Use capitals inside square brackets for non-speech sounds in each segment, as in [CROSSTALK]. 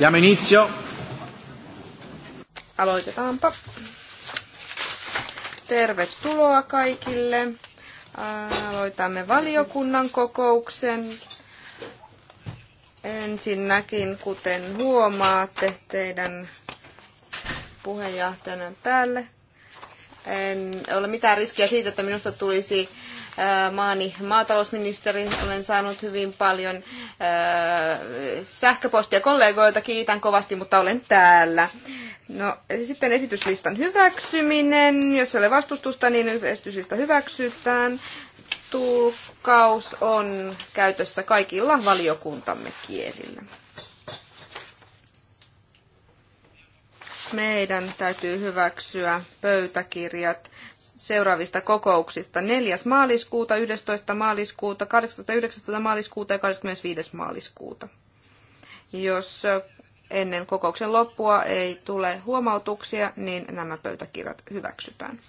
Diamo inizio. Aloitetaanpa. Tervetuloa kaikille. Aloitamme valiokunnan kokouksen. Ensinnäkin, kuten huomaatte, teidän puheenjohtajana tälle. En ole mitään riskiä siitä, että minusta tulisi maani maatalousministeri. Olen saanut hyvin paljon sähköpostia kollegoilta. Kiitän kovasti, mutta olen täällä. No, sitten esityslistan hyväksyminen. Jos ei ole vastustusta, niin esityslista hyväksytään. Tulkkaus on käytössä kaikilla valiokuntamme kielillä. meidän täytyy hyväksyä pöytäkirjat seuraavista kokouksista. 4. maaliskuuta, 11. maaliskuuta, 18. maaliskuuta ja 25. maaliskuuta. Jos ennen kokouksen loppua ei tule huomautuksia, niin nämä pöytäkirjat hyväksytään.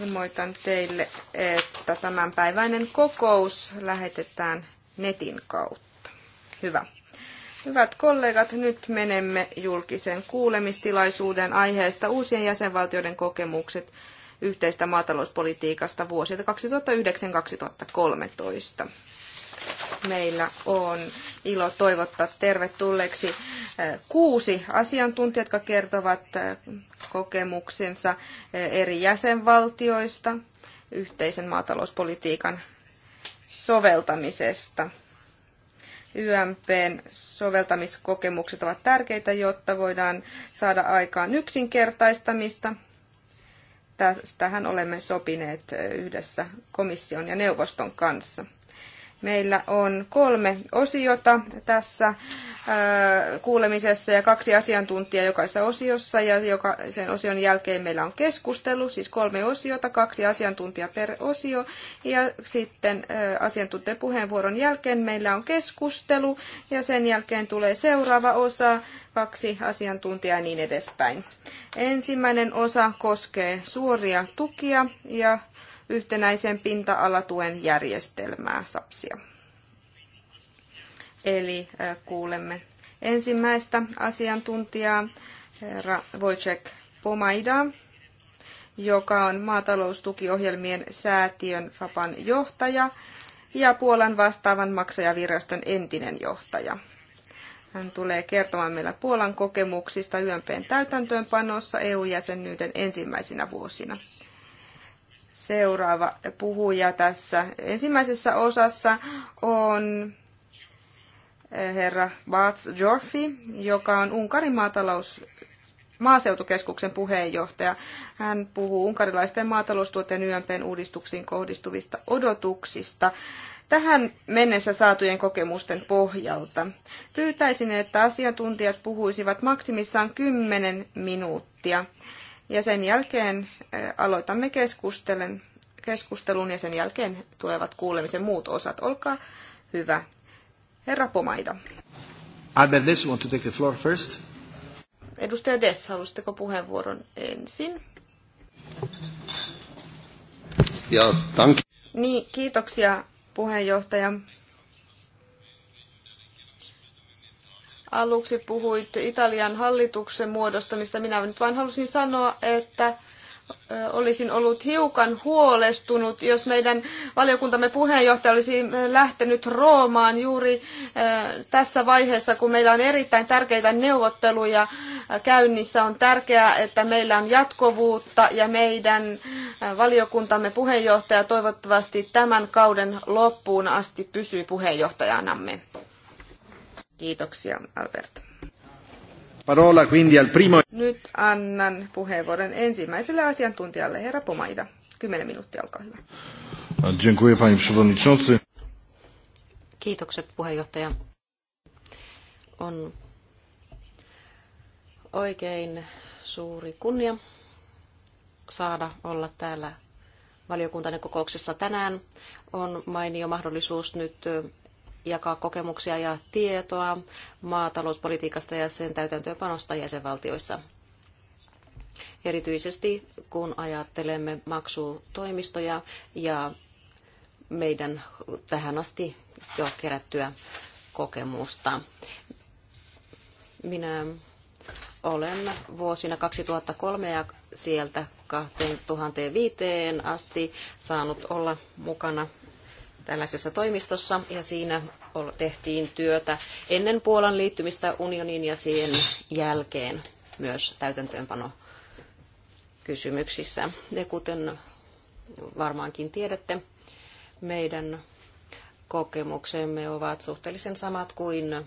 Ilmoitan teille, että tämänpäiväinen kokous lähetetään netin kautta. Hyvä. Hyvät kollegat, nyt menemme julkisen kuulemistilaisuuden aiheesta uusien jäsenvaltioiden kokemukset yhteistä maatalouspolitiikasta vuosilta 2009-2013. Meillä on ilo toivottaa tervetulleeksi eh, kuusi asiantuntijaa, jotka kertovat eh, kokemuksensa eh, eri jäsenvaltioista yhteisen maatalouspolitiikan soveltamisesta. YMPn soveltamiskokemukset ovat tärkeitä, jotta voidaan saada aikaan yksinkertaistamista. Tästähän olemme sopineet yhdessä komission ja neuvoston kanssa. Meillä on kolme osiota tässä kuulemisessa ja kaksi asiantuntijaa jokaisessa osiossa ja jokaisen osion jälkeen meillä on keskustelu, siis kolme osiota, kaksi asiantuntijaa per osio ja sitten asiantuntijapuheenvuoron jälkeen meillä on keskustelu ja sen jälkeen tulee seuraava osa, kaksi asiantuntijaa ja niin edespäin. Ensimmäinen osa koskee suoria tukia ja yhtenäisen pinta-alatuen järjestelmää SAPSia. Eli kuulemme ensimmäistä asiantuntijaa, herra Wojciech Pomaida, joka on maataloustukiohjelmien säätiön FAPan johtaja ja Puolan vastaavan maksajaviraston entinen johtaja. Hän tulee kertomaan meillä Puolan kokemuksista YMPn täytäntöönpanossa EU-jäsenyyden ensimmäisinä vuosina seuraava puhuja tässä ensimmäisessä osassa on eh, herra Bats Jorfi, joka on Unkarin maatalous maaseutukeskuksen puheenjohtaja. Hän puhuu unkarilaisten maataloustuotteen YMPn uudistuksiin kohdistuvista odotuksista tähän mennessä saatujen kokemusten pohjalta. Pyytäisin, että asiantuntijat puhuisivat maksimissaan 10 minuuttia. Ja sen jälkeen äh, aloitamme keskustelun. keskustelun ja sen jälkeen tulevat kuulemisen muut osat. Olkaa hyvä. Herra Pomaida. Albert Dess, want to take the floor first? Edustaja Dess, haluaisitteko puheenvuoron ensin? Ja, Niin, kiitoksia puheenjohtaja. Aluksi puhuit Italian hallituksen muodostamista. Minä nyt vain halusin sanoa, että olisin ollut hiukan huolestunut, jos meidän valiokuntamme puheenjohtaja olisi lähtenyt Roomaan juuri tässä vaiheessa, kun meillä on erittäin tärkeitä neuvotteluja käynnissä. On tärkeää, että meillä on jatkuvuutta ja meidän valiokuntamme puheenjohtaja toivottavasti tämän kauden loppuun asti pysyy puheenjohtajanamme. Kiitoksia, Albert. Parola quindi al primo. Nyt annan puheenvuoron ensimmäiselle asiantuntijalle, herra Pomaida. Kymmenen minuuttia, olkaa hyvä. Dziękuję, panie przewodniczący. Kiitokset, puheenjohtaja. On oikein suuri kunnia saada olla täällä valiokuntainen kokouksessa tänään. On mainio mahdollisuus nyt jakaa kokemuksia ja tietoa maatalouspolitiikasta ja sen täytäntöönpanosta jäsenvaltioissa. Erityisesti kun ajattelemme maksutoimistoja ja meidän tähän asti jo kerättyä kokemusta. Minä olen vuosina 2003 ja sieltä 2005 asti saanut olla mukana tällaisessa toimistossa ja siinä tehtiin työtä ennen Puolan liittymistä unioniin ja sen jälkeen myös täytäntöönpano kysymyksissä. Ja kuten varmaankin tiedätte, meidän kokemuksemme ovat suhteellisen samat kuin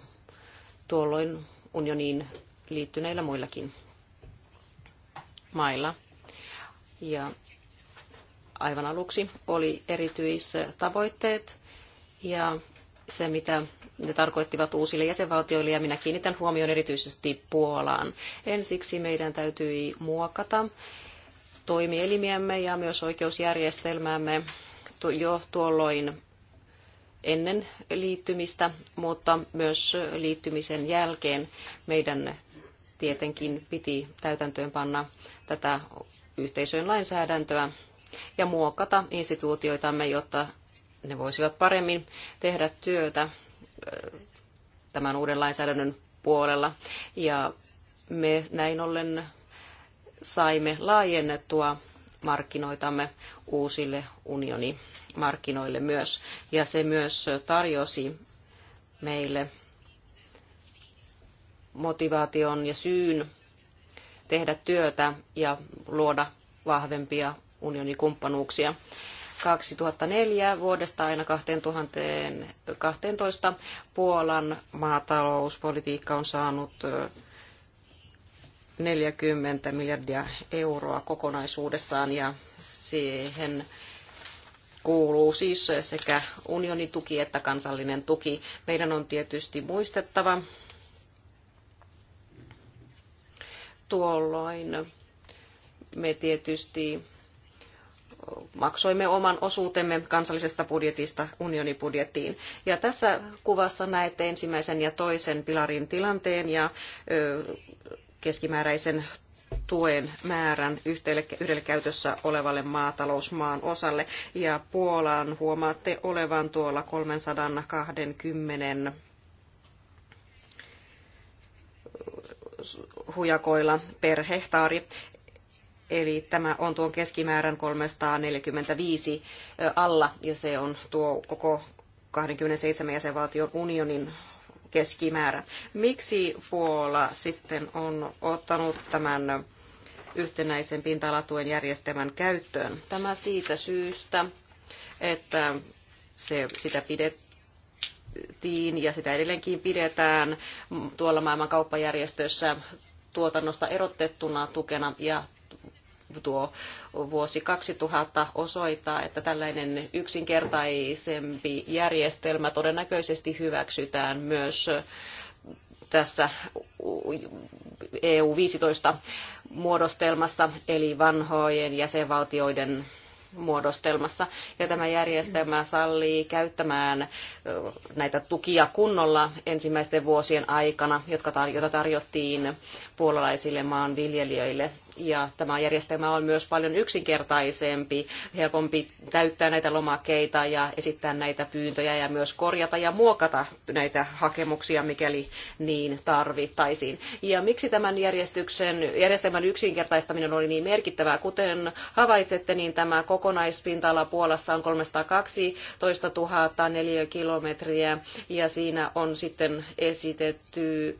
tuolloin unioniin liittyneillä muillakin mailla. Ja aivan aluksi oli erityistavoitteet ja se, mitä ne tarkoittivat uusille jäsenvaltioille, ja minä kiinnitän huomioon erityisesti Puolaan. Ensiksi meidän täytyi muokata toimielimiämme ja myös oikeusjärjestelmäämme jo tuolloin ennen liittymistä, mutta myös liittymisen jälkeen meidän tietenkin piti täytäntöön panna tätä yhteisöjen lainsäädäntöä ja muokata instituutioitamme, jotta ne voisivat paremmin tehdä työtä tämän uuden lainsäädännön puolella. Ja me näin ollen saimme laajennettua markkinoitamme uusille unionimarkkinoille myös. Ja se myös tarjosi meille motivaation ja syyn tehdä työtä ja luoda vahvempia unionikumppanuuksia. 2004 vuodesta aina 2012 Puolan maatalouspolitiikka on saanut 40 miljardia euroa kokonaisuudessaan ja siihen kuuluu siis sekä unionin tuki että kansallinen tuki. Meidän on tietysti muistettava tuolloin me tietysti maksoimme oman osuutemme kansallisesta budjetista unionibudjettiin. Ja tässä kuvassa näette ensimmäisen ja toisen pilarin tilanteen ja keskimääräisen tuen määrän yhdelle käytössä olevalle maatalousmaan osalle. Ja Puolaan huomaatte olevan tuolla 320 hujakoilla per hehtaari. Eli tämä on tuon keskimäärän 345 alla ja se on tuo koko 27 jäsenvaltion unionin keskimäärä. Miksi Puola sitten on ottanut tämän yhtenäisen pinta-alatuen järjestelmän käyttöön? Tämä siitä syystä, että se, sitä pidettiin ja sitä edelleenkin pidetään tuolla maailman kauppajärjestössä tuotannosta erotettuna tukena ja tuo vuosi 2000 osoittaa, että tällainen yksinkertaisempi järjestelmä todennäköisesti hyväksytään myös tässä EU-15 muodostelmassa, eli vanhojen jäsenvaltioiden muodostelmassa. Ja tämä järjestelmä sallii käyttämään näitä tukia kunnolla ensimmäisten vuosien aikana, jota tarjottiin puolalaisille maanviljelijöille ja tämä järjestelmä on myös paljon yksinkertaisempi, helpompi täyttää näitä lomakkeita ja esittää näitä pyyntöjä ja myös korjata ja muokata näitä hakemuksia, mikäli niin tarvittaisiin. Ja miksi tämän järjestyksen, järjestelmän yksinkertaistaminen oli niin merkittävää? Kuten havaitsette, niin tämä kokonaispinta-ala Puolassa on 312 000 neliökilometriä ja siinä on sitten esitetty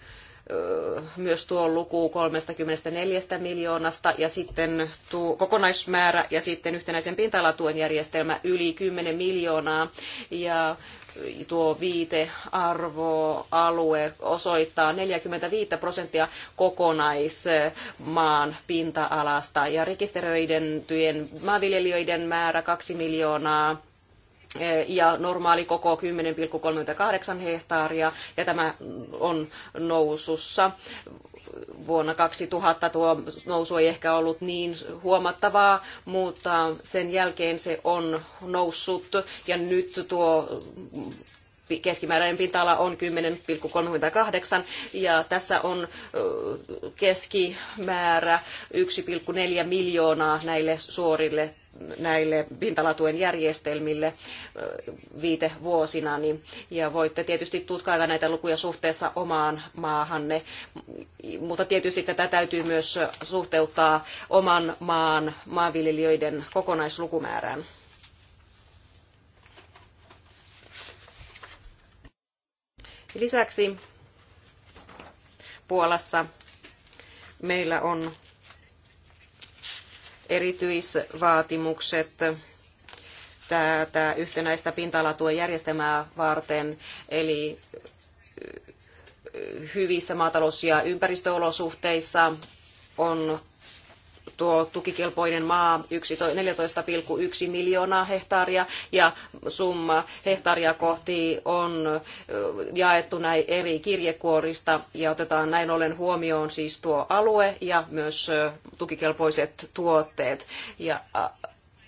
myös tuo luku 34 miljoonasta ja sitten tuo kokonaismäärä ja sitten yhtenäisen pinta-alatuen järjestelmä yli 10 miljoonaa ja tuo viitearvoalue osoittaa 45 prosenttia kokonaismaan pinta-alasta ja rekisteröidentyjen maanviljelijöiden määrä 2 miljoonaa Eh, ja normaali koko 10,38 hehtaaria ja tämä on nousussa. Vuonna 2000 tuo nousu ei ehkä ollut niin huomattavaa, mutta sen jälkeen se on noussut ja nyt tuo keskimääräinen pinta-ala on 10,38 ja tässä on keskimäärä 1,4 miljoonaa näille suorille näille pintalatuen järjestelmille viitevuosina. Niin- ja voitte tietysti tutkailla näitä lukuja suhteessa omaan maahanne, mutta tietysti tätä täytyy myös suhteuttaa oman maan maanviljelijöiden kokonaislukumäärään. Lisäksi Puolassa meillä on erityisvaatimukset tätä yhtenäistä pinta-alatuen järjestelmää varten, eli hyvissä maatalous- ja ympäristöolosuhteissa on tuo tukikelpoinen maa 14,1 miljoonaa hehtaaria ja summa hehtaaria kohti on jaettu näin eri kirjekuorista ja otetaan näin ollen huomioon siis tuo alue ja myös tukikelpoiset tuotteet ja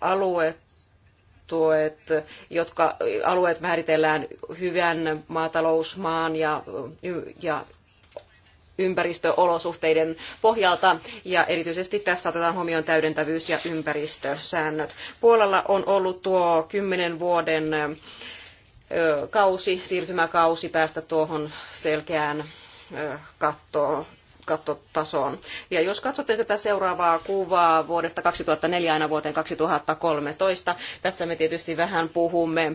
alueet tuet, jotka alueet määritellään hyvän maatalousmaan ja, ja ympäristöolosuhteiden pohjalta ja erityisesti tässä otetaan huomioon täydentävyys ja ympäristösäännöt. Puolalla on ollut tuo kymmenen vuoden kausi, siirtymäkausi päästä tuohon selkeään kattoon kattotasoon. Ja jos katsotte tätä seuraavaa kuvaa vuodesta 2004 aina vuoteen 2013, tässä me tietysti vähän puhumme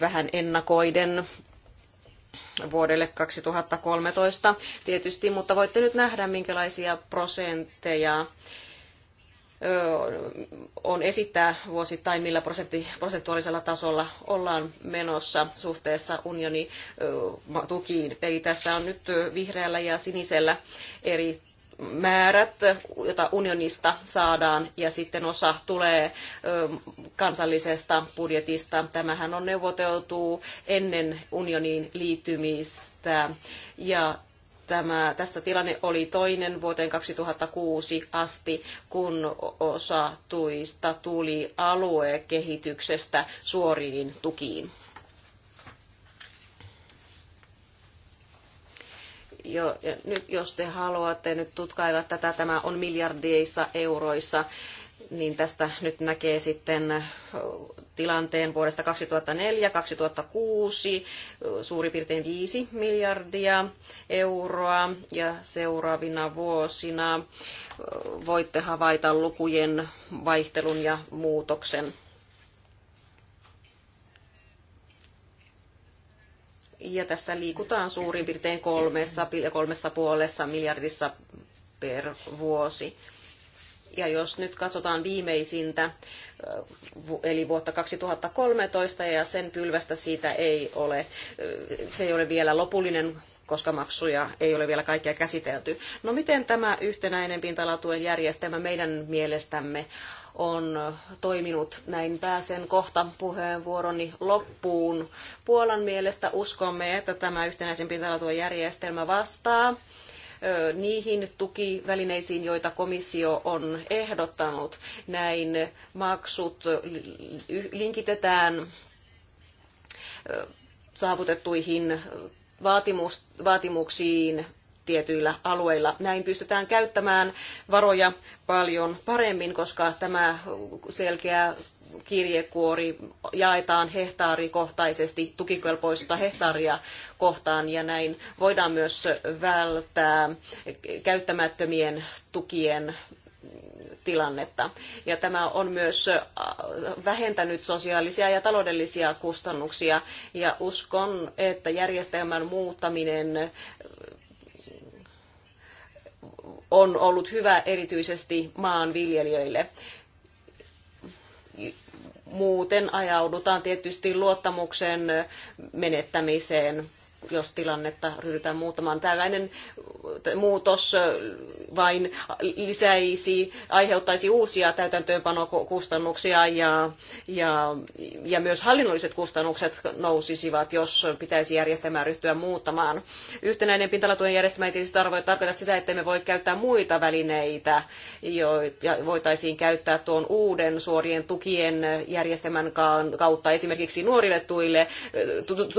vähän ennakoiden vuodelle 2013 tietysti, mutta voitte nyt nähdä, minkälaisia prosentteja on esittää vuosittain, millä prosentuaalisella tasolla ollaan menossa suhteessa unionin tukiin. Eli tässä on nyt vihreällä ja sinisellä eri määrät, joita unionista saadaan, ja sitten osa tulee kansallisesta budjetista. Tämähän on neuvoteltu ennen unionin liittymistä, ja tämä, tässä tilanne oli toinen vuoteen 2006 asti, kun osa tuista tuli aluekehityksestä suoriin tukiin. jo, nyt, jos te haluatte nyt tutkailla tätä, tämä on miljardeissa euroissa, niin tästä nyt näkee sitten tilanteen vuodesta 2004-2006 suurin piirtein 5 miljardia euroa ja seuraavina vuosina voitte havaita lukujen vaihtelun ja muutoksen. Ja tässä liikutaan suurin piirtein kolmessa, kolmessa puolessa miljardissa per vuosi. Ja jos nyt katsotaan viimeisintä, eli vuotta 2013 ja sen pylvästä siitä ei ole, se ei ole vielä lopullinen koska maksuja ei ole vielä kaikkia käsitelty. No miten tämä yhtenäinen pintalatuen järjestelmä meidän mielestämme on toiminut. Näin pääsen kohta puheenvuoroni loppuun. Puolan mielestä uskomme, että tämä yhtenäisen järjestelmä vastaa niihin tukivälineisiin, joita komissio on ehdottanut. Näin maksut linkitetään saavutettuihin vaatimuksiin tietyillä alueilla. Näin pystytään käyttämään varoja paljon paremmin, koska tämä selkeä kirjekuori jaetaan hehtaarikohtaisesti tukikelpoista hehtaaria kohtaan ja näin voidaan myös välttää käyttämättömien tukien tilannetta. Ja tämä on myös äh, vähentänyt sosiaalisia ja taloudellisia kustannuksia ja uskon, että järjestelmän muuttaminen on ollut hyvä erityisesti maanviljelijöille. Muuten ajaudutaan tietysti luottamuksen menettämiseen jos tilannetta ryhdytään muuttamaan. Tällainen muutos vain lisäisi, aiheuttaisi uusia täytäntöönpanokustannuksia ja, ja, ja myös hallinnolliset kustannukset nousisivat, jos pitäisi järjestelmää ryhtyä muuttamaan. Yhtenäinen pintalatuen järjestelmä ei tietysti tarkoita sitä, että me voi käyttää muita välineitä, joita voitaisiin käyttää tuon uuden suorien tukien järjestelmän kautta esimerkiksi nuorille tuille,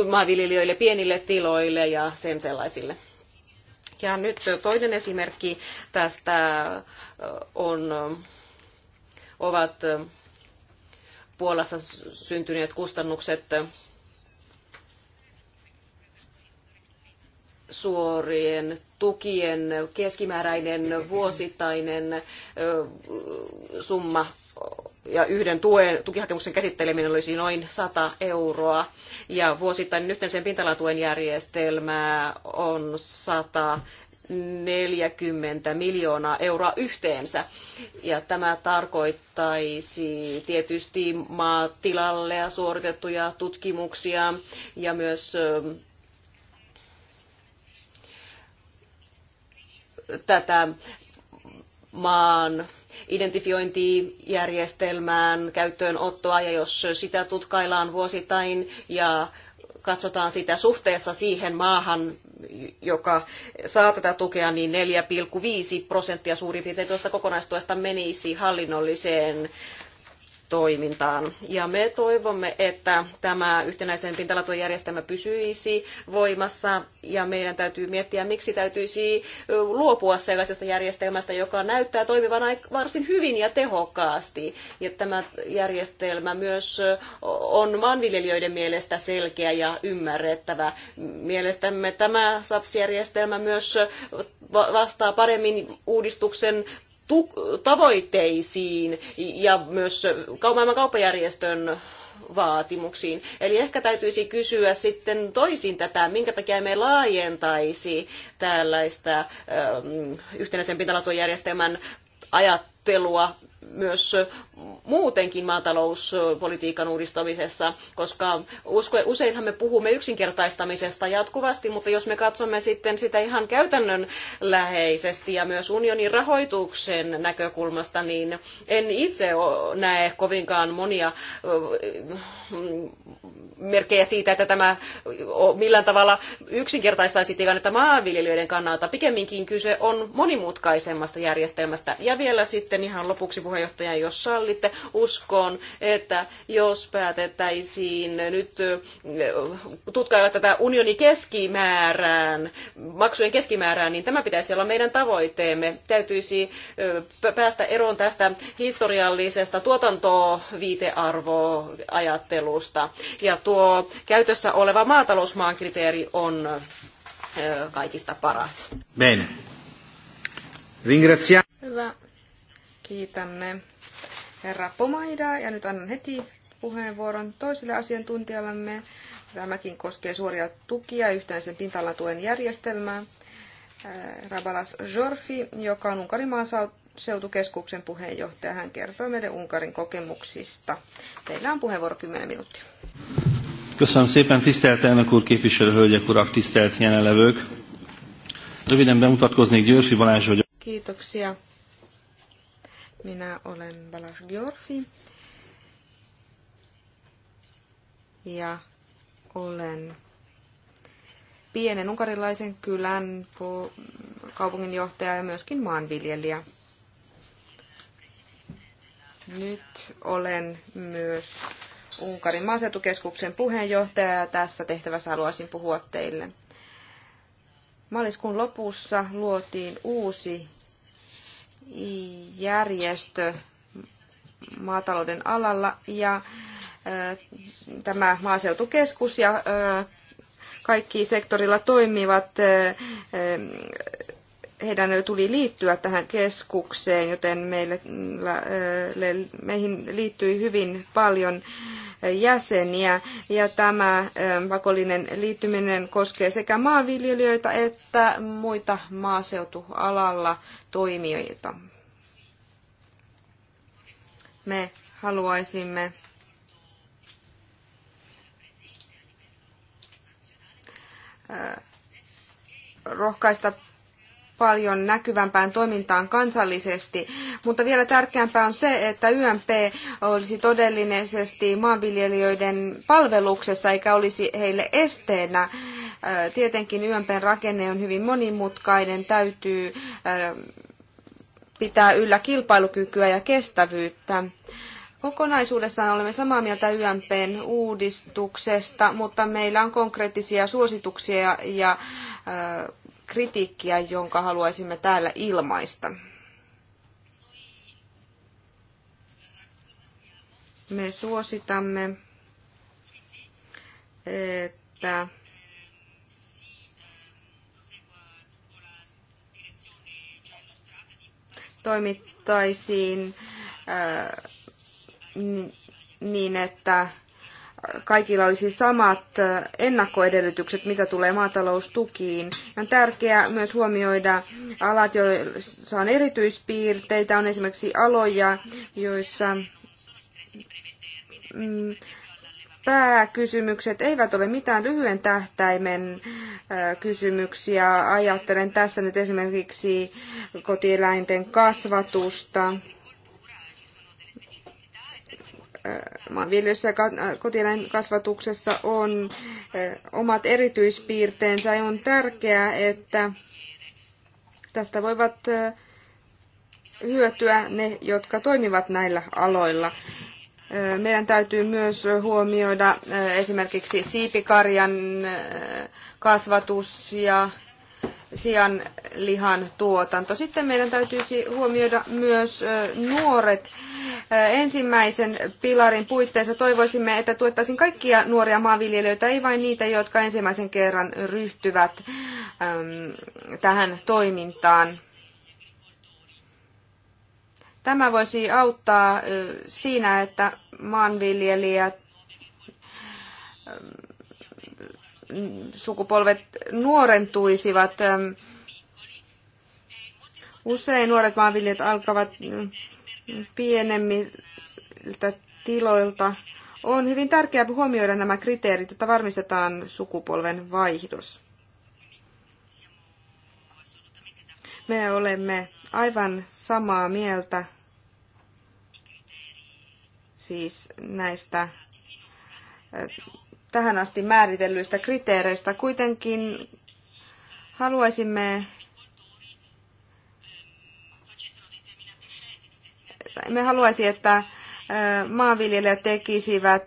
maanviljelijöille, pienille tiloille ja sen sellaisille. Ja nyt toinen esimerkki tästä on, ovat Puolassa syntyneet kustannukset suorien tukien keskimääräinen vuosittainen summa ja yhden tuen, tukihakemuksen käsitteleminen olisi noin 100 euroa. Ja vuosittain yhteisen pintalatuen järjestelmää on 100 40 miljoonaa euroa yhteensä. Ja tämä tarkoittaisi tietysti maatilalle suoritettuja tutkimuksia ja myös tätä maan identifiointijärjestelmään käyttöönottoa ja jos sitä tutkaillaan vuosittain ja katsotaan sitä suhteessa siihen maahan, joka saa tätä tukea, niin 4,5 prosenttia suurin piirtein tuosta kokonaistuesta menisi hallinnolliseen toimintaan. Ja me toivomme, että tämä yhtenäisen pintalatojärjestelmä pysyisi voimassa ja meidän täytyy miettiä, miksi täytyisi luopua sellaisesta järjestelmästä, joka näyttää toimivan varsin hyvin ja tehokkaasti. Ja tämä järjestelmä myös on maanviljelijöiden mielestä selkeä ja ymmärrettävä. Mielestämme tämä SAPS-järjestelmä myös vastaa paremmin uudistuksen tavoitteisiin ja myös maailman kauppajärjestön vaatimuksiin. Eli ehkä täytyisi kysyä sitten toisin tätä, minkä takia me laajentaisi tällaista ähm, yhtenäisen pintalatojärjestelmän ajattelua myös muutenkin maatalouspolitiikan uudistamisessa, koska useinhan me puhumme yksinkertaistamisesta jatkuvasti, mutta jos me katsomme sitten sitä ihan käytännön läheisesti ja myös unionin rahoituksen näkökulmasta, niin en itse näe kovinkaan monia merkkejä siitä, että tämä millään tavalla yksinkertaistaisi tilannetta maanviljelijöiden kannalta. Pikemminkin kyse on monimutkaisemmasta järjestelmästä. Ja vielä sitten ihan lopuksi puheenjohtaja puheenjohtaja, jos sallitte, uskon, että jos päätettäisiin nyt äh, tutkailla tätä unionin keskimäärään, maksujen keskimäärään, niin tämä pitäisi olla meidän tavoitteemme. Täytyisi äh, päästä eroon tästä historiallisesta tuotantoviitearvoajattelusta. Ja tuo käytössä oleva maatalousmaan kriteeri on äh, kaikista paras. Bene. Ringrazia... Hyvä. Kiitämme herra Pomaidaa ja nyt annan heti puheenvuoron toiselle asiantuntijallemme. Tämäkin koskee suoria tukia yhtenäisen pintalan tuen järjestelmää. Äh, Rabalas Jorfi, joka on Unkarin maaseutukeskuksen puheenjohtaja. Hän kertoo meille Unkarin kokemuksista. Teillä on puheenvuoro 10 minuuttia. Köszönöm szépen, tisztelt elnök úr, képviselő hölgyek, urak, tisztelt jelenlevők. Röviden bemutatkoznék Györfi Balázs vagyok. Kiitoksia minä olen Balas Giorfi ja olen pienen unkarilaisen kylän kaupunginjohtaja ja myöskin maanviljelijä. Nyt olen myös Unkarin maaseutukeskuksen puheenjohtaja ja tässä tehtävässä haluaisin puhua teille. Maaliskuun lopussa luotiin uusi järjestö maatalouden alalla ja äh, tämä maaseutukeskus ja äh, kaikki sektorilla toimivat, äh, heidän tuli liittyä tähän keskukseen, joten meille, meihin liittyi hyvin paljon jäseniä. Ja tämä ähm, pakollinen liittyminen koskee sekä maanviljelijöitä että muita maaseutualalla toimijoita. Me haluaisimme äh, rohkaista paljon näkyvämpään toimintaan kansallisesti. Mutta vielä tärkeämpää on se, että YMP olisi todellisesti maanviljelijöiden palveluksessa eikä olisi heille esteenä. Tietenkin YMPn rakenne on hyvin monimutkainen, täytyy pitää yllä kilpailukykyä ja kestävyyttä. Kokonaisuudessaan olemme samaa mieltä YMPn uudistuksesta, mutta meillä on konkreettisia suosituksia ja kritiikkiä, jonka haluaisimme täällä ilmaista. Me suositamme, että toimittaisiin äh, niin, että kaikilla olisi samat ennakkoedellytykset, mitä tulee maataloustukiin. On tärkeää myös huomioida alat, joissa on erityispiirteitä. On esimerkiksi aloja, joissa mm, pääkysymykset eivät ole mitään lyhyen tähtäimen kysymyksiä. Ajattelen tässä nyt esimerkiksi kotieläinten kasvatusta maanviljelyssä ja äh, kotieläinkasvatuksessa on äh, omat erityispiirteensä ja on tärkeää, että tästä voivat äh, hyötyä ne, jotka toimivat näillä aloilla. Meidän täytyy myös huomioida esimerkiksi siipikarjan kasvatus ja sian lihan tuotanto. Sitten meidän täytyisi huomioida myös nuoret ensimmäisen pilarin puitteissa toivoisimme, että tuettaisiin kaikkia nuoria maanviljelijöitä, ei vain niitä, jotka ensimmäisen kerran ryhtyvät tähän toimintaan. Tämä voisi auttaa siinä, että maanviljelijät sukupolvet nuorentuisivat. Usein nuoret maanviljelijät alkavat pienemmiltä tiloilta. On hyvin tärkeää huomioida nämä kriteerit, jotta varmistetaan sukupolven vaihdos. Me olemme aivan samaa mieltä siis näistä eh, tähän asti määritellyistä kriteereistä. Kuitenkin haluaisimme me haluaisi, että maanviljelijät tekisivät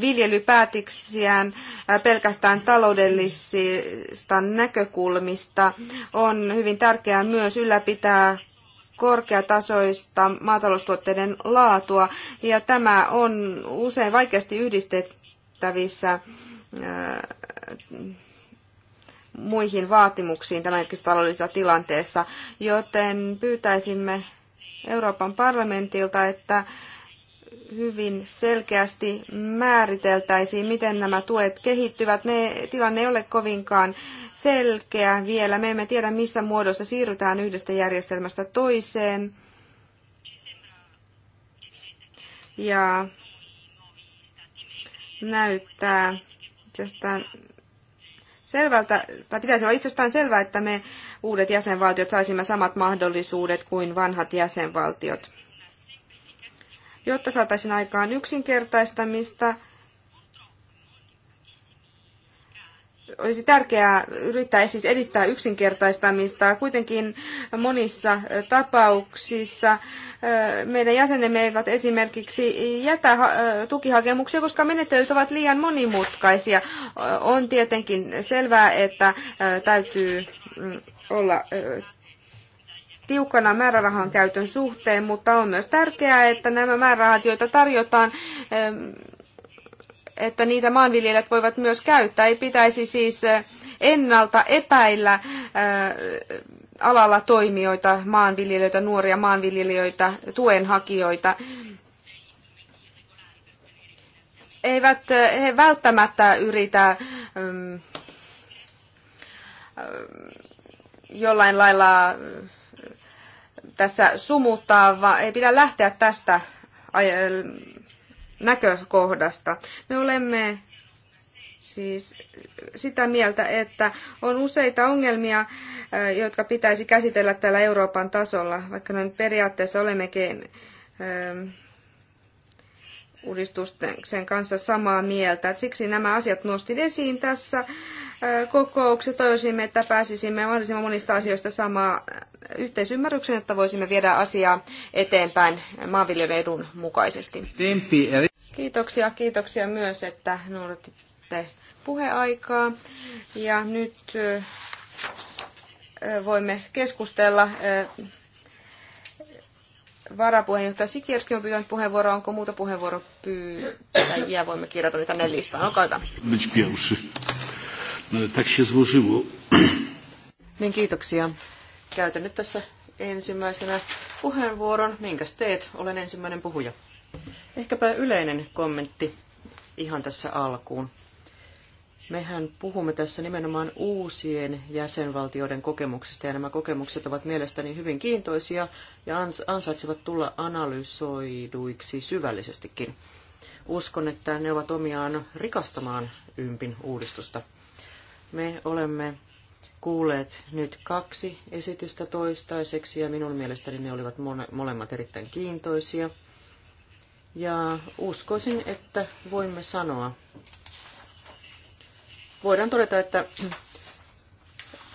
viljelypäätöksiään pelkästään taloudellisista näkökulmista. On hyvin tärkeää myös ylläpitää korkeatasoista maataloustuotteiden laatua, ja tämä on usein vaikeasti yhdistettävissä muihin vaatimuksiin tämänhetkisessä taloudellisessa tilanteessa, joten pyytäisimme Euroopan parlamentilta, että hyvin selkeästi määriteltäisiin, miten nämä tuet kehittyvät. Me tilanne ei ole kovinkaan selkeä vielä. Me emme tiedä, missä muodossa siirrytään yhdestä järjestelmästä toiseen. Ja näyttää itsestään selvältä, tai pitäisi olla itsestään selvää, että me uudet jäsenvaltiot saisimme samat mahdollisuudet kuin vanhat jäsenvaltiot. Jotta saataisiin aikaan yksinkertaistamista, olisi tärkeää yrittää siis edistää yksinkertaistamista. Kuitenkin monissa tapauksissa eh, meidän jäsenemme eivät esimerkiksi jätä eh, tukihakemuksia, koska menettelyt ovat liian monimutkaisia. On tietenkin selvää, että eh, täytyy mm, olla tiukana määrärahan käytön suhteen, mutta on myös tärkeää, että nämä määrärahat, joita tarjotaan, että niitä maanviljelijät voivat myös käyttää. Ei pitäisi siis ennalta epäillä alalla toimijoita, maanviljelijöitä, nuoria maanviljelijöitä, tuenhakijoita. Eivät he välttämättä yritä jollain lailla äh, tässä sumuttaa, vaan ei pidä lähteä tästä äh, näkökohdasta. Me olemme siis sitä mieltä, että on useita ongelmia, äh, jotka pitäisi käsitellä täällä Euroopan tasolla, vaikka noin periaatteessa olemmekin ähm, uudistuksen kanssa samaa mieltä. Siksi nämä asiat nostin esiin tässä kokouksen. Toivoisimme, että pääsisimme mahdollisimman monista asioista samaa yhteisymmärryksen, että voisimme viedä asiaa eteenpäin maanviljelijöiden edun mukaisesti. Kiitoksia, kiitoksia myös, että noudatitte puheaikaa. Ja nyt voimme keskustella. Varapuheenjohtaja Sikierski on pyytänyt puheenvuoroa. Onko muuta puheenvuoropyytäjiä? Voimme kirjata niitä tänne listaan. Olkaa hyvä. No, tak się złożyło. Niin, kiitoksia. Käytän nyt tässä ensimmäisenä puheenvuoron. Minkäs teet? Olen ensimmäinen puhuja. Ehkäpä yleinen kommentti ihan tässä alkuun. Mehän puhumme tässä nimenomaan uusien jäsenvaltioiden kokemuksista, ja nämä kokemukset ovat mielestäni hyvin kiintoisia ja ansaitsevat tulla analysoiduiksi syvällisestikin. Uskon, että ne ovat omiaan rikastamaan ympin uudistusta. Me olemme kuulleet nyt kaksi esitystä toistaiseksi ja minun mielestäni ne olivat molemmat erittäin kiintoisia. Ja uskoisin, että voimme sanoa, voidaan todeta, että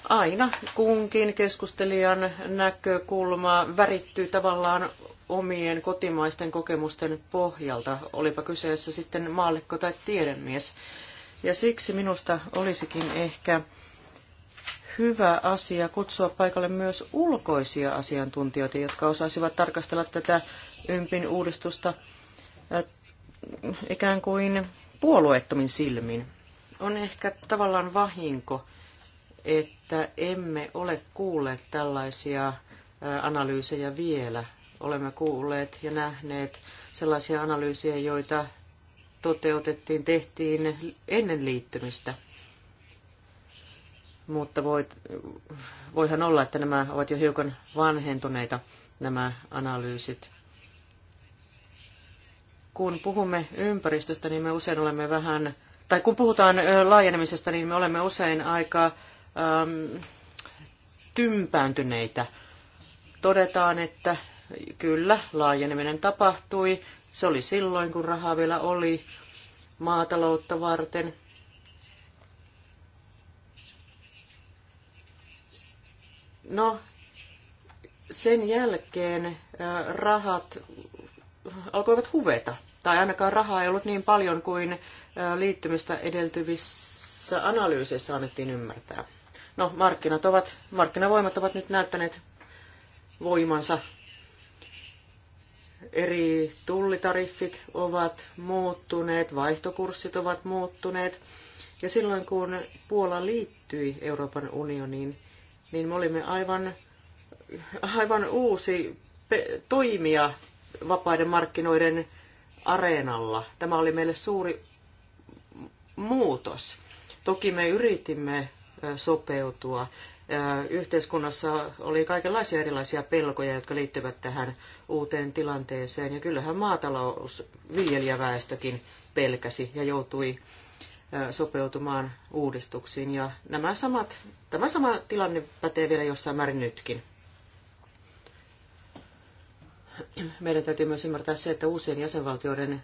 aina kunkin keskustelijan näkökulma värittyy tavallaan omien kotimaisten kokemusten pohjalta, olipa kyseessä sitten maallikko tai tiedemies. Ja siksi minusta olisikin ehkä hyvä asia kutsua paikalle myös ulkoisia asiantuntijoita, jotka osaisivat tarkastella tätä ympin uudistusta ikään kuin puolueettomin silmin. On ehkä tavallaan vahinko, että emme ole kuulleet tällaisia analyysejä vielä. Olemme kuulleet ja nähneet sellaisia analyysejä, joita toteutettiin, tehtiin ennen liittymistä. Mutta voit, voihan olla, että nämä ovat jo hiukan vanhentuneita, nämä analyysit. Kun puhumme ympäristöstä, niin me usein olemme vähän, tai kun puhutaan laajenemisesta, niin me olemme usein aika äm, tympääntyneitä. Todetaan, että kyllä, laajeneminen tapahtui, se oli silloin, kun rahaa vielä oli maataloutta varten. No, sen jälkeen äh, rahat alkoivat huveta, tai ainakaan rahaa ei ollut niin paljon kuin äh, liittymistä edeltyvissä analyyseissa annettiin ymmärtää. No, markkinat ovat, markkinavoimat ovat nyt näyttäneet voimansa eri tullitariffit ovat muuttuneet, vaihtokurssit ovat muuttuneet. Ja silloin kun Puola liittyi Euroopan unioniin, niin me olimme aivan, aivan uusi toimija vapaiden markkinoiden areenalla. Tämä oli meille suuri muutos. Toki me yritimme sopeutua. Yhteiskunnassa oli kaikenlaisia erilaisia pelkoja, jotka liittyvät tähän uuteen tilanteeseen. Ja kyllähän maatalous, viljelijäväestökin pelkäsi ja joutui sopeutumaan uudistuksiin. Ja nämä samat, tämä sama tilanne pätee vielä jossain määrin nytkin. Meidän täytyy myös ymmärtää se, että uusien jäsenvaltioiden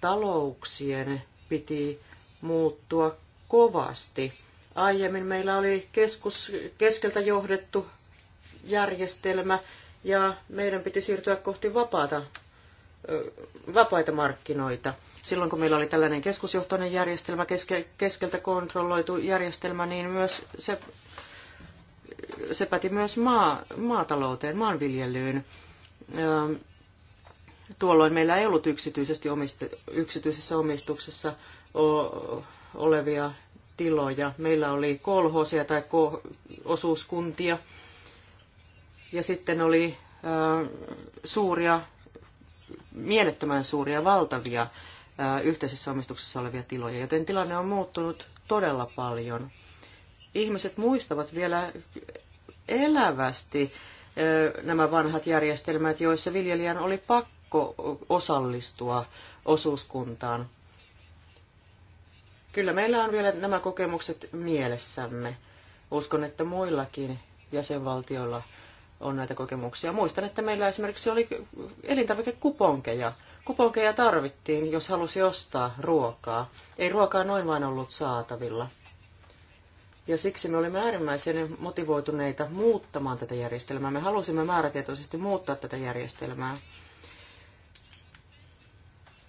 talouksien piti muuttua kovasti. Aiemmin meillä oli keskus, keskeltä johdettu järjestelmä, ja meidän piti siirtyä kohti vapaata, vapaita markkinoita. Silloin kun meillä oli tällainen keskusjohtoinen järjestelmä, keske, keskeltä kontrolloitu järjestelmä, niin myös se, se päti myös maa, maatalouteen, maanviljelyyn. Tuolloin meillä ei ollut yksityisesti omist, yksityisessä omistuksessa o, olevia tiloja. Meillä oli kolhosia tai ko, osuuskuntia, ja sitten oli suuria, mielettömän suuria, valtavia yhteisessä omistuksessa olevia tiloja, joten tilanne on muuttunut todella paljon. Ihmiset muistavat vielä elävästi nämä vanhat järjestelmät, joissa viljelijän oli pakko osallistua osuuskuntaan. Kyllä meillä on vielä nämä kokemukset mielessämme. Uskon, että muillakin jäsenvaltioilla – on näitä kokemuksia. Muistan, että meillä esimerkiksi oli elintarvikekuponkeja. Kuponkeja tarvittiin, jos halusi ostaa ruokaa. Ei ruokaa noin vain ollut saatavilla. Ja siksi me olimme äärimmäisen motivoituneita muuttamaan tätä järjestelmää. Me halusimme määrätietoisesti muuttaa tätä järjestelmää.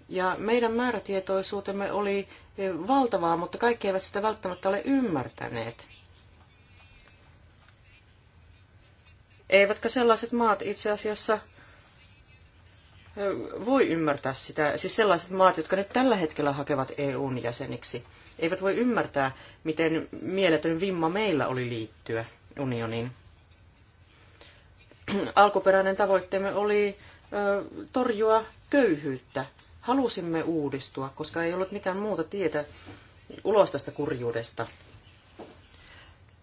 Ja meidän määrätietoisuutemme oli valtavaa, mutta kaikki eivät sitä välttämättä ole ymmärtäneet. Eivätkä sellaiset maat itse asiassa voi ymmärtää sitä, siis sellaiset maat, jotka nyt tällä hetkellä hakevat EUn jäseniksi, eivät voi ymmärtää, miten mieletön vimma meillä oli liittyä unioniin. [CLEARS THROAT] Alkuperäinen tavoitteemme oli ö, torjua köyhyyttä. Halusimme uudistua, koska ei ollut mitään muuta tietä ulos tästä kurjuudesta.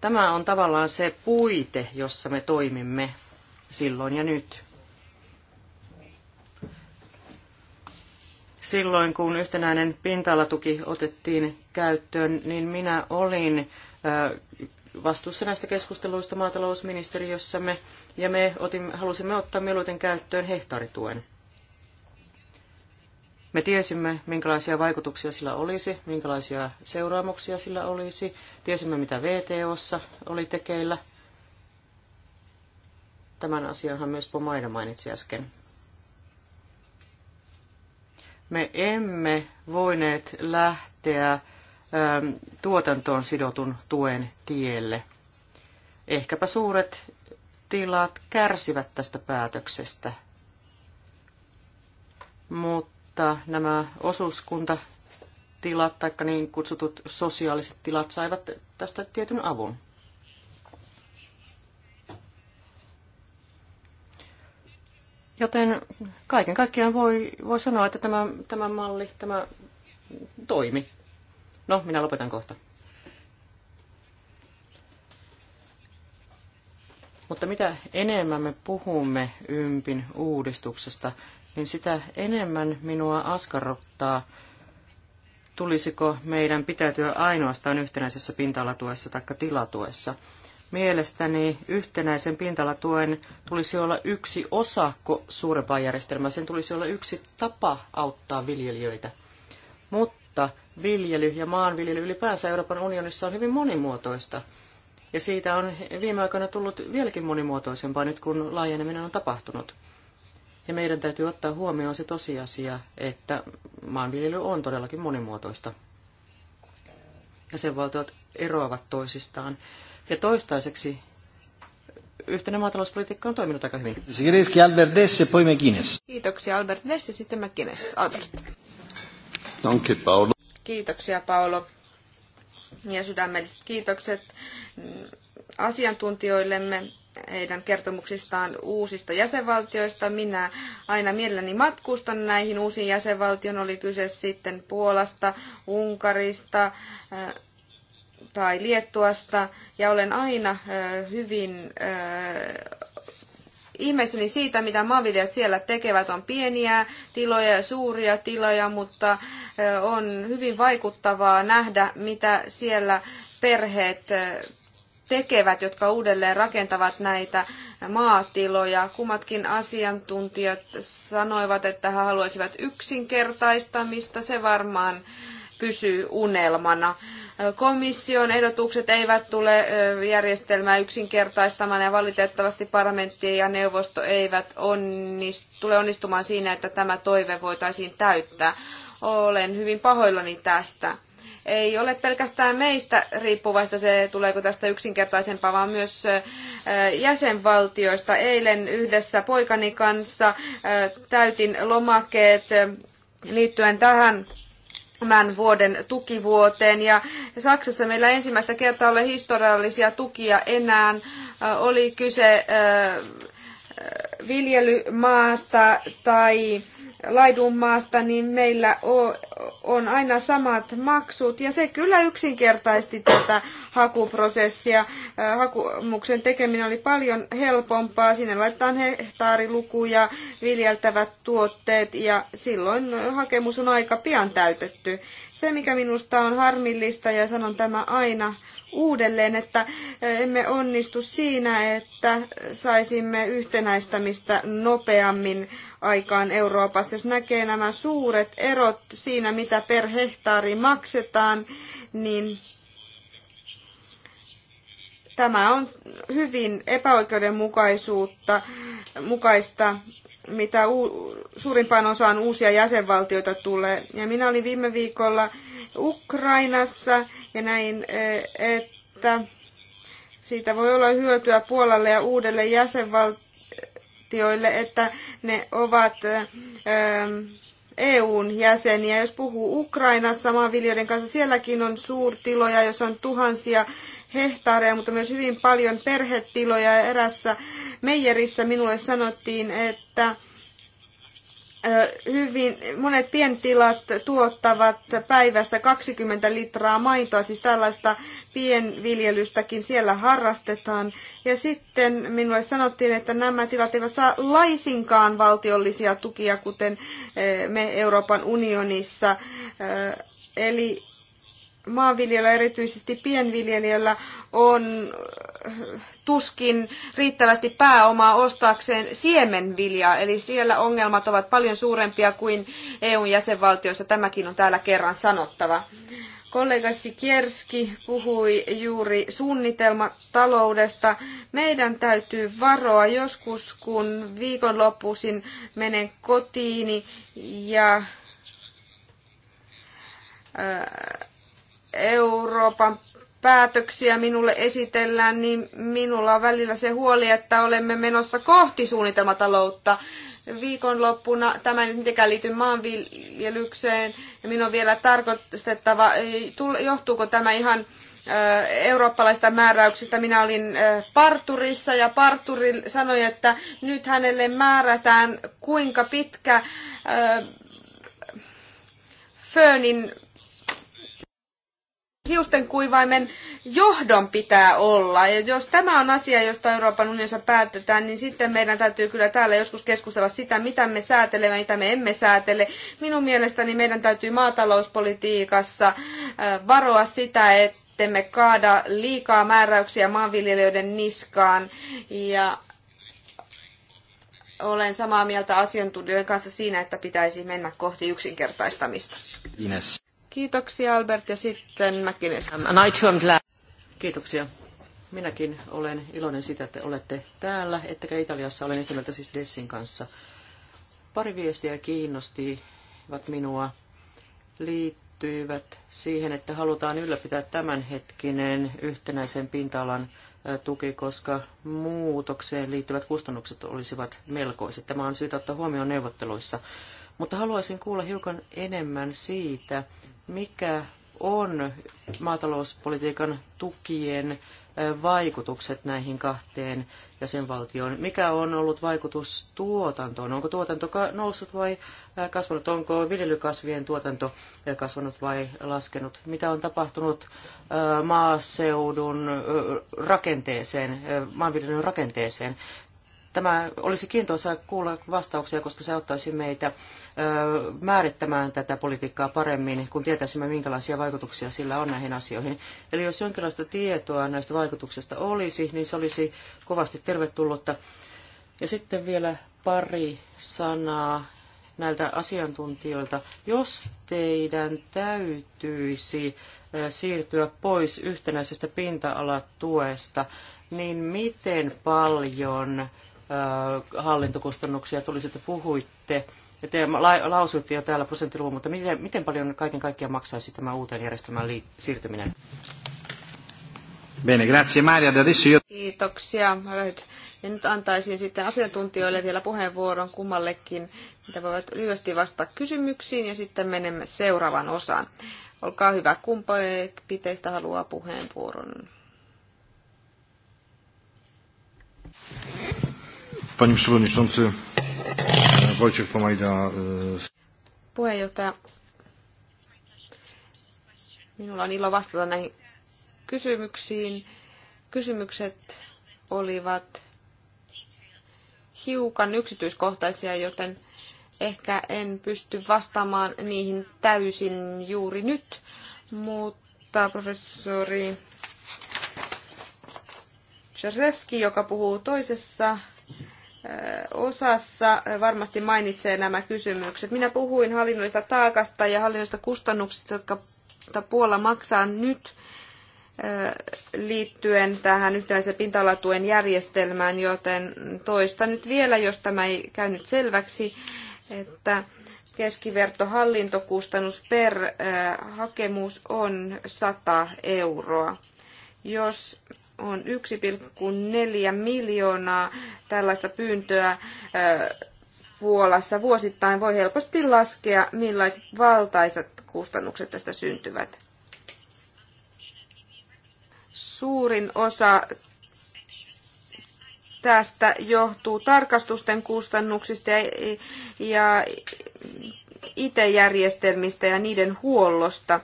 Tämä on tavallaan se puite, jossa me toimimme silloin ja nyt. Silloin kun yhtenäinen pinta-alatuki otettiin käyttöön, niin minä olin vastuussa näistä keskusteluista maatalousministeriössämme, ja me otimme, halusimme ottaa mieluiten käyttöön hehtaarituen. Me tiesimme, minkälaisia vaikutuksia sillä olisi, minkälaisia seuraamuksia sillä olisi. Tiesimme, mitä VTOssa oli tekeillä. Tämän asianhan myös Pomaina mainitsi äsken. Me emme voineet lähteä ähm, tuotantoon sidotun tuen tielle. Ehkäpä suuret tilat kärsivät tästä päätöksestä, mutta mutta nämä osuuskuntatilat tai niin kutsutut sosiaaliset tilat saivat tästä tietyn avun. Joten kaiken kaikkiaan voi, voi sanoa, että tämä, tämä malli, tämä toimi. No, minä lopetan kohta. Mutta mitä enemmän me puhumme ympin uudistuksesta, niin sitä enemmän minua askarruttaa, tulisiko meidän pitäytyä ainoastaan yhtenäisessä pintalatuessa tai tilatuessa. Mielestäni yhtenäisen pintalatuen tulisi olla yksi osa suurempaa järjestelmää. Sen tulisi olla yksi tapa auttaa viljelijöitä. Mutta viljely ja maanviljely ylipäänsä Euroopan unionissa on hyvin monimuotoista. Ja siitä on viime aikoina tullut vieläkin monimuotoisempaa nyt, kun laajeneminen on tapahtunut. Ja meidän täytyy ottaa huomioon se tosiasia, että maanviljely on todellakin monimuotoista. ja Jäsenvaltiot eroavat toisistaan. Ja toistaiseksi yhteinen maatalouspolitiikka on toiminut aika hyvin. Albert Desse, poi Kiitoksia Albert Desse, sitten McGuinness. Albert. Danke, Paolo. Kiitoksia Paolo. Ja sydämelliset kiitokset asiantuntijoillemme heidän kertomuksistaan uusista jäsenvaltioista. Minä aina mielelläni matkustan näihin uusiin jäsenvaltioon, oli kyse sitten Puolasta, Unkarista äh, tai Liettuasta, ja olen aina äh, hyvin äh, ihmeessäni siitä, mitä maanviljelijät siellä tekevät. On pieniä tiloja ja suuria tiloja, mutta on hyvin vaikuttavaa nähdä, mitä siellä perheet tekevät, jotka uudelleen rakentavat näitä maatiloja. Kummatkin asiantuntijat sanoivat, että he haluaisivat yksinkertaistamista. Se varmaan pysyy unelmana. Komission ehdotukset eivät tule järjestelmää yksinkertaistamaan ja valitettavasti parlamentti ja neuvosto eivät onnistu, tule onnistumaan siinä, että tämä toive voitaisiin täyttää. Olen hyvin pahoillani tästä ei ole pelkästään meistä riippuvaista se, tuleeko tästä yksinkertaisempaa, vaan myös jäsenvaltioista. Eilen yhdessä poikani kanssa täytin lomakkeet liittyen tähän tämän vuoden tukivuoteen. Ja Saksassa meillä ensimmäistä kertaa ole historiallisia tukia enää. Oli kyse viljelymaasta tai laidunmaasta, niin meillä on aina samat maksut ja se kyllä yksinkertaisti tätä hakuprosessia. Hakumuksen tekeminen oli paljon helpompaa, sinne laitetaan hehtaarilukuja, viljeltävät tuotteet ja silloin hakemus on aika pian täytetty. Se mikä minusta on harmillista ja sanon tämä aina uudelleen, että emme onnistu siinä, että saisimme yhtenäistämistä nopeammin aikaan Euroopassa. Jos näkee nämä suuret erot siinä, mitä per hehtaari maksetaan, niin tämä on hyvin epäoikeudenmukaisuutta mukaista, mitä u- suurimpaan osaan uusia jäsenvaltioita tulee. Ja minä olin viime viikolla Ukrainassa ja näin, e, että siitä voi olla hyötyä Puolalle ja uudelle jäsenvaltiolle valtioille, että ne ovat ähm, EUn jäseniä. Jos puhuu Ukrainassa maanviljelijöiden kanssa, sielläkin on suurtiloja, jossa on tuhansia hehtaareja, mutta myös hyvin paljon perhetiloja. Erässä meijerissä minulle sanottiin, että hyvin, monet pientilat tuottavat päivässä 20 litraa maitoa, siis tällaista pienviljelystäkin siellä harrastetaan. Ja sitten minulle sanottiin, että nämä tilat eivät saa laisinkaan valtiollisia tukia, kuten me Euroopan unionissa. Eli maanviljelijällä, erityisesti pienviljelijällä, on äh, tuskin riittävästi pääomaa ostaakseen siemenviljaa, eli siellä ongelmat ovat paljon suurempia kuin EUn jäsenvaltioissa, tämäkin on täällä kerran sanottava. Kollega Kierski puhui juuri suunnitelmataloudesta. Meidän täytyy varoa joskus, kun viikonloppuisin menen kotiini ja äh, Euroopan päätöksiä minulle esitellään, niin minulla on välillä se huoli, että olemme menossa kohti suunnitelmataloutta. Viikonloppuna tämä ei mitenkään liity maanviljelykseen ja minun on vielä tarkoitettava, johtuuko tämä ihan eurooppalaista määräyksistä. Minä olin parturissa ja parturi sanoi, että nyt hänelle määrätään kuinka pitkä föönin hiusten kuivaimen johdon pitää olla. Ja jos tämä on asia, josta Euroopan unionissa päätetään, niin sitten meidän täytyy kyllä täällä joskus keskustella sitä, mitä me säätelemme, mitä me emme säätele. Minun mielestäni meidän täytyy maatalouspolitiikassa varoa sitä, että me kaada liikaa määräyksiä maanviljelijöiden niskaan. Ja olen samaa mieltä asiantuntijoiden kanssa siinä, että pitäisi mennä kohti yksinkertaistamista. Ines. Kiitoksia Albert ja sitten Mäkines. Um, Kiitoksia. Minäkin olen iloinen siitä, että olette täällä, ettekä Italiassa olen yhtä siis Dessin kanssa. Pari viestiä kiinnostivat minua liittyivät siihen, että halutaan ylläpitää tämänhetkinen yhtenäisen pinta-alan tuki, koska muutokseen liittyvät kustannukset olisivat melkoiset. Tämä on syytä ottaa huomioon neuvotteluissa. Mutta haluaisin kuulla hiukan enemmän siitä, mikä on maatalouspolitiikan tukien vaikutukset näihin kahteen jäsenvaltioon? Mikä on ollut vaikutus tuotantoon? Onko tuotanto noussut vai kasvanut? Onko viljelykasvien tuotanto kasvanut vai laskenut? Mitä on tapahtunut maaseudun rakenteeseen, maanviljelyn rakenteeseen? Tämä olisi kiintoisaa kuulla vastauksia, koska se auttaisi meitä määrittämään tätä politiikkaa paremmin, kun tietäisimme, minkälaisia vaikutuksia sillä on näihin asioihin. Eli jos jonkinlaista tietoa näistä vaikutuksista olisi, niin se olisi kovasti tervetullutta. Ja sitten vielä pari sanaa näiltä asiantuntijoilta. Jos teidän täytyisi siirtyä pois yhtenäisestä pinta-alatuesta, niin miten paljon Äh, hallintokustannuksia tuli että puhuitte. Ja te lausuitte jo täällä prosenttiluvun, mutta miten, miten paljon kaiken kaikkiaan maksaisi tämä uuteen järjestelmään siirtyminen? Bene, grazie Maria. io... Kiitoksia. Ja nyt antaisin sitten asiantuntijoille vielä puheenvuoron kummallekin, mitä voivat lyhyesti vastata kysymyksiin ja sitten menemme seuraavan osaan. Olkaa hyvä, kumpa piteistä haluaa puheenvuoron. Pani przewodniczący Wojciech Pomajda. E, Puheenjohtaja, minulla on ilo vastata näihin kysymyksiin. Kysymykset olivat hiukan yksityiskohtaisia, joten ehkä en pysty vastaamaan niihin täysin juuri nyt, mutta professori Czerzewski, joka puhuu toisessa osassa varmasti mainitsee nämä kysymykset. Minä puhuin hallinnollista taakasta ja hallinnollista kustannuksista, jotka Puola maksaa nyt liittyen tähän yhtenäisen pinta-alatuen järjestelmään, joten toista nyt vielä, jos tämä ei käynyt selväksi, että keskiverto hallintokustannus per hakemus on 100 euroa. Jos on 1,4 miljoonaa tällaista pyyntöä Puolassa vuosittain. Voi helposti laskea, millaiset valtaisat kustannukset tästä syntyvät. Suurin osa tästä johtuu tarkastusten kustannuksista ja, ja IT-järjestelmistä ja niiden huollosta.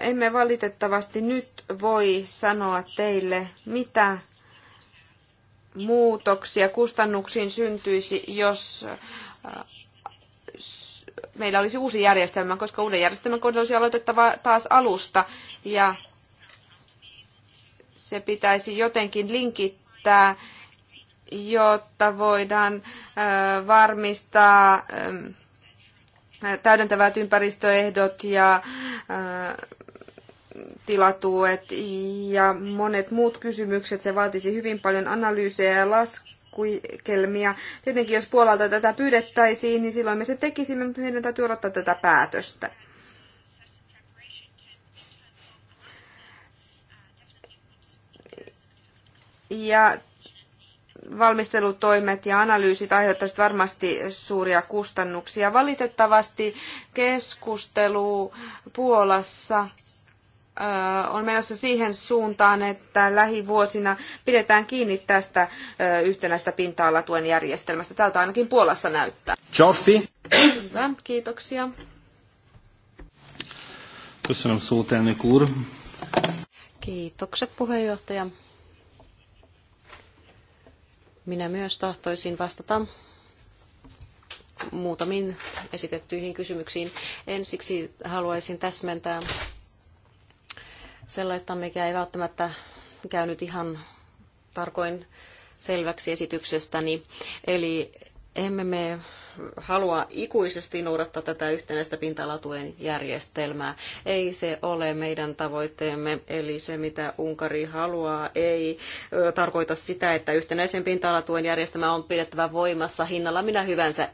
Emme valitettavasti nyt voi sanoa teille, mitä muutoksia kustannuksiin syntyisi, jos meillä olisi uusi järjestelmä, koska uuden järjestelmän kohdalla olisi aloitettava taas alusta ja se pitäisi jotenkin linkittää, jotta voidaan varmistaa täydentävät ympäristöehdot ja äh, tilatuet ja monet muut kysymykset. Se vaatisi hyvin paljon analyysejä ja laskelmia. Tietenkin jos Puolalta tätä pyydettäisiin, niin silloin me se tekisimme, meidän täytyy odottaa tätä päätöstä. Ja valmistelutoimet ja analyysit aiheuttaisivat varmasti suuria kustannuksia. Valitettavasti keskustelu Puolassa äh, on menossa siihen suuntaan, että lähivuosina pidetään kiinni tästä äh, yhtenäistä pinta-alatuen järjestelmästä. Tältä ainakin Puolassa näyttää. Joffi. Hyvä, kiitoksia. Kiitokset puheenjohtaja. Minä myös tahtoisin vastata muutamiin esitettyihin kysymyksiin. Ensiksi haluaisin täsmentää sellaista, mikä ei välttämättä käynyt ihan tarkoin selväksi esityksestäni. Eli emme me halua ikuisesti noudattaa tätä yhtenäistä pinta-alatuen järjestelmää. Ei se ole meidän tavoitteemme, eli se mitä Unkari haluaa ei tarkoita sitä, että yhtenäisen pinta-alatuen järjestelmä on pidettävä voimassa hinnalla minä hyvänsä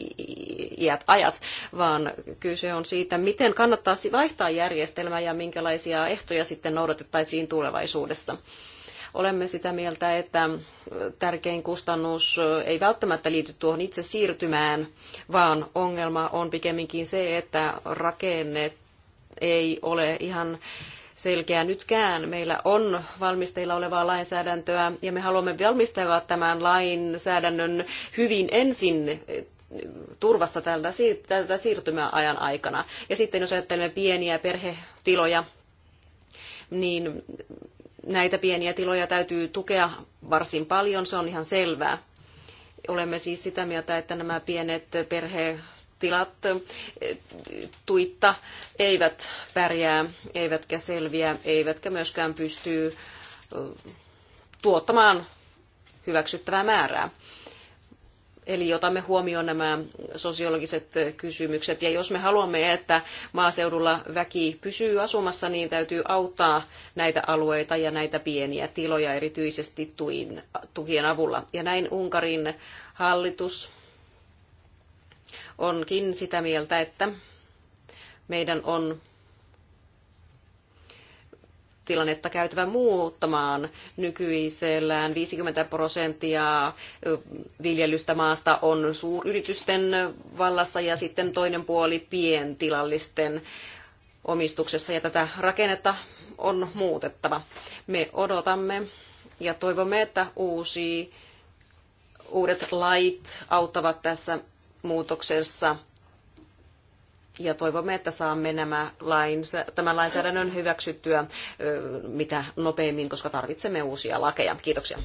iät ajat, vaan kyse on siitä, miten kannattaa vaihtaa järjestelmää ja minkälaisia ehtoja sitten noudatettaisiin tulevaisuudessa. Olemme sitä mieltä, että tärkein kustannus ei välttämättä liity tuohon itse siirtymään, vaan ongelma on pikemminkin se, että rakenne ei ole ihan selkeä nytkään. Meillä on valmisteilla olevaa lainsäädäntöä ja me haluamme valmistella tämän lainsäädännön hyvin ensin turvassa tältä, tältä siirtymäajan aikana. Ja sitten jos ajattelemme pieniä perhetiloja, niin näitä pieniä tiloja täytyy tukea varsin paljon, se on ihan selvää. Olemme siis sitä mieltä, että nämä pienet perhetilat, eh, tuitta eivät pärjää, eivätkä selviä, eivätkä myöskään pysty eh, tuottamaan hyväksyttävää määrää. Eli otamme huomioon nämä sosiologiset kysymykset. Ja jos me haluamme, että maaseudulla väki pysyy asumassa, niin täytyy auttaa näitä alueita ja näitä pieniä tiloja erityisesti tuin, tukien avulla. Ja näin Unkarin hallitus onkin sitä mieltä, että meidän on tilannetta käytävä muuttamaan nykyisellään. 50 prosenttia viljelystä maasta on suuryritysten vallassa ja sitten toinen puoli pientilallisten omistuksessa ja tätä rakennetta on muutettava. Me odotamme ja toivomme, että uusi, uudet lait auttavat tässä muutoksessa ja toivomme, että saamme nämä lainsä, tämän lainsäädännön hyväksyttyä mitä nopeimmin, koska tarvitsemme uusia lakeja. Kiitoksia.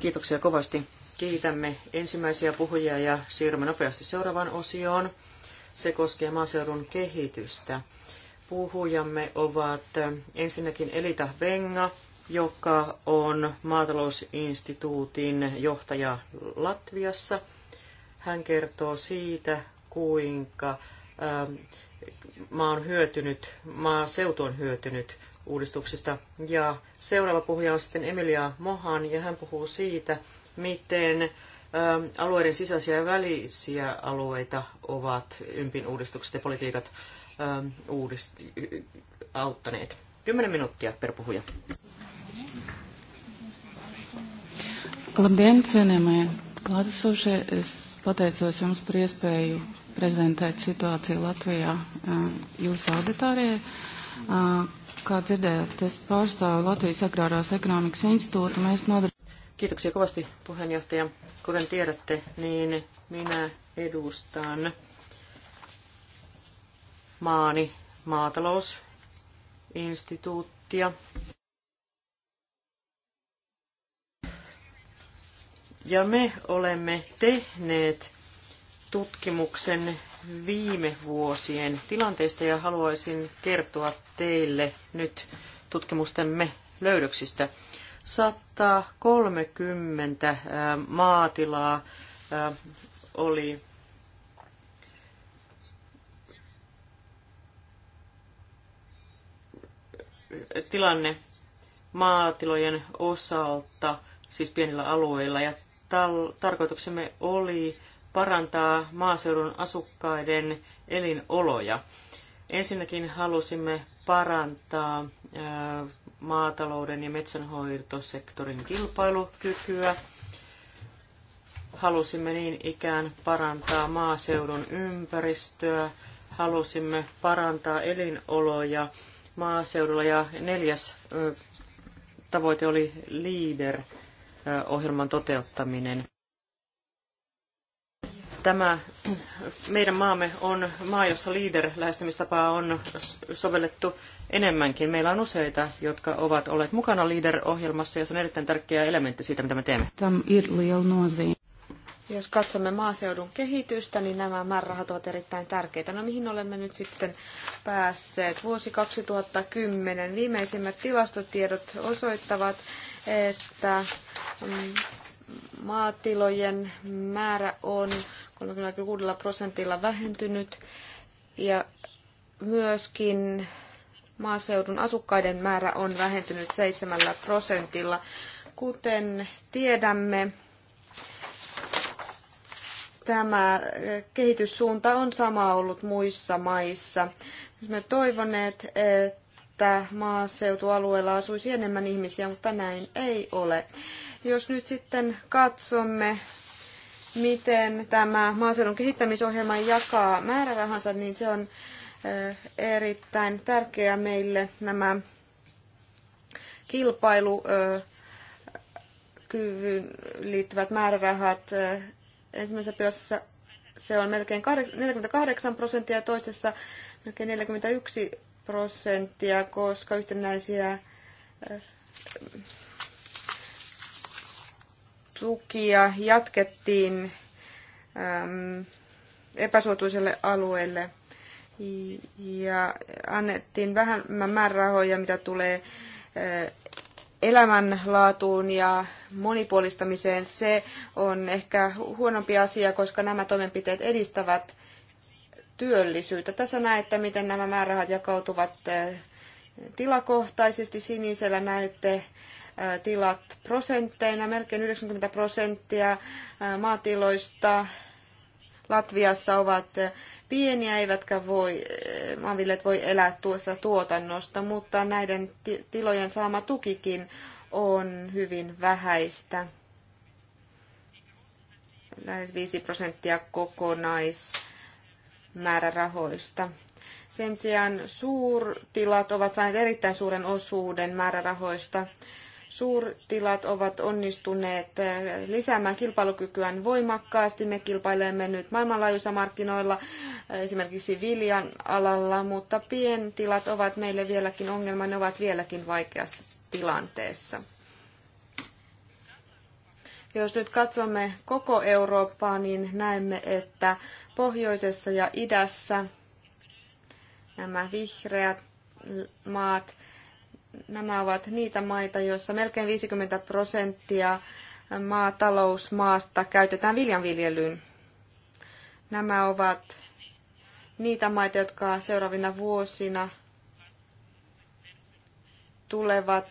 Kiitoksia kovasti. Kiitämme ensimmäisiä puhujia ja siirrymme nopeasti seuraavaan osioon. Se koskee maaseudun kehitystä. Puhujamme ovat ensinnäkin Elita Venga, joka on maatalousinstituutin johtaja Latviassa. Hän kertoo siitä, kuinka maa on hyötynyt, maaseutu on hyötynyt uudistuksista. Ja seuraava puhuja on sitten Emilia Mohan, ja hän puhuu siitä, miten alueiden sisäisiä ja välisiä alueita ovat ympin uudistukset ja politiikat uudist- auttaneet. Kymmenen minuuttia per puhuja. Labdien, cienījamie klātesošie! Es pateicos jums par iespēju prezentēt situāciju Latvijā jūsu auditorijai. Kā dzirdējāt, es pārstāvu Latvijas Agrārās ekonomikas institūtu. Mēs Kiitoksia kovasti puheenjohtaja. Kuten tiedätte, niin minä edustan maani maatalousinstituuttia. Ja me olemme tehneet tutkimuksen viime vuosien tilanteesta ja haluaisin kertoa teille nyt tutkimustemme löydöksistä. 130 äh, maatilaa äh, oli tilanne maatilojen osalta, siis pienillä alueilla, ja tarkoituksemme oli parantaa maaseudun asukkaiden elinoloja. Ensinnäkin halusimme parantaa maatalouden ja metsänhoitosektorin kilpailukykyä. Halusimme niin ikään parantaa maaseudun ympäristöä, halusimme parantaa elinoloja maaseudulla ja neljäs tavoite oli LEADER-ohjelman toteuttaminen tämä meidän maamme on maa, jossa leader-lähestymistapaa on sovellettu enemmänkin. Meillä on useita, jotka ovat olleet mukana leader-ohjelmassa ja se on erittäin tärkeä elementti siitä, mitä me teemme. Jos katsomme maaseudun kehitystä, niin nämä määrärahat ovat erittäin tärkeitä. No mihin olemme nyt sitten päässeet? Vuosi 2010 viimeisimmät tilastotiedot osoittavat, että mm, maatilojen määrä on 36 prosentilla vähentynyt ja myöskin maaseudun asukkaiden määrä on vähentynyt 7 prosentilla. Kuten tiedämme, tämä kehityssuunta on sama ollut muissa maissa. Me toivoneet, että maaseutualueella asuisi enemmän ihmisiä, mutta näin ei ole. Jos nyt sitten katsomme, miten tämä maaseudun kehittämisohjelma jakaa määrärahansa, niin se on erittäin tärkeä meille nämä kilpailukyvyn liittyvät määrärahat. Ensimmäisessä pilassa se on melkein 48 prosenttia ja toisessa melkein 41 prosenttia, koska yhtenäisiä tukia jatkettiin äm, epäsuotuiselle alueelle ja annettiin vähemmän määrärahoja, mitä tulee äh, elämänlaatuun ja monipuolistamiseen. Se on ehkä huonompi asia, koska nämä toimenpiteet edistävät työllisyyttä. Tässä näette, miten nämä määrärahat jakautuvat äh, tilakohtaisesti. Sinisellä näette tilat prosentteina, melkein 90 prosenttia maatiloista Latviassa ovat pieniä, eivätkä voi, maanvillet voi elää tuosta tuotannosta, mutta näiden tilojen saama tukikin on hyvin vähäistä. Lähes 5 prosenttia kokonaismäärärahoista. Sen sijaan suurtilat ovat saaneet erittäin suuren osuuden määrärahoista. Suurtilat ovat onnistuneet eh, lisäämään kilpailukykyään voimakkaasti. Me kilpailemme nyt maailmanlaajuisilla markkinoilla, eh, esimerkiksi viljan alalla, mutta pientilat ovat meille vieläkin ongelma, ne ovat vieläkin vaikeassa tilanteessa. Jos nyt katsomme koko Eurooppaa, niin näemme, että pohjoisessa ja idässä nämä vihreät maat Nämä ovat niitä maita, joissa melkein 50 prosenttia maatalousmaasta käytetään viljanviljelyyn. Nämä ovat niitä maita, jotka seuraavina vuosina tulevat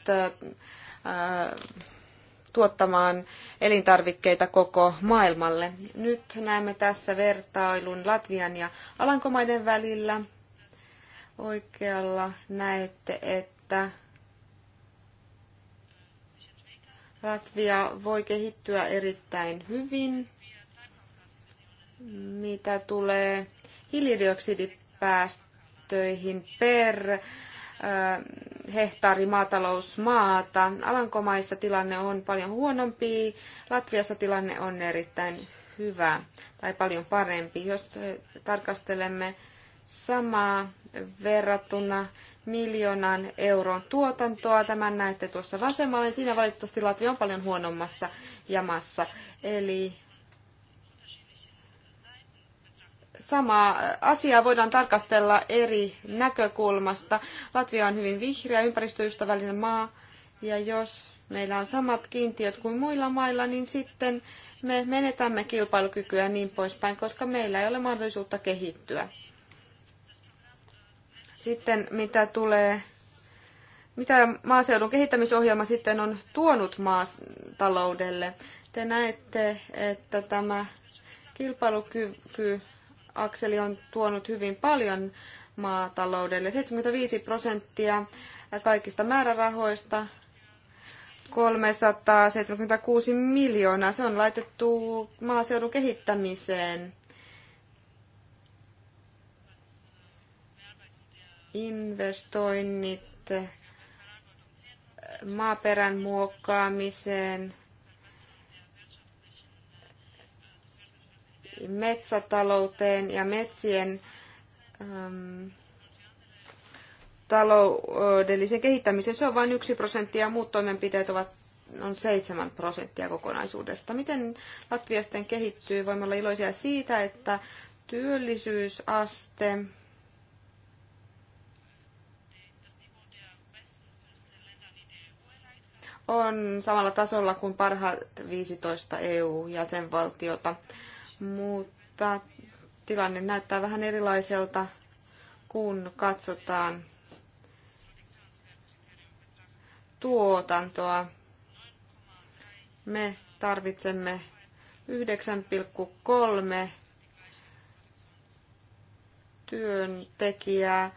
tuottamaan elintarvikkeita koko maailmalle. Nyt näemme tässä vertailun Latvian ja Alankomaiden välillä. Oikealla näette, että Latvia voi kehittyä erittäin hyvin, mitä tulee hiilidioksidipäästöihin per hehtaari maatalousmaata. Alankomaissa tilanne on paljon huonompi, Latviassa tilanne on erittäin hyvä tai paljon parempi. Jos tarkastelemme samaa verrattuna miljoonan euron tuotantoa. Tämän näette tuossa vasemmalla. Niin siinä valitettavasti Latvia on paljon huonommassa jamassa. Eli sama asiaa voidaan tarkastella eri näkökulmasta. Latvia on hyvin vihreä, ympäristöystävällinen maa, ja jos meillä on samat kiintiöt kuin muilla mailla, niin sitten me menetämme kilpailukykyä niin poispäin, koska meillä ei ole mahdollisuutta kehittyä. Sitten mitä tulee, mitä maaseudun kehittämisohjelma sitten on tuonut maataloudelle? Te näette, että tämä kilpailukyky akseli on tuonut hyvin paljon maataloudelle. 75 prosenttia kaikista määrärahoista 376 miljoonaa. Se on laitettu maaseudun kehittämiseen. investoinnit maaperän muokkaamiseen, metsätalouteen ja metsien äm, taloudellisen kehittämiseen. Se on vain yksi prosentti ja muut toimenpiteet ovat on 7 prosenttia kokonaisuudesta. Miten Latvia sitten kehittyy? Voimme olla iloisia siitä, että työllisyysaste on samalla tasolla kuin parhaat 15 EU-jäsenvaltiota, mutta tilanne näyttää vähän erilaiselta, kun katsotaan tuotantoa. Me tarvitsemme 9,3 työntekijää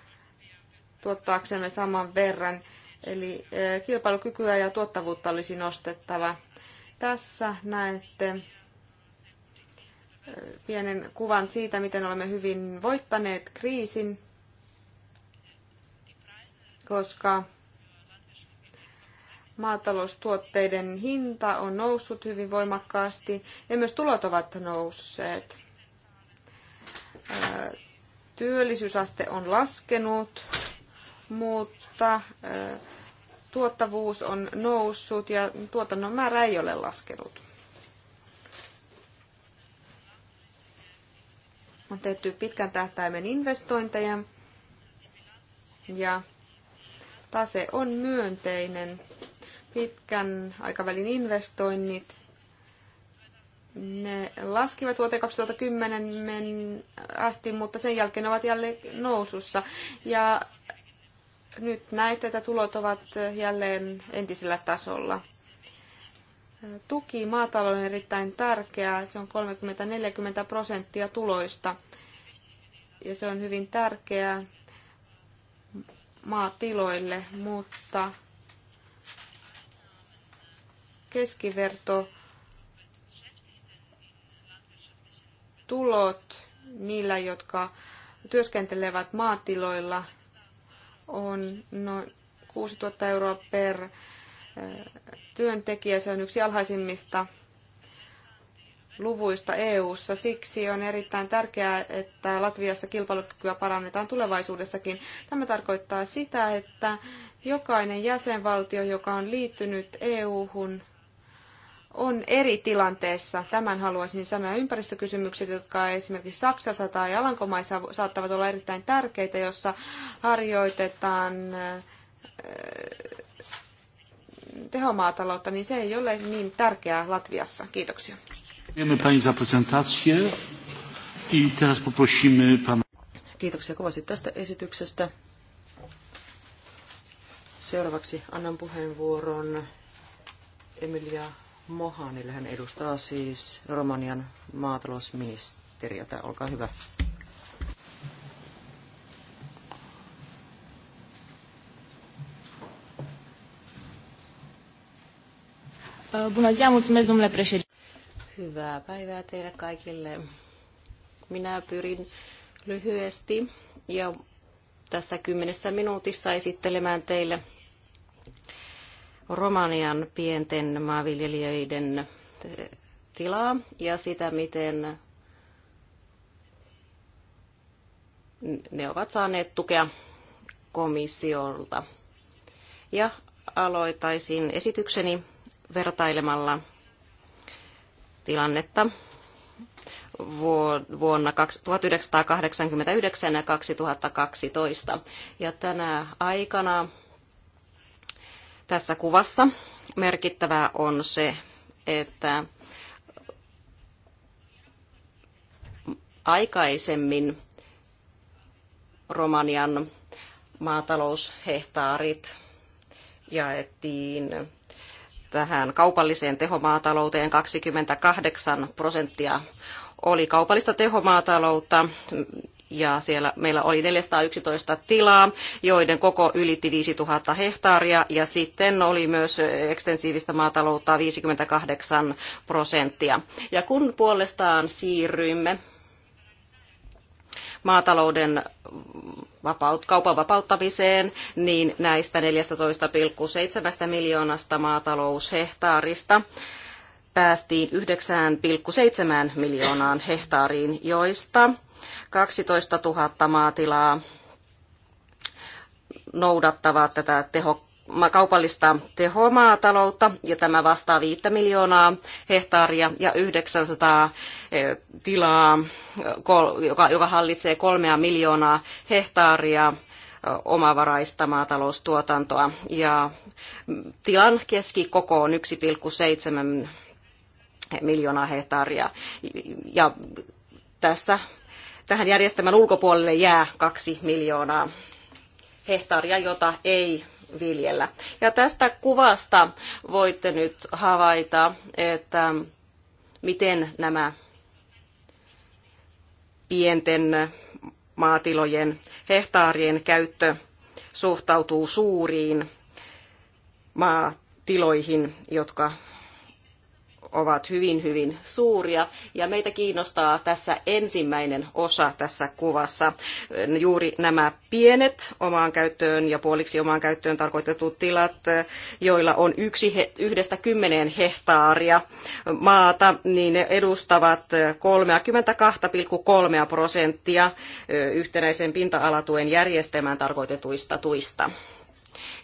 tuottaaksemme saman verran Eli kilpailukykyä ja tuottavuutta olisi nostettava. Tässä näette pienen kuvan siitä, miten olemme hyvin voittaneet kriisin, koska maataloustuotteiden hinta on noussut hyvin voimakkaasti ja myös tulot ovat nousseet. Työllisyysaste on laskenut, mutta tuottavuus on noussut ja tuotannon määrä ei ole laskenut. On tehty pitkän tähtäimen investointeja ja tase on myönteinen. Pitkän aikavälin investoinnit ne laskivat vuoteen 2010 asti, mutta sen jälkeen ovat jälleen nousussa. Ja nyt näitä, että tulot ovat jälleen entisellä tasolla. Tuki maatalouden on erittäin tärkeää. Se on 30-40 prosenttia tuloista. Ja se on hyvin tärkeää maatiloille, mutta keskiverto tulot niillä, jotka työskentelevät maatiloilla – on noin 6 000 euroa per työntekijä. Se on yksi alhaisimmista luvuista EU:ssa. Siksi on erittäin tärkeää, että Latviassa kilpailukykyä parannetaan tulevaisuudessakin. Tämä tarkoittaa sitä, että jokainen jäsenvaltio, joka on liittynyt EU:hun, on eri tilanteessa. Tämän haluaisin sanoa. Ympäristökysymykset, jotka esimerkiksi Saksassa tai Alankomaissa saattavat olla erittäin tärkeitä, jossa harjoitetaan äh, tehomaataloutta, niin se ei ole niin tärkeää Latviassa. Kiitoksia. Kiitoksia kovasti tästä esityksestä. Seuraavaksi annan puheenvuoron Emilia Mohanille. Niin hän edustaa siis Romanian maatalousministeriötä. Olkaa hyvä. Uh, președinte. Hyvää päivää teille kaikille. Minä pyrin lyhyesti ja tässä kymmenessä minuutissa esittelemään teille Romanian pienten maanviljelijöiden eh, tilaa ja sitä, miten ne ovat saaneet tukea komissiolta. Ja aloitaisin esitykseni vertailemalla tilannetta vuonna 1989 ja 2012. Ja tänä aikana tässä kuvassa merkittävää on se, että aikaisemmin Romanian maataloushehtaarit jaettiin tähän kaupalliseen tehomaatalouteen 28 prosenttia oli kaupallista tehomaataloutta ja siellä meillä oli 411 tilaa, joiden koko ylitti 5000 hehtaaria ja sitten oli myös ekstensiivistä maataloutta 58 prosenttia. Ja kun puolestaan siirryimme maatalouden vapaut, kaupan vapauttamiseen, niin näistä 14,7 miljoonasta maataloushehtaarista päästiin 9,7 miljoonaan hehtaariin, joista 12 000 maatilaa noudattavat tätä tehokkuutta kaupallista tehomaataloutta, ja tämä vastaa 5 miljoonaa hehtaaria ja 900 e, tilaa, joka, joka hallitsee 3 miljoonaa hehtaaria e, omavaraista maataloustuotantoa. Ja tilan keskikoko on 1,7 miljoonaa hehtaaria. Ja tässä tähän järjestelmän ulkopuolelle jää kaksi miljoonaa hehtaaria, jota ei viljellä. Ja tästä kuvasta voitte nyt havaita, että miten nämä pienten maatilojen hehtaarien käyttö suhtautuu suuriin maatiloihin, jotka ovat hyvin, hyvin suuria. Ja meitä kiinnostaa tässä ensimmäinen osa tässä kuvassa. Juuri nämä pienet omaan käyttöön ja puoliksi omaan käyttöön tarkoitetut tilat, joilla on yksi, yhdestä kymmeneen hehtaaria maata, niin ne edustavat 32,3 prosenttia yhtenäisen pinta-alatuen järjestelmään tarkoitetuista tuista.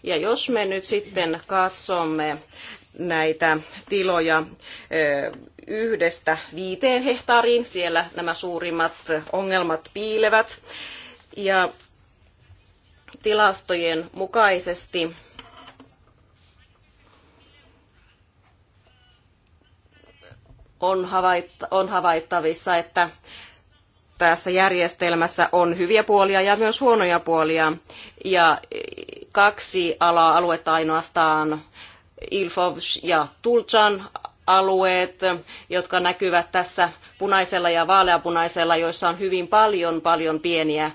Ja jos me nyt sitten katsomme näitä tiloja yhdestä viiteen hehtaariin. Siellä nämä suurimmat ongelmat piilevät. Ja tilastojen mukaisesti on, havaittavissa, että tässä järjestelmässä on hyviä puolia ja myös huonoja puolia. Ja kaksi ala-aluetta ainoastaan Ilfovs ja Tulchan alueet, jotka näkyvät tässä punaisella ja vaaleapunaisella, joissa on hyvin paljon, paljon pieniä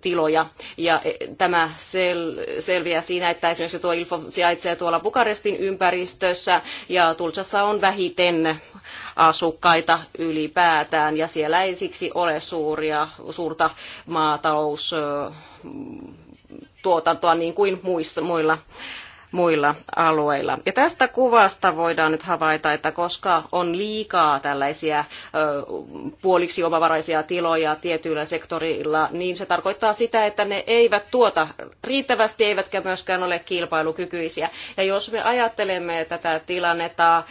tiloja. Ja e, tämä sel- selviää siinä, että esimerkiksi tuo Ilfo sijaitsee tuolla Bukarestin ympäristössä ja Tulsassa on vähiten asukkaita ylipäätään ja siellä ei siksi ole suuria, suurta maataloustuotantoa tuotantoa niin kuin muissa, muilla muilla alueilla. Ja tästä kuvasta voidaan nyt havaita, että koska on liikaa tällaisia puoliksi omavaraisia tiloja tietyillä sektorilla, niin se tarkoittaa sitä, että ne eivät tuota riittävästi eivätkä myöskään ole kilpailukykyisiä. Ja jos me ajattelemme tätä tilannetta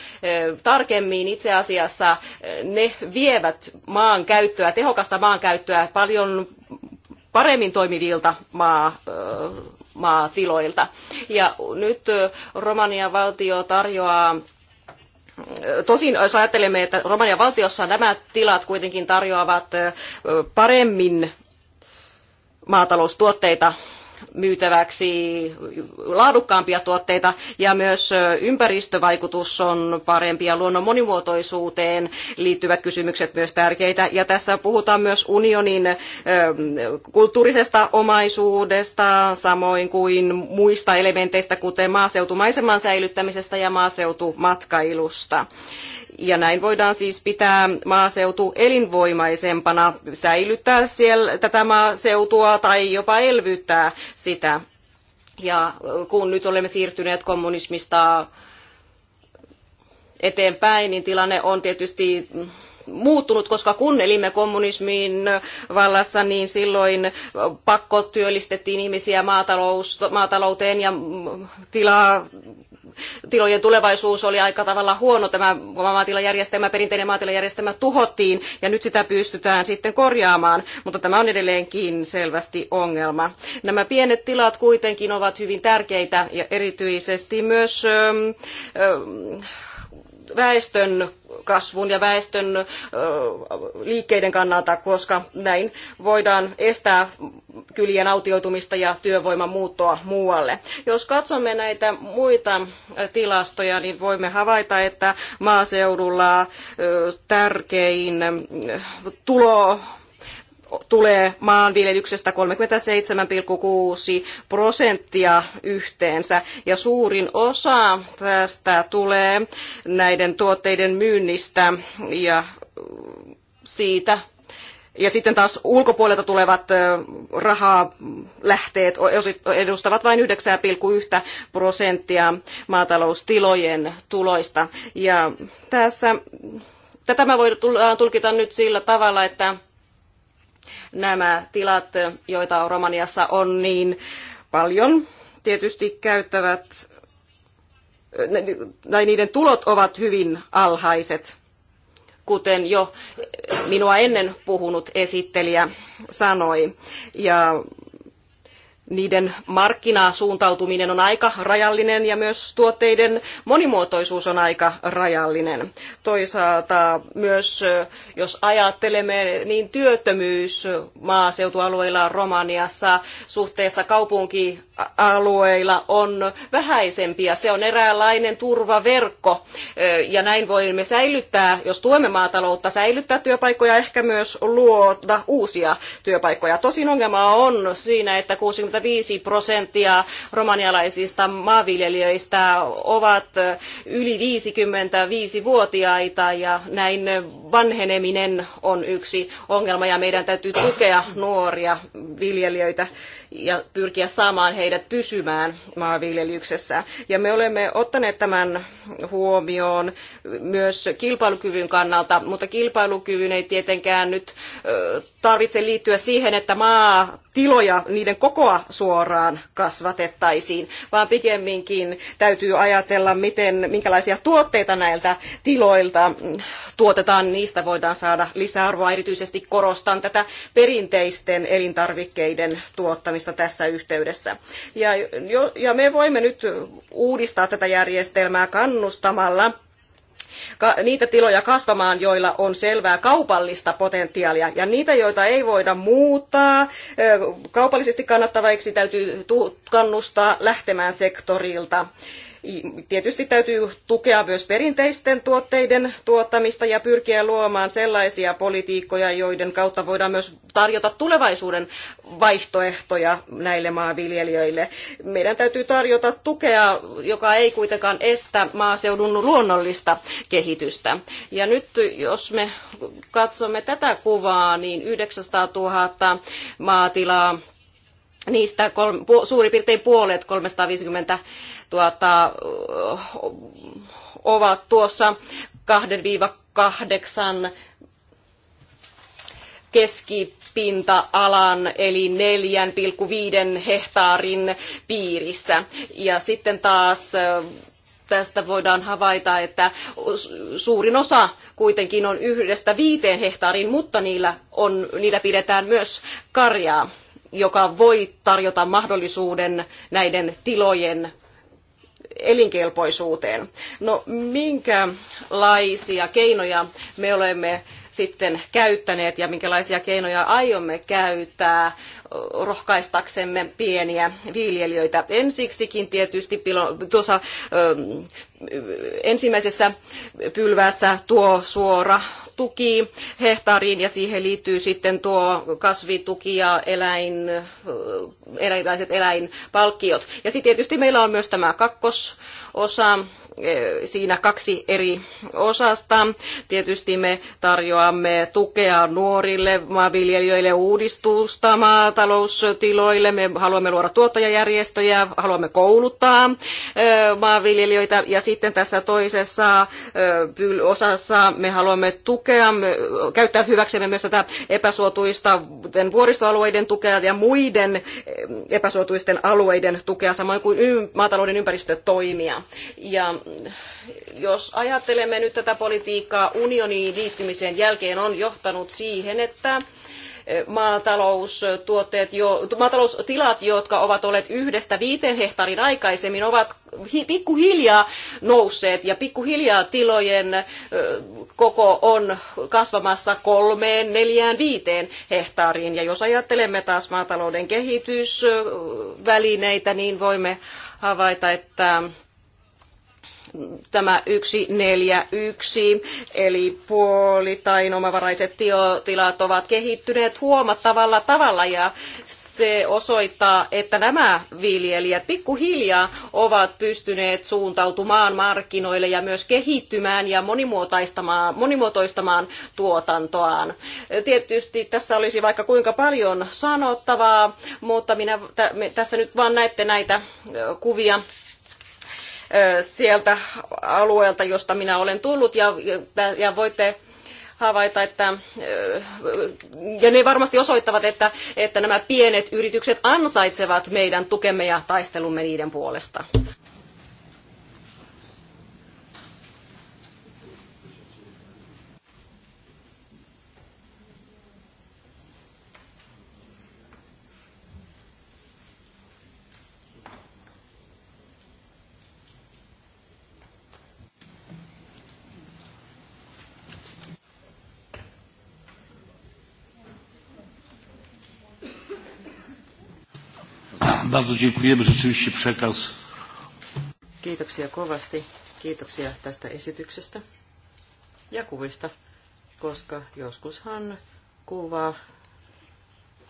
tarkemmin, itse asiassa ne vievät maan käyttöä, tehokasta maan käyttöä paljon paremmin toimivilta maa maatiloilta. Ja nyt Romanian valtio tarjoaa Tosin jos ajattelemme, että Romanian valtiossa nämä tilat kuitenkin tarjoavat paremmin maataloustuotteita myytäväksi laadukkaampia tuotteita ja myös ympäristövaikutus on parempi ja luonnon monimuotoisuuteen liittyvät kysymykset myös tärkeitä. Ja tässä puhutaan myös unionin kulttuurisesta omaisuudesta, samoin kuin muista elementeistä, kuten maaseutumaiseman säilyttämisestä ja maaseutumatkailusta. Ja näin voidaan siis pitää maaseutu elinvoimaisempana, säilyttää siellä tätä maaseutua tai jopa elvyttää sitä. Ja kun nyt olemme siirtyneet kommunismista eteenpäin, niin tilanne on tietysti muuttunut, koska kun elimme kommunismin vallassa, niin silloin pakko työllistettiin ihmisiä maatalous, maatalouteen ja tilaa tilojen tulevaisuus oli aika tavalla huono. Tämä maatilajärjestelmä, perinteinen maatilajärjestelmä tuhottiin ja nyt sitä pystytään sitten korjaamaan, mutta tämä on edelleenkin selvästi ongelma. Nämä pienet tilat kuitenkin ovat hyvin tärkeitä ja erityisesti myös ähm, äh, väestön kasvun ja väestön liikkeiden kannalta, koska näin voidaan estää kylien autioitumista ja työvoiman muuttoa muualle. Jos katsomme näitä muita tilastoja, niin voimme havaita, että maaseudulla tärkein tulo tulee maanviljelyksestä 37,6 prosenttia yhteensä. Ja suurin osa tästä tulee näiden tuotteiden myynnistä ja siitä ja sitten taas ulkopuolelta tulevat rahalähteet edustavat vain 9,1 prosenttia maataloustilojen tuloista. Ja tässä, tätä mä voidaan tulkita nyt sillä tavalla, että Nämä tilat, joita Romaniassa on niin paljon, tietysti käyttävät, tai niiden tulot ovat hyvin alhaiset, kuten jo minua ennen puhunut esittelijä sanoi. Ja niiden markkinasuuntautuminen on aika rajallinen ja myös tuotteiden monimuotoisuus on aika rajallinen. Toisaalta myös, jos ajattelemme, niin työttömyys maaseutualueilla Romaniassa suhteessa kaupunkialueilla on vähäisempi ja se on eräänlainen turvaverkko. Ja näin voimme säilyttää, jos tuemme maataloutta, säilyttää työpaikkoja, ehkä myös luoda uusia työpaikkoja. Tosin ongelma on siinä, että 60 25 prosenttia romanialaisista maanviljelijöistä ovat yli 55-vuotiaita ja näin vanheneminen on yksi ongelma ja meidän täytyy tukea nuoria viljelijöitä ja pyrkiä saamaan heidät pysymään maanviljelyksessä. Ja me olemme ottaneet tämän huomioon myös kilpailukyvyn kannalta, mutta kilpailukyvyn ei tietenkään nyt tarvitse liittyä siihen, että maatiloja, niiden kokoa suoraan kasvatettaisiin, vaan pikemminkin täytyy ajatella, miten, minkälaisia tuotteita näiltä tiloilta mm, tuotetaan, niistä voidaan saada lisäarvoa. Erityisesti korostan tätä perinteisten elintarvikkeiden tuottamista osaamista tässä yhteydessä. Ja, jo, ja me voimme nyt uudistaa tätä järjestelmää kannustamalla niitä tiloja kasvamaan, joilla on selvää kaupallista potentiaalia. Ja niitä, joita ei voida muuttaa, kaupallisesti kannattavaiksi täytyy kannustaa lähtemään sektorilta. Tietysti täytyy tukea myös perinteisten tuotteiden tuottamista ja pyrkiä luomaan sellaisia politiikkoja, joiden kautta voidaan myös tarjota tulevaisuuden vaihtoehtoja näille maanviljelijöille. Meidän täytyy tarjota tukea, joka ei kuitenkaan estä maaseudun luonnollista kehitystä. Ja nyt jos me katsomme tätä kuvaa, niin 900 000 maatilaa, niistä kolme, suurin piirtein puolet 350 tuota, ovat tuossa 2-8 keskipinta-alan eli 4,5 hehtaarin piirissä. Ja sitten taas tästä voidaan havaita, että suurin osa kuitenkin on yhdestä viiteen hehtaarin, mutta niillä, on, niillä pidetään myös karjaa, joka voi tarjota mahdollisuuden näiden tilojen elinkelpoisuuteen. No minkälaisia keinoja me olemme sitten käyttäneet ja minkälaisia keinoja aiomme käyttää rohkaistaksemme pieniä viljelijöitä. Ensiksikin tietysti tuossa ensimmäisessä pylvässä tuo suora tuki hehtaariin ja siihen liittyy sitten tuo kasvituki ja eläin, erilaiset eläinpalkkiot. Ja sitten tietysti meillä on myös tämä kakkososa, Eh, siinä kaksi eri osasta. Tietysti me tarjoamme tukea nuorille maanviljelijöille uudistusta maataloustiloille. Me haluamme luoda tuottajajärjestöjä, haluamme kouluttaa eh, maanviljelijöitä. Ja sitten tässä toisessa eh, osassa me haluamme tukea, käyttää hyväksemme myös tätä epäsuotuista vuoristoalueiden tukea ja muiden epäsuotuisten alueiden tukea, samoin kuin maatalouden ympäristötoimia. Ja jos ajattelemme nyt tätä politiikkaa unioniin liittymisen jälkeen, on johtanut siihen, että eh, maataloustuotteet jo, maataloustilat, jotka ovat olleet yhdestä viiteen hehtaarin aikaisemmin, ovat pikkuhiljaa nousseet ja pikkuhiljaa tilojen eh, koko on kasvamassa kolmeen, neljään, viiteen hehtaariin. Ja jos ajattelemme taas maatalouden kehitysvälineitä, niin voimme havaita, että tämä 141, eli puolittain omavaraiset tilat ovat kehittyneet huomattavalla tavalla ja se osoittaa, että nämä viljelijät pikkuhiljaa ovat pystyneet suuntautumaan markkinoille ja myös kehittymään ja monimuotoistamaan, monimuotoistamaan tuotantoaan. Tietysti tässä olisi vaikka kuinka paljon sanottavaa, mutta minä tässä nyt vaan näette näitä kuvia sieltä alueelta, josta minä olen tullut ja, ja voitte havaita, että, ja ne varmasti osoittavat, että, että nämä pienet yritykset ansaitsevat meidän tukemme ja taistelumme niiden puolesta. Bardzo dziękujemy. Rzeczywiście przekaz. Kiitoksia kovasti. Kiitoksia tästä esityksestä ja kuvista, koska joskushan kuva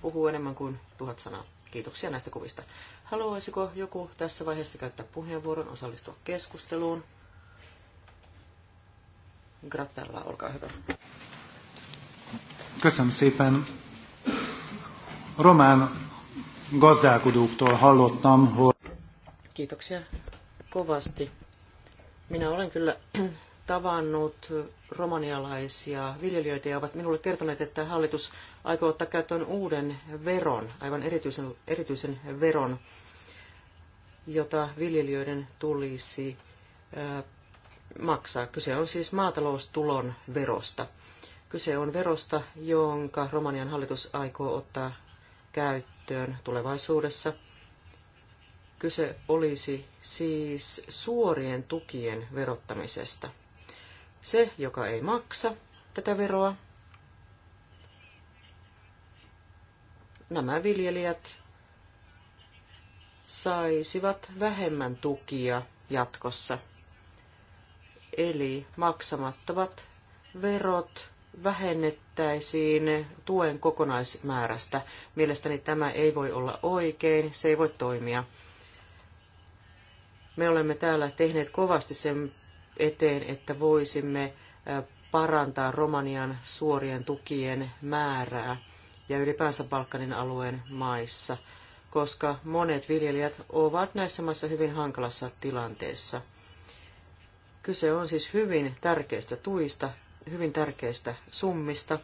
puhuu enemmän kuin tuhat sanaa. Kiitoksia näistä kuvista. Haluaisiko joku tässä vaiheessa käyttää puheenvuoron, osallistua keskusteluun? Grattella, olkaa hyvä. Kiitos szépen gazdálkodóktól hallottam, hogy... Kiitoksia kovasti. Minä olen kyllä [CLEARS THROAT] tavannut romanialaisia viljelijöitä ja ovat minulle kertoneet, että hallitus aikoo ottaa käyttöön uuden veron, aivan erityisen, erityisen veron, jota viljelijöiden tulisi maksaa. Kyse on siis maataloustulon verosta. Kyse on verosta, jonka Romanian hallitus aikoo ottaa käyttöön tulevaisuudessa. Kyse olisi siis suorien tukien verottamisesta. Se, joka ei maksa tätä veroa, nämä viljelijät saisivat vähemmän tukia jatkossa. Eli maksamattomat verot vähennettäisiin tuen kokonaismäärästä. Mielestäni tämä ei voi olla oikein, se ei voi toimia. Me olemme täällä tehneet kovasti sen eteen, että voisimme parantaa Romanian suorien tukien määrää ja ylipäänsä Balkanin alueen maissa, koska monet viljelijät ovat näissä maissa hyvin hankalassa tilanteessa. Kyse on siis hyvin tärkeistä tuista, hyvin tärkeistä summista.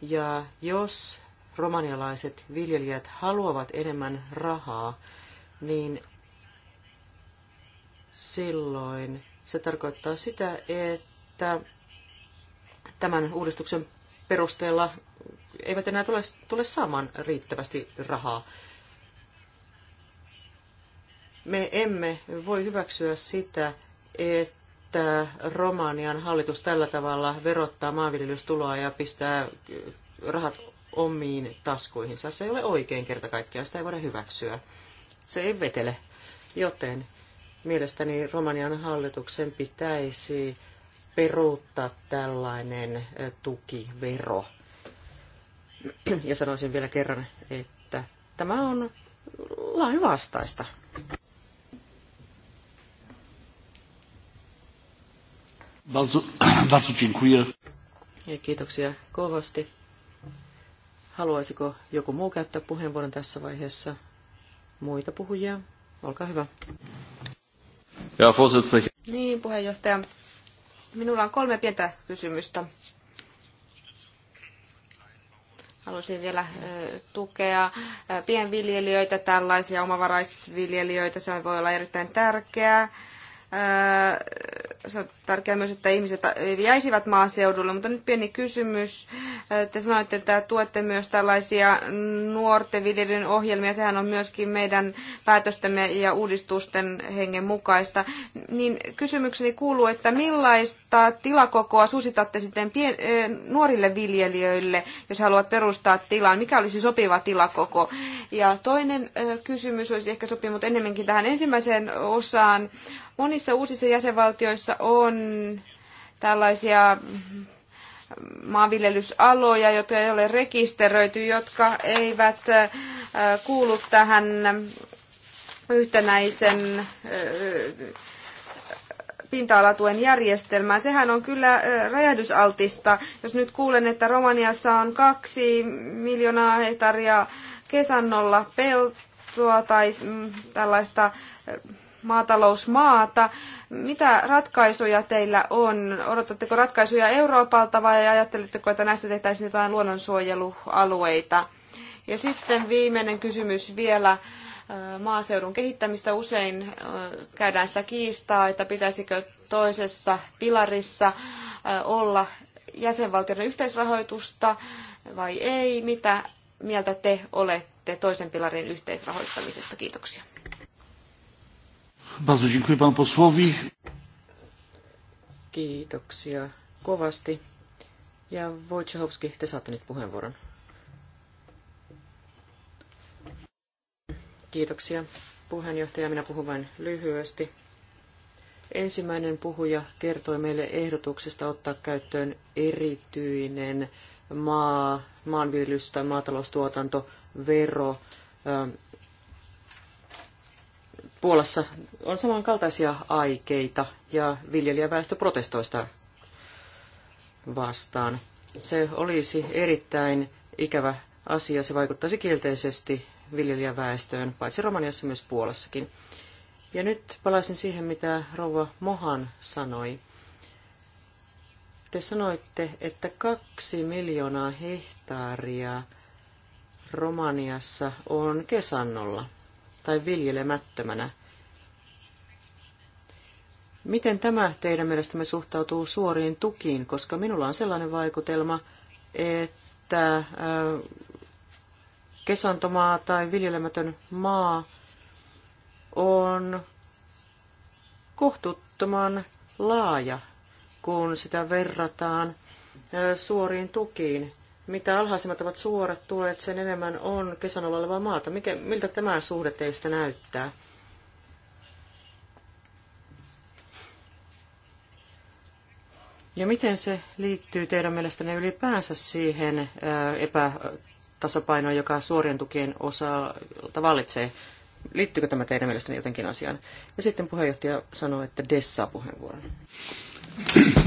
Ja jos romanialaiset viljelijät haluavat enemmän rahaa, niin silloin se tarkoittaa sitä, että tämän uudistuksen perusteella eivät enää tule, tule saamaan riittävästi rahaa. Me emme voi hyväksyä sitä, että että Romanian hallitus tällä tavalla verottaa maanviljelystuloa ja pistää eh, rahat omiin taskuihinsa. Se ei ole oikein kerta kaikkiaan, sitä ei voida hyväksyä. Se ei vetele, joten mielestäni Romanian hallituksen pitäisi peruuttaa tällainen eh, tukivero. Ja sanoisin vielä kerran, että tämä on lainvastaista. Bardzo, [CLEARS THROAT] bardzo dziękuję. Kiitoksia kovasti. Haluaisiko joku muu käyttää puheenvuoron tässä vaiheessa? Muita puhujia? Olkaa hyvä. Ja, niin, puheenjohtaja. Minulla on kolme pientä kysymystä. Haluaisin vielä tukea pienviljelijöitä, tällaisia omavaraisviljelijöitä. Se voi olla erittäin tärkeää se on tärkeää myös, että ihmiset jäisivät maaseudulle, mutta nyt pieni kysymys. Te sanoitte, että tuette myös tällaisia nuorten viljelyyn ohjelmia. Sehän on myöskin meidän päätöstemme ja uudistusten hengen mukaista. Niin kysymykseni kuuluu, että millaista tilakokoa susitatte sitten pien, nuorille viljelijöille, jos haluat perustaa tilan? Mikä olisi sopiva tilakoko? Ja toinen kysymys olisi ehkä sopinut enemmänkin tähän ensimmäiseen osaan. Monissa uusissa jäsenvaltioissa on tällaisia maanviljelysaloja, jotka ei ole rekisteröity, jotka eivät kuulu tähän yhtenäisen pinta-alatuen järjestelmään. Sehän on kyllä räjähdysaltista. Jos nyt kuulen, että Romaniassa on kaksi miljoonaa hehtaria kesannolla peltoa tai mm, tällaista maatalousmaata. Mitä ratkaisuja teillä on? Odotatteko ratkaisuja Euroopalta vai ajatteletteko, että näistä tehtäisiin jotain luonnonsuojelualueita? Ja sitten viimeinen kysymys vielä maaseudun kehittämistä. Usein käydään sitä kiistaa, että pitäisikö toisessa pilarissa olla jäsenvaltioiden yhteisrahoitusta vai ei. Mitä mieltä te olette toisen pilarin yhteisrahoittamisesta? Kiitoksia. Bardzo dziękuję panu posłowi. Kiitoksia kovasti. Ja Wojciechowski, te saatte nyt puheenvuoron. Kiitoksia puheenjohtaja. Minä puhun vain lyhyesti. Ensimmäinen puhuja kertoi meille ehdotuksesta ottaa käyttöön erityinen maa, maanviljelys- tai maataloustuotantovero Puolassa on samankaltaisia aikeita ja viljelijäväestö protestoista vastaan. Se olisi erittäin ikävä asia. Se vaikuttaisi kielteisesti viljelijäväestöön, paitsi Romaniassa myös Puolassakin. Ja nyt palaisin siihen, mitä rouva Mohan sanoi. Te sanoitte, että kaksi miljoonaa hehtaaria Romaniassa on kesannolla tai viljelemättömänä. Miten tämä teidän mielestämme suhtautuu suoriin tukiin, koska minulla on sellainen vaikutelma, että kesantomaa tai viljelemätön maa on kohtuuttoman laaja, kun sitä verrataan suoriin tukiin. Mitä alhaisemmat ovat suorat tuet, sen enemmän on kesän olevaa maata. Mikä, miltä tämä suhde teistä näyttää? Ja miten se liittyy teidän mielestänne ylipäänsä siihen äh, epätasapainoon, joka suorien tukien osalta vallitsee? Liittyykö tämä teidän mielestänne jotenkin asiaan? Ja sitten puheenjohtaja sanoi, että Dessa puheenvuoron.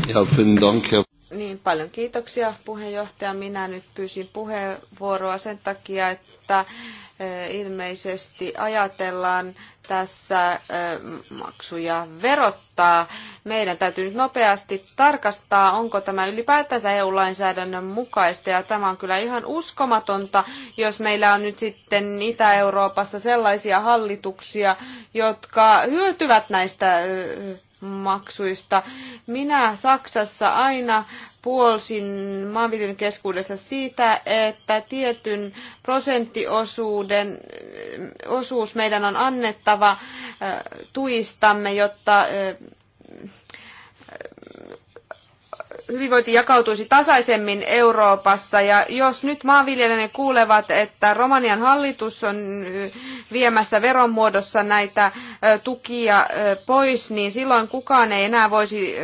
Ja, dank, ja. Niin, paljon kiitoksia puheenjohtaja. Minä nyt pyysin puheenvuoroa sen takia, että e, ilmeisesti ajatellaan tässä e, maksuja verottaa. Meidän täytyy nyt nopeasti tarkastaa, onko tämä ylipäätänsä EU-lainsäädännön mukaista. Ja tämä on kyllä ihan uskomatonta, jos meillä on nyt sitten Itä-Euroopassa sellaisia hallituksia, jotka hyötyvät näistä e, maksuista. Minä Saksassa aina puolsin maanviljelyn keskuudessa siitä, että tietyn prosenttiosuuden osuus meidän on annettava tuistamme, jotta hyvinvointi jakautuisi tasaisemmin Euroopassa. Ja jos nyt maanviljelijät kuulevat, että Romanian hallitus on viemässä veronmuodossa näitä tukia pois, niin silloin kukaan ei enää voisi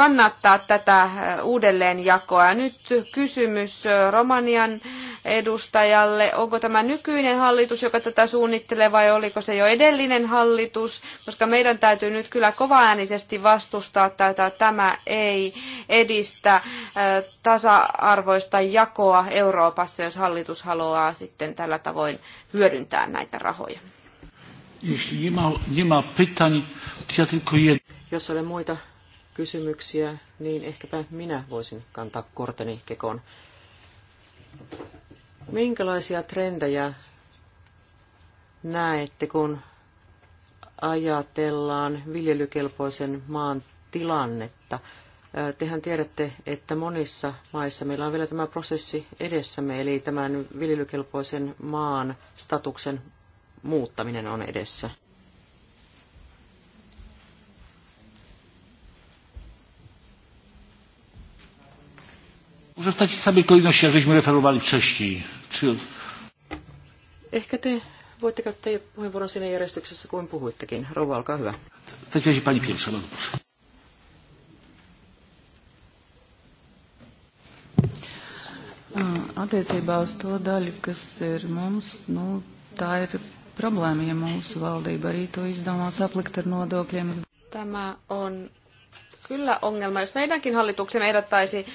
kannattaa tätä äh, uudelleenjakoa. Nyt kysymys äh, Romanian edustajalle. Onko tämä nykyinen hallitus, joka tätä suunnittelee, vai oliko se jo edellinen hallitus? Koska meidän täytyy nyt kyllä kovaäänisesti vastustaa tätä. Tämä ei edistä äh, tasa-arvoista jakoa Euroopassa, jos hallitus haluaa sitten tällä tavoin hyödyntää näitä rahoja. Jos ei ole muita kysymyksiä, niin ehkäpä minä voisin kantaa korteni kekoon. Minkälaisia trendejä näette, kun ajatellaan viljelykelpoisen maan tilannetta? Tehän tiedätte, että monissa maissa meillä on vielä tämä prosessi edessämme, eli tämän viljelykelpoisen maan statuksen muuttaminen on edessä. Może w takiej samej kolejności, jak żeśmy referowali wcześniej. Czy... Ehkä te voitte käyttää puheenvuoron siinä järjestyksessä kuin puhuittekin. Rouva, olkaa hyvä. Tekisi pani pierwsza, bardzo no, proszę. Attiecībā uz to daļu, kas ir mums, nu, tā ir problēma, ja mūsu valdība arī to izdomās aplikt ar nodokļiem. Tämä on kyllä ongelma. Jos meidänkin hallituksemme ehdottaisi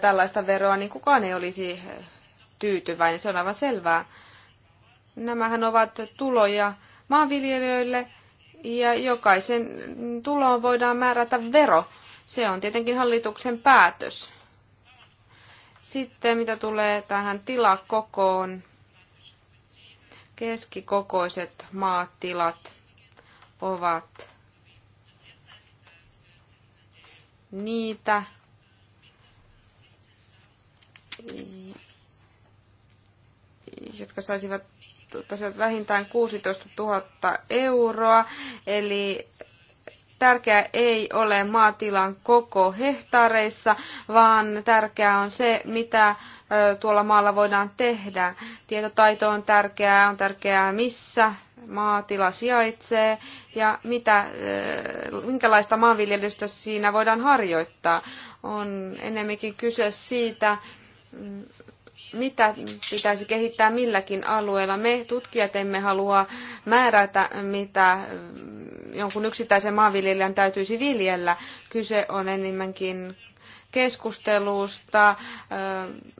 tällaista veroa, niin kukaan ei olisi tyytyväinen. Se on aivan selvää. Nämähän ovat tuloja maanviljelijöille ja jokaisen tuloon voidaan määrätä vero. Se on tietenkin hallituksen päätös. Sitten mitä tulee tähän tilakokoon, keskikokoiset maatilat ovat niitä, jotka saisivat pääsevät vähintään 16 000 euroa, eli Tärkeää ei ole maatilan koko hehtaareissa, vaan tärkeää on se, mitä tuolla maalla voidaan tehdä. Tietotaito on tärkeää, on tärkeää missä maatila sijaitsee ja mitä, minkälaista maanviljelystä siinä voidaan harjoittaa. On enemmänkin kyse siitä, mitä pitäisi kehittää milläkin alueella. Me tutkijat emme halua määrätä, mitä mm, jonkun yksittäisen maanviljelijän täytyisi viljellä. Kyse on enemmänkin keskustelusta,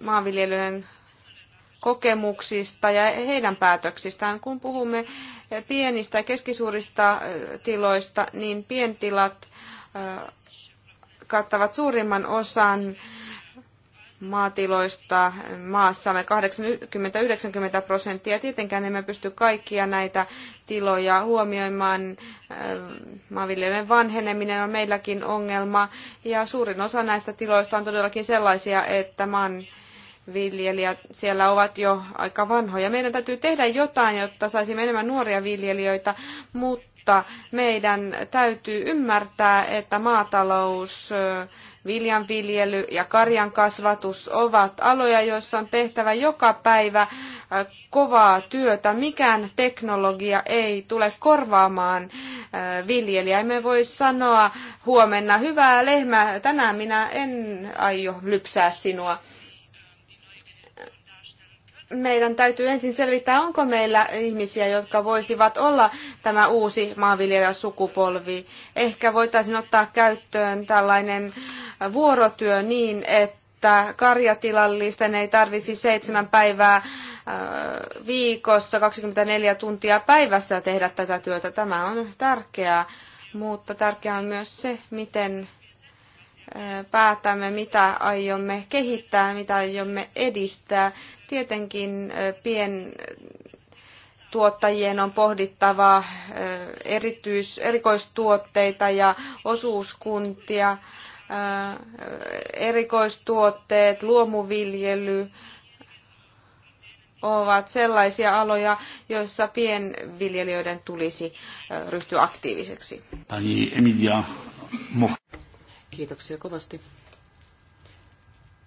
maanviljelijöiden kokemuksista ja heidän päätöksistään. Kun puhumme pienistä ja keskisuurista tiloista, niin pientilat kattavat suurimman osan maatiloista maassamme 80-90 prosenttia. Tietenkään emme pysty kaikkia näitä tiloja huomioimaan. Äh, maanviljelijöiden vanheneminen on meilläkin ongelma ja suurin osa näistä tiloista on todellakin sellaisia, että maan viljelijät siellä ovat jo aika vanhoja. Meidän täytyy tehdä jotain, jotta saisimme enemmän nuoria viljelijöitä, mutta meidän täytyy ymmärtää, että maatalous viljanviljely ja karjan kasvatus ovat aloja, joissa on tehtävä joka päivä äh, kovaa työtä. Mikään teknologia ei tule korvaamaan äh, viljelijää. Emme voi sanoa huomenna, hyvää lehmää, tänään minä en aio lypsää sinua meidän täytyy ensin selvittää, onko meillä ihmisiä, jotka voisivat olla tämä uusi maanviljelijäsukupolvi. Ehkä voitaisiin ottaa käyttöön tällainen vuorotyö niin, että karjatilallisten ei tarvisi seitsemän päivää äh, viikossa 24 tuntia päivässä tehdä tätä työtä. Tämä on tärkeää, mutta tärkeää on myös se, miten äh, päätämme, mitä aiomme kehittää, mitä aiomme edistää. Tietenkin pien tuottajien on pohdittava erityis, erikoistuotteita ja osuuskuntia, erikoistuotteet, luomuviljely ovat sellaisia aloja, joissa pienviljelijöiden tulisi ryhtyä aktiiviseksi. Kiitoksia kovasti.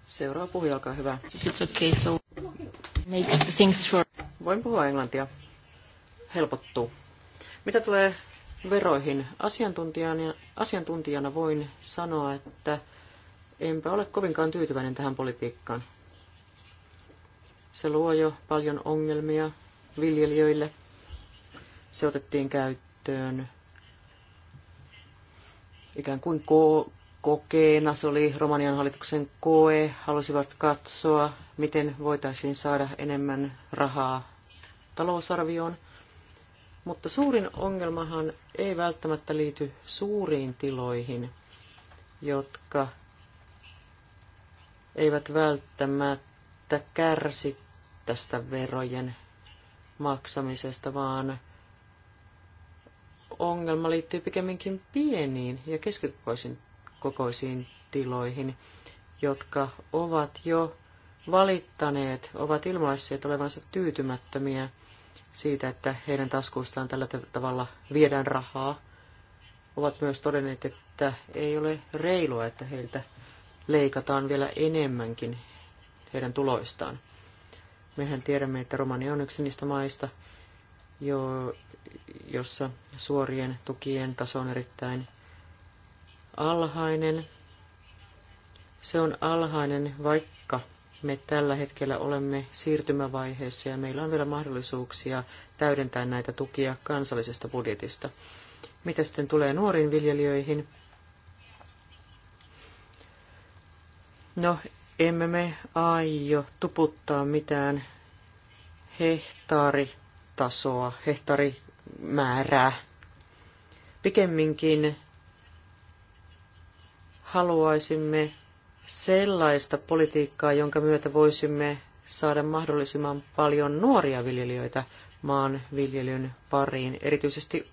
Seuraava puhuja, olkaa hyvä. It's okay, so... Makes things for... Voin puhua englantia. Helpottuu. Mitä tulee veroihin? Asiantuntijana, asiantuntijana voin sanoa, että enpä ole kovinkaan tyytyväinen tähän politiikkaan. Se luo jo paljon ongelmia viljelijöille. Se otettiin käyttöön ikään kuin kokeena, se oli Romanian hallituksen koe, halusivat katsoa, miten voitaisiin saada enemmän rahaa talousarvioon. Mutta suurin ongelmahan ei välttämättä liity suuriin tiloihin, jotka eivät välttämättä kärsi tästä verojen maksamisesta, vaan ongelma liittyy pikemminkin pieniin ja keskikokoisiin kokoisiin tiloihin, jotka ovat jo valittaneet, ovat ilmaisseet olevansa tyytymättömiä siitä, että heidän taskuistaan tällä tavalla viedään rahaa, ovat myös todenneet, että ei ole reilua, että heiltä leikataan vielä enemmänkin heidän tuloistaan. Mehän tiedämme, että Romania on yksi niistä maista, jo, jossa suorien tukien taso on erittäin alhainen. Se on alhainen, vaikka me tällä hetkellä olemme siirtymävaiheessa ja meillä on vielä mahdollisuuksia täydentää näitä tukia kansallisesta budjetista. Mitä sitten tulee nuoriin viljelijöihin? No, emme me aio tuputtaa mitään hehtaaritasoa, hehtaarimäärää. Pikemminkin Haluaisimme sellaista politiikkaa, jonka myötä voisimme saada mahdollisimman paljon nuoria viljelijöitä maanviljelyn pariin. Erityisesti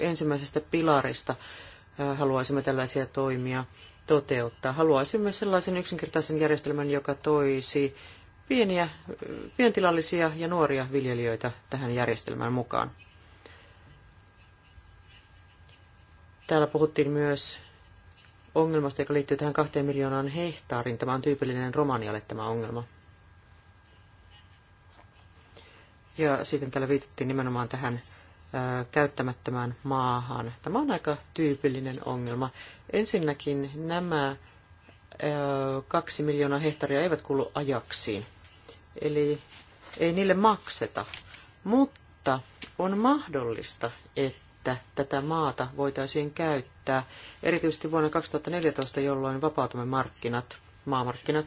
ensimmäisestä pilarista haluaisimme tällaisia toimia toteuttaa. Haluaisimme sellaisen yksinkertaisen järjestelmän, joka toisi pieniä, pientilallisia ja nuoria viljelijöitä tähän järjestelmään mukaan. Täällä puhuttiin myös ongelmasta, joka liittyy tähän kahteen miljoonaan hehtaarin. Tämä on tyypillinen Romanialle tämä ongelma. Ja sitten täällä viitattiin nimenomaan tähän käyttämättömään maahan. Tämä on aika tyypillinen ongelma. Ensinnäkin nämä kaksi miljoonaa hehtaaria eivät kuulu ajaksiin. Eli ei niille makseta. Mutta on mahdollista, että että tätä maata voitaisiin käyttää, erityisesti vuonna 2014, jolloin vapautumme markkinat, maamarkkinat.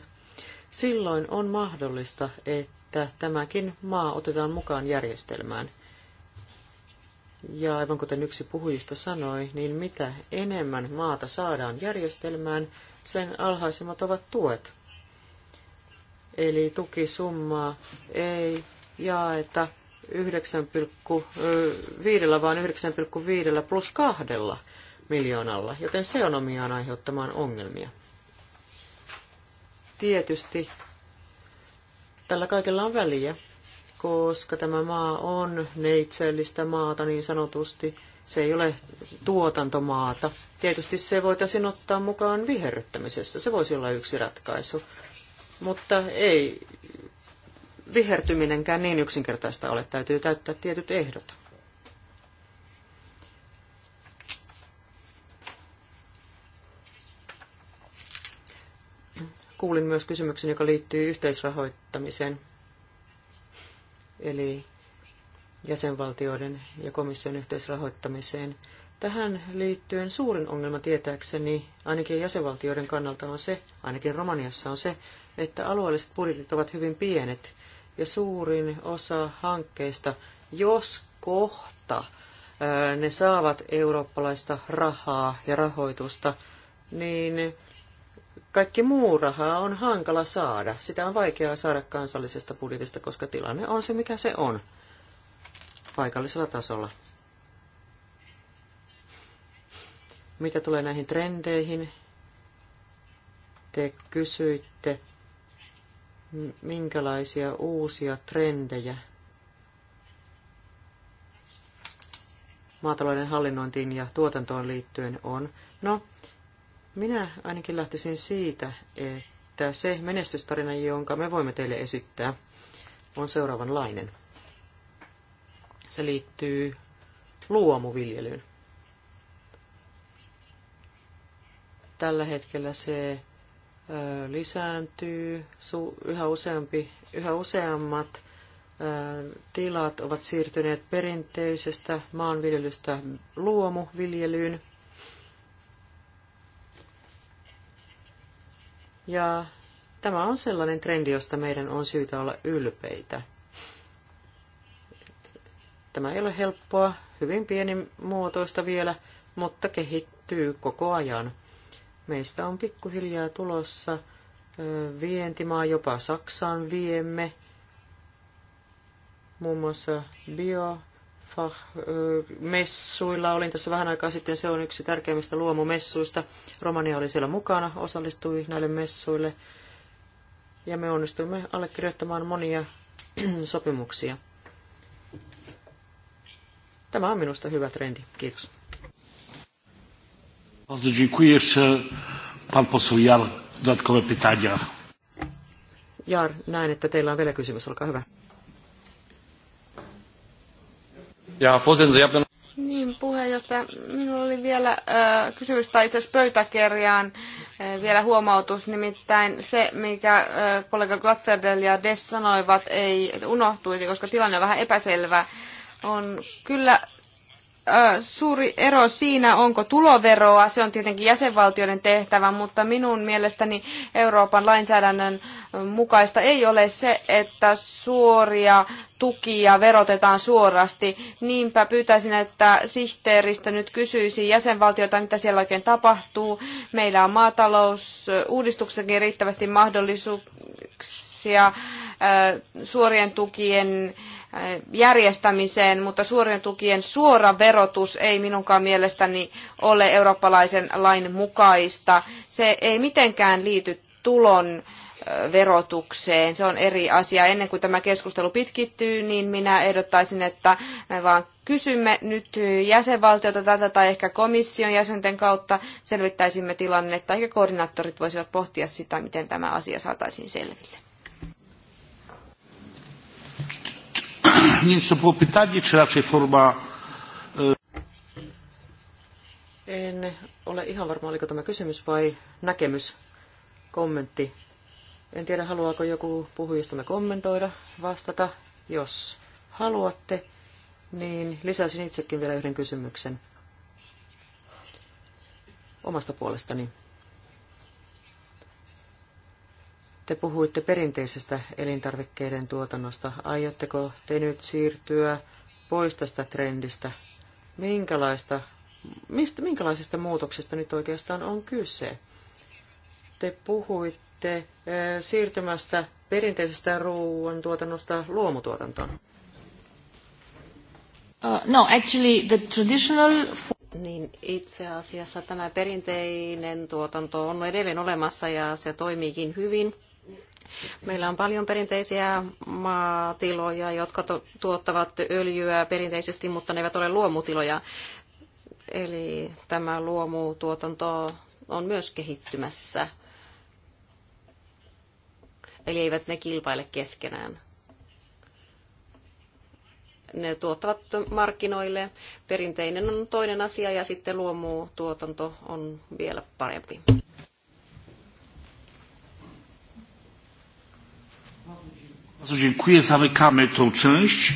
Silloin on mahdollista, että tämäkin maa otetaan mukaan järjestelmään. Ja aivan kuten yksi puhujista sanoi, niin mitä enemmän maata saadaan järjestelmään, sen alhaisemmat ovat tuet. Eli tukisummaa ei jaeta 9,5 vaan 9,5 plus kahdella miljoonalla, joten se on omiaan aiheuttamaan ongelmia. Tietysti tällä kaikella on väliä, koska tämä maa on neitsellistä maata niin sanotusti. Se ei ole tuotantomaata. Tietysti se voitaisiin ottaa mukaan viherryttämisessä. Se voisi olla yksi ratkaisu. Mutta ei vihertyminenkään niin yksinkertaista ole. Täytyy täyttää tietyt ehdot. Kuulin myös kysymyksen, joka liittyy yhteisrahoittamiseen, eli jäsenvaltioiden ja komission yhteisrahoittamiseen. Tähän liittyen suurin ongelma tietääkseni ainakin jäsenvaltioiden kannalta on se, ainakin Romaniassa on se, että alueelliset budjetit ovat hyvin pienet ja suurin osa hankkeista, jos kohta ne saavat eurooppalaista rahaa ja rahoitusta, niin kaikki muu rahaa on hankala saada. Sitä on vaikeaa saada kansallisesta budjetista, koska tilanne on se, mikä se on paikallisella tasolla. Mitä tulee näihin trendeihin, te kysyitte minkälaisia uusia trendejä maatalouden hallinnointiin ja tuotantoon liittyen on. No, minä ainakin lähtisin siitä, että se menestystarina, jonka me voimme teille esittää, on seuraavanlainen. Se liittyy luomuviljelyyn. Tällä hetkellä se lisääntyy. Yhä, useampi, yhä useammat tilat ovat siirtyneet perinteisestä maanviljelystä luomuviljelyyn. Ja tämä on sellainen trendi, josta meidän on syytä olla ylpeitä. Tämä ei ole helppoa, hyvin pienimuotoista vielä, mutta kehittyy koko ajan. Meistä on pikkuhiljaa tulossa vientimaa, jopa Saksaan viemme muun muassa bio messuilla. Olin tässä vähän aikaa sitten, se on yksi tärkeimmistä luomumessuista. Romania oli siellä mukana, osallistui näille messuille ja me onnistuimme allekirjoittamaan monia [CLEARS THROAT] sopimuksia. Tämä on minusta hyvä trendi. Kiitos. Bardzo dziękuję. Jeszcze pan poseł Jar, dodatkowe pytania. Jar, näen, että teillä on vielä kysymys. Olkaa hyvä. Ja, niin, puheenjohtaja. Minulla oli vielä äh, kysymys, tai itse asiassa pöytäkirjaan äh, vielä huomautus, nimittäin se, mikä äh, kollega Glatferdel ja Dess sanoivat, ei unohtuisi, koska tilanne on vähän epäselvä. On kyllä suuri ero siinä, onko tuloveroa. Se on tietenkin jäsenvaltioiden tehtävä, mutta minun mielestäni Euroopan lainsäädännön mukaista ei ole se, että suoria tukia verotetaan suorasti. Niinpä pyytäisin, että sihteeristö nyt kysyisi jäsenvaltiota, mitä siellä oikein tapahtuu. Meillä on maatalousuudistuksessakin riittävästi mahdollisuuksia suorien tukien järjestämiseen, mutta suorien tukien suora verotus ei minunkaan mielestäni ole eurooppalaisen lain mukaista. Se ei mitenkään liity tulon verotukseen. Se on eri asia. Ennen kuin tämä keskustelu pitkittyy, niin minä ehdottaisin, että me vaan kysymme nyt jäsenvaltiota tätä tai ehkä komission jäsenten kautta selvittäisimme tilannetta, ja koordinaattorit voisivat pohtia sitä, miten tämä asia saataisiin selville. nie wiem, czy to było pytanie, czy raczej forma... E, en ole ihan varma, oliko tämä kysymys vai näkemys, kommentti. En tiedä, haluaako joku puhujistamme kommentoida, vastata. Jos haluatte, niin lisäisin itsekin vielä yhden kysymyksen omasta puolestani. Te puhuitte perinteisestä elintarvikkeiden tuotannosta. Aiotteko te nyt siirtyä pois tästä trendistä? Minkälaista, mistä, minkälaisesta muutoksesta nyt oikeastaan on kyse? Te puhuitte eh, siirtymästä perinteisestä ruoantuotannosta luomutuotantoon. Uh, no, actually the traditional niin itse asiassa tämä perinteinen tuotanto on edelleen olemassa ja se toimiikin hyvin. Meillä on paljon perinteisiä maatiloja, jotka tuottavat öljyä perinteisesti, mutta ne eivät ole luomutiloja. Eli tämä luomutuotanto on myös kehittymässä. Eli eivät ne kilpaile keskenään. Ne tuottavat markkinoille. Perinteinen on toinen asia ja sitten luomutuotanto on vielä parempi. Dziękuję, zamykamy tą część.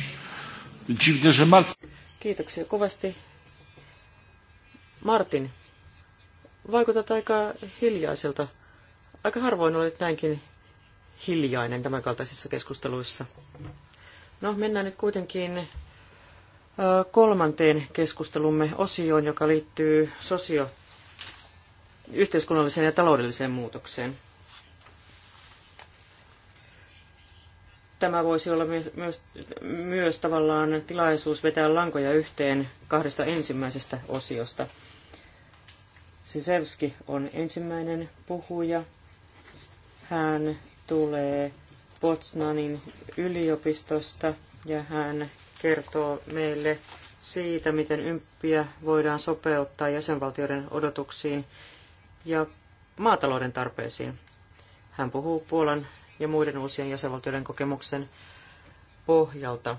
Dziwne, że Martin... Kiitoksia kovasti. Martin, vaikutat aika hiljaiselta. Aika harvoin olet näinkin hiljainen tämänkaltaisissa keskusteluissa. No, mennään nyt kuitenkin kolmanteen keskustelumme osioon, joka liittyy sosio- yhteiskunnalliseen ja taloudelliseen muutokseen. tämä voisi olla myös, myös, myös tavallaan tilaisuus vetää lankoja yhteen kahdesta ensimmäisestä osiosta. Sisevski on ensimmäinen puhuja. Hän tulee Potsnanin yliopistosta ja hän kertoo meille siitä, miten ymppiä voidaan sopeuttaa jäsenvaltioiden odotuksiin ja maatalouden tarpeisiin. Hän puhuu Puolan ja muiden uusien jäsenvaltioiden kokemuksen pohjalta.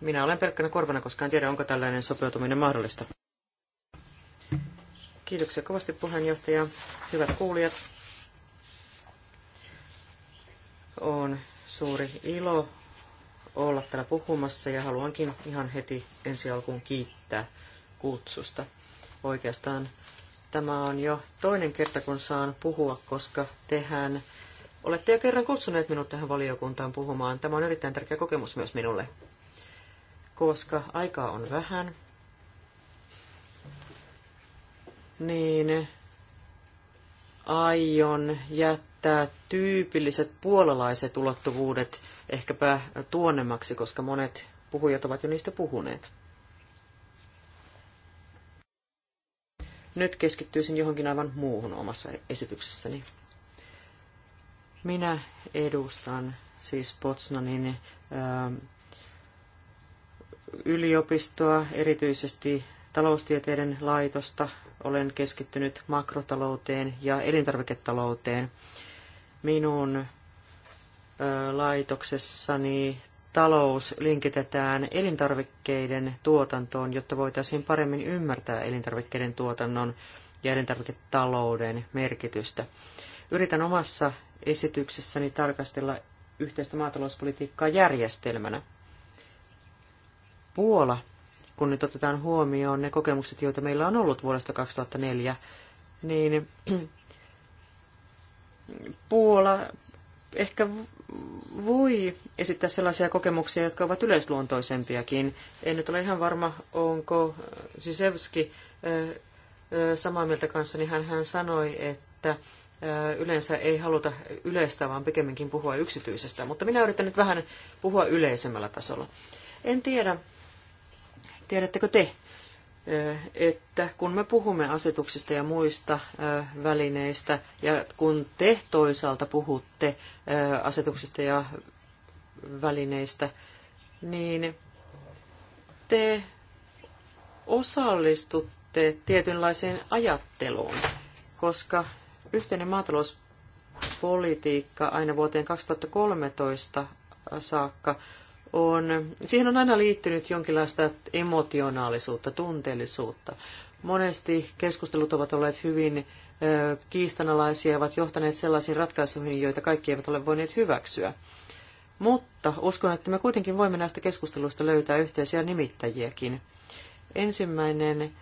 Minä olen pelkkänä korvana, koska en tiedä, onko tällainen sopeutuminen mahdollista. Kiitoksia kovasti puheenjohtaja. Hyvät kuulijat, on suuri ilo olla täällä puhumassa ja haluankin ihan heti ensi alkuun kiittää kutsusta. Oikeastaan tämä on jo toinen kerta, kun saan puhua, koska tehän Olette jo kerran kutsuneet minut tähän valiokuntaan puhumaan. Tämä on erittäin tärkeä kokemus myös minulle, koska aikaa on vähän. Niin aion jättää tyypilliset puolalaiset ulottuvuudet ehkäpä tuonemmaksi, koska monet puhujat ovat jo niistä puhuneet. Nyt keskittyisin johonkin aivan muuhun omassa esityksessäni. Minä edustan siis Potsnanin yliopistoa, erityisesti taloustieteiden laitosta. Olen keskittynyt makrotalouteen ja elintarviketalouteen. Minun laitoksessani talous linkitetään elintarvikkeiden tuotantoon, jotta voitaisiin paremmin ymmärtää elintarvikkeiden tuotannon ja elintarviketalouden merkitystä. Yritän omassa esityksessäni tarkastella yhteistä maatalouspolitiikkaa järjestelmänä. Puola, kun nyt otetaan huomioon ne kokemukset, joita meillä on ollut vuodesta 2004, niin [CLEARS THROAT] Puola ehkä voi esittää sellaisia kokemuksia, jotka ovat yleisluontoisempiakin. En nyt ole ihan varma, onko Sisevski samaa mieltä kanssani. Hän, hän sanoi, että yleensä ei haluta yleistä, vaan pikemminkin puhua yksityisestä, mutta minä yritän nyt vähän puhua yleisemmällä tasolla. En tiedä, tiedättekö te, että kun me puhumme asetuksista ja muista välineistä, ja kun te toisaalta puhutte asetuksista ja välineistä, niin te osallistutte tietynlaiseen ajatteluun, koska Yhteinen maatalouspolitiikka aina vuoteen 2013 saakka on, siihen on aina liittynyt jonkinlaista emotionaalisuutta, tunteellisuutta. Monesti keskustelut ovat olleet hyvin ö, kiistanalaisia ja ovat johtaneet sellaisiin ratkaisuihin, joita kaikki eivät ole voineet hyväksyä. Mutta uskon, että me kuitenkin voimme näistä keskusteluista löytää yhteisiä nimittäjiäkin. Ensimmäinen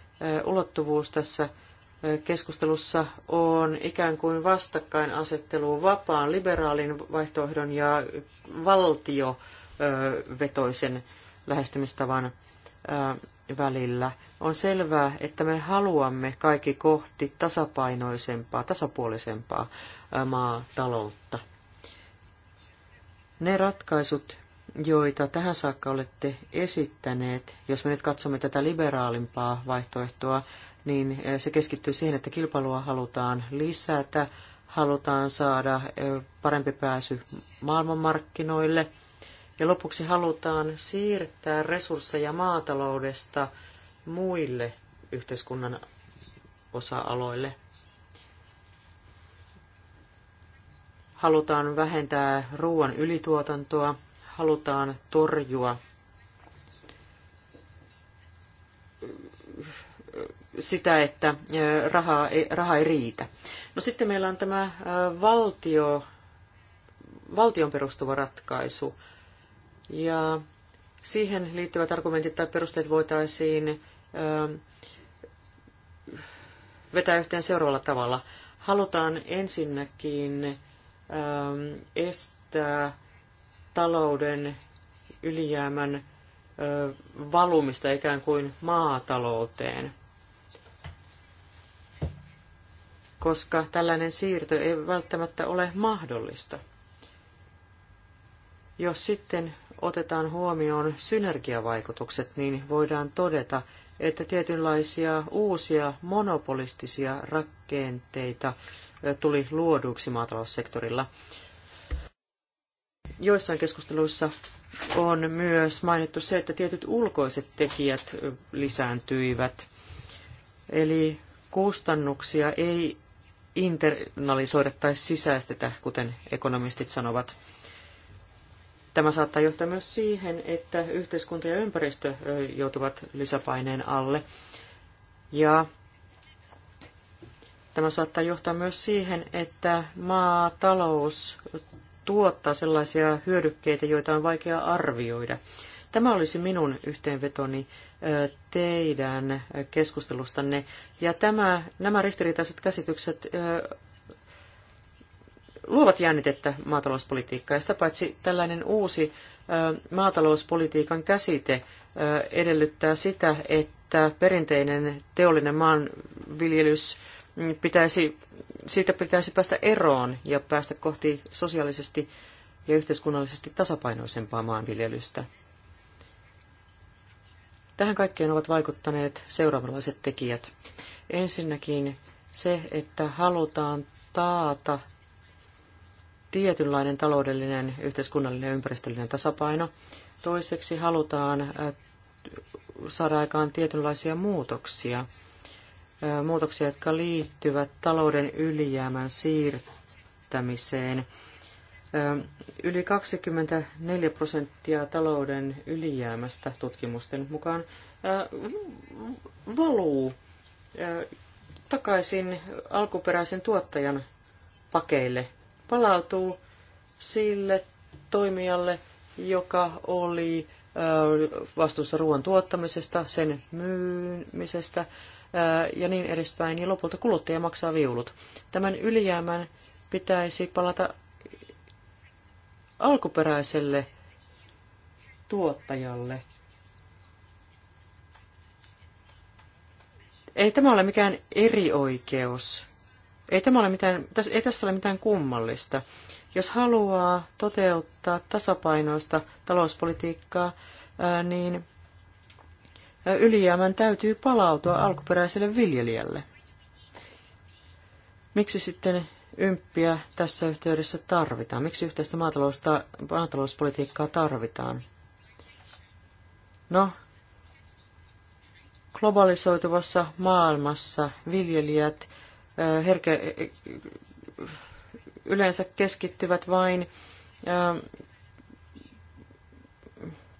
ulottuvuus tässä keskustelussa on ikään kuin vastakkainasettelu vapaan liberaalin vaihtoehdon ja valtiovetoisen lähestymistavan välillä. On selvää, että me haluamme kaikki kohti tasapainoisempaa, tasapuolisempaa maataloutta. Ne ratkaisut, joita tähän saakka olette esittäneet, jos me nyt katsomme tätä liberaalimpaa vaihtoehtoa, niin eh, se keskittyy siihen, että kilpailua halutaan lisätä, halutaan saada eh, parempi pääsy maailmanmarkkinoille ja lopuksi halutaan siirtää resursseja maataloudesta muille yhteiskunnan osa-aloille. Halutaan vähentää ruoan ylituotantoa, halutaan torjua sitä, että raha ei, raha ei riitä. No sitten meillä on tämä valtio, valtion perustuva ratkaisu. Ja siihen liittyvät argumentit tai perusteet voitaisiin vetää yhteen seuraavalla tavalla. Halutaan ensinnäkin estää talouden ylijäämän valumista ikään kuin maatalouteen – koska tällainen siirto ei välttämättä ole mahdollista. Jos sitten otetaan huomioon synergiavaikutukset, niin voidaan todeta, että tietynlaisia uusia monopolistisia rakenteita tuli luoduksi maataloussektorilla. Joissain keskusteluissa on myös mainittu se, että tietyt ulkoiset tekijät lisääntyivät. Eli kustannuksia ei internalisoida tai sisäistetä, kuten ekonomistit sanovat. Tämä saattaa johtaa myös siihen, että yhteiskunta ja ympäristö joutuvat lisäpaineen alle. Ja tämä saattaa johtaa myös siihen, että maatalous tuottaa sellaisia hyödykkeitä, joita on vaikea arvioida. Tämä olisi minun yhteenvetoni teidän keskustelustanne. Ja tämä, nämä ristiriitaiset käsitykset luovat jännitettä maatalouspolitiikkaa. Ja sitä paitsi tällainen uusi maatalouspolitiikan käsite edellyttää sitä, että perinteinen teollinen maanviljelys mm, pitäisi, siitä pitäisi päästä eroon ja päästä kohti sosiaalisesti ja yhteiskunnallisesti tasapainoisempaa maanviljelystä. Tähän kaikkeen ovat vaikuttaneet seuraavanlaiset tekijät. Ensinnäkin se, että halutaan taata tietynlainen taloudellinen, yhteiskunnallinen ja ympäristöllinen tasapaino. Toiseksi halutaan äh, saada aikaan tietynlaisia muutoksia, äh, muutoksia, jotka liittyvät talouden ylijäämän siirtämiseen Yli 24 prosenttia talouden ylijäämästä tutkimusten mukaan valuu takaisin alkuperäisen tuottajan pakeille, palautuu sille toimijalle, joka oli vastuussa ruoan tuottamisesta, sen myymisestä ja niin edespäin, ja lopulta kuluttaja maksaa viulut. Tämän ylijäämän pitäisi palata alkuperäiselle tuottajalle. Ei tämä ole mikään erioikeus. Ei, tämä ole mitään, ei tässä ole mitään kummallista. Jos haluaa toteuttaa tasapainoista talouspolitiikkaa, niin ylijäämän täytyy palautua alkuperäiselle viljelijälle. Miksi sitten Ymppiä tässä yhteydessä tarvitaan? Miksi yhteistä maatalouspolitiikkaa tarvitaan? No, globalisoituvassa maailmassa viljelijät herke, yleensä keskittyvät vain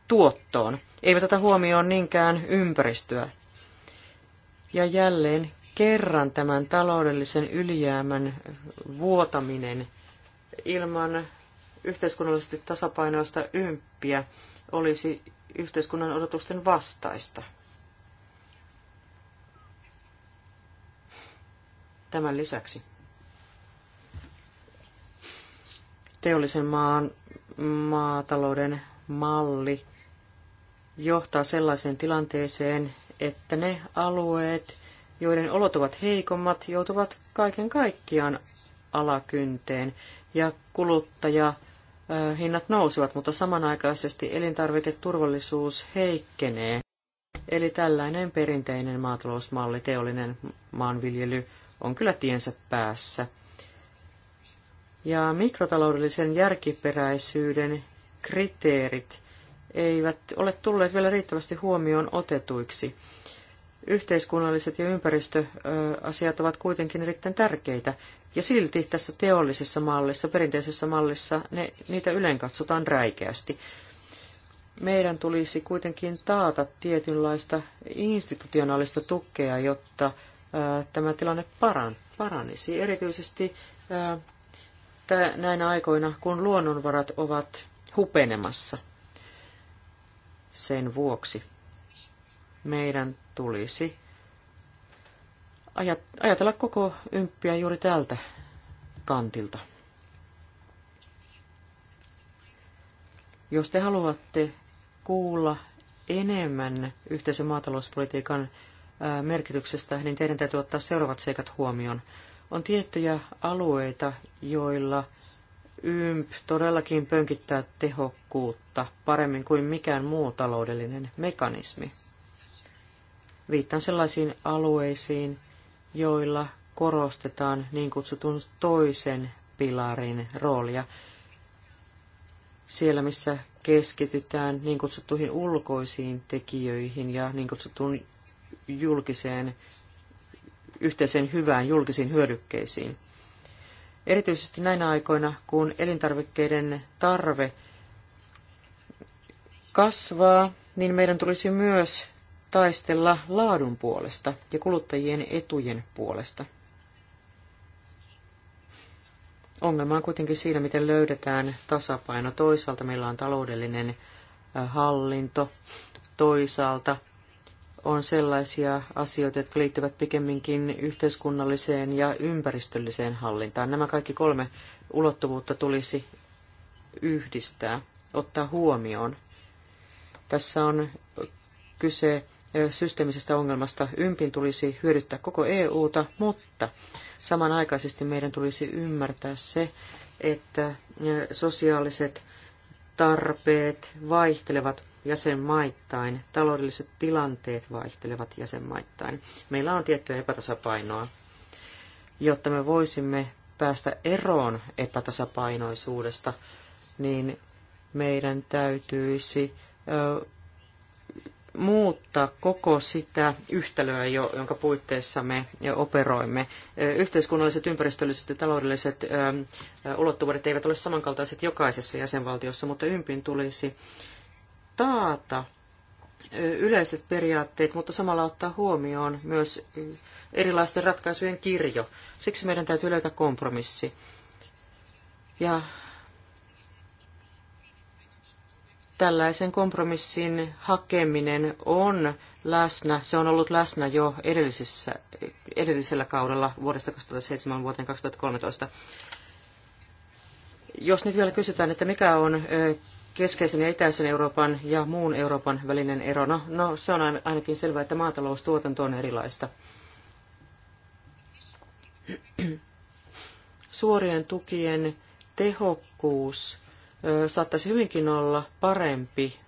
tuottoon, eivät ota huomioon niinkään ympäristöä. Ja jälleen kerran tämän taloudellisen ylijäämän vuotaminen ilman yhteiskunnallisesti tasapainoista ymppiä olisi yhteiskunnan odotusten vastaista. Tämän lisäksi teollisen maan maatalouden malli johtaa sellaiseen tilanteeseen, että ne alueet, joiden olot ovat heikommat, joutuvat kaiken kaikkiaan alakynteen ja kuluttaja hinnat nousevat, mutta samanaikaisesti elintarviketurvallisuus heikkenee. Eli tällainen perinteinen maatalousmalli, teollinen maanviljely, on kyllä tiensä päässä. Ja mikrotaloudellisen järkiperäisyyden kriteerit eivät ole tulleet vielä riittävästi huomioon otetuiksi yhteiskunnalliset ja ympäristöasiat ovat kuitenkin erittäin tärkeitä. Ja silti tässä teollisessa mallissa, perinteisessä mallissa, ne, niitä ylen katsotaan räikeästi. Meidän tulisi kuitenkin taata tietynlaista institutionaalista tukea, jotta ää, tämä tilanne paran, paranisi. Erityisesti ää, näinä aikoina, kun luonnonvarat ovat hupenemassa. Sen vuoksi meidän tulisi ajatella koko ymppiä juuri tältä kantilta. Jos te haluatte kuulla enemmän yhteisen maatalouspolitiikan merkityksestä, niin teidän täytyy ottaa seuraavat seikat huomioon. On tiettyjä alueita, joilla YMP todellakin pönkittää tehokkuutta paremmin kuin mikään muu taloudellinen mekanismi. Viittaan sellaisiin alueisiin, joilla korostetaan niin kutsutun toisen pilarin roolia. Siellä, missä keskitytään niin kutsuttuihin ulkoisiin tekijöihin ja niin kutsuttuun julkiseen, yhteiseen hyvään julkisiin hyödykkeisiin. Erityisesti näinä aikoina, kun elintarvikkeiden tarve kasvaa, niin meidän tulisi myös taistella laadun puolesta ja kuluttajien etujen puolesta. Ongelma on kuitenkin siinä, miten löydetään tasapaino. Toisaalta meillä on taloudellinen hallinto, toisaalta on sellaisia asioita, jotka liittyvät pikemminkin yhteiskunnalliseen ja ympäristölliseen hallintaan. Nämä kaikki kolme ulottuvuutta tulisi yhdistää, ottaa huomioon. Tässä on kyse systeemisestä ongelmasta. Ympin tulisi hyödyttää koko EUta, mutta samanaikaisesti meidän tulisi ymmärtää se, että sosiaaliset tarpeet vaihtelevat jäsenmaittain, taloudelliset tilanteet vaihtelevat jäsenmaittain. Meillä on tiettyä epätasapainoa. Jotta me voisimme päästä eroon epätasapainoisuudesta, niin meidän täytyisi ö, muuttaa koko sitä yhtälöä, jonka puitteissa me operoimme. Yhteiskunnalliset, ympäristölliset ja taloudelliset ulottuvuudet eivät ole samankaltaiset jokaisessa jäsenvaltiossa, mutta ympin tulisi taata yleiset periaatteet, mutta samalla ottaa huomioon myös erilaisten ratkaisujen kirjo. Siksi meidän täytyy löytää kompromissi. Ja tällaisen kompromissin hakeminen on läsnä. Se on ollut läsnä jo edellisessä, edellisellä kaudella vuodesta 2007 vuoteen 2013. Jos nyt vielä kysytään, että mikä on keskeisen ja itäisen Euroopan ja muun Euroopan välinen ero, no, no se on ainakin selvää, että maataloustuotanto on erilaista. Suorien tukien tehokkuus saattaisi hyvinkin olla parempi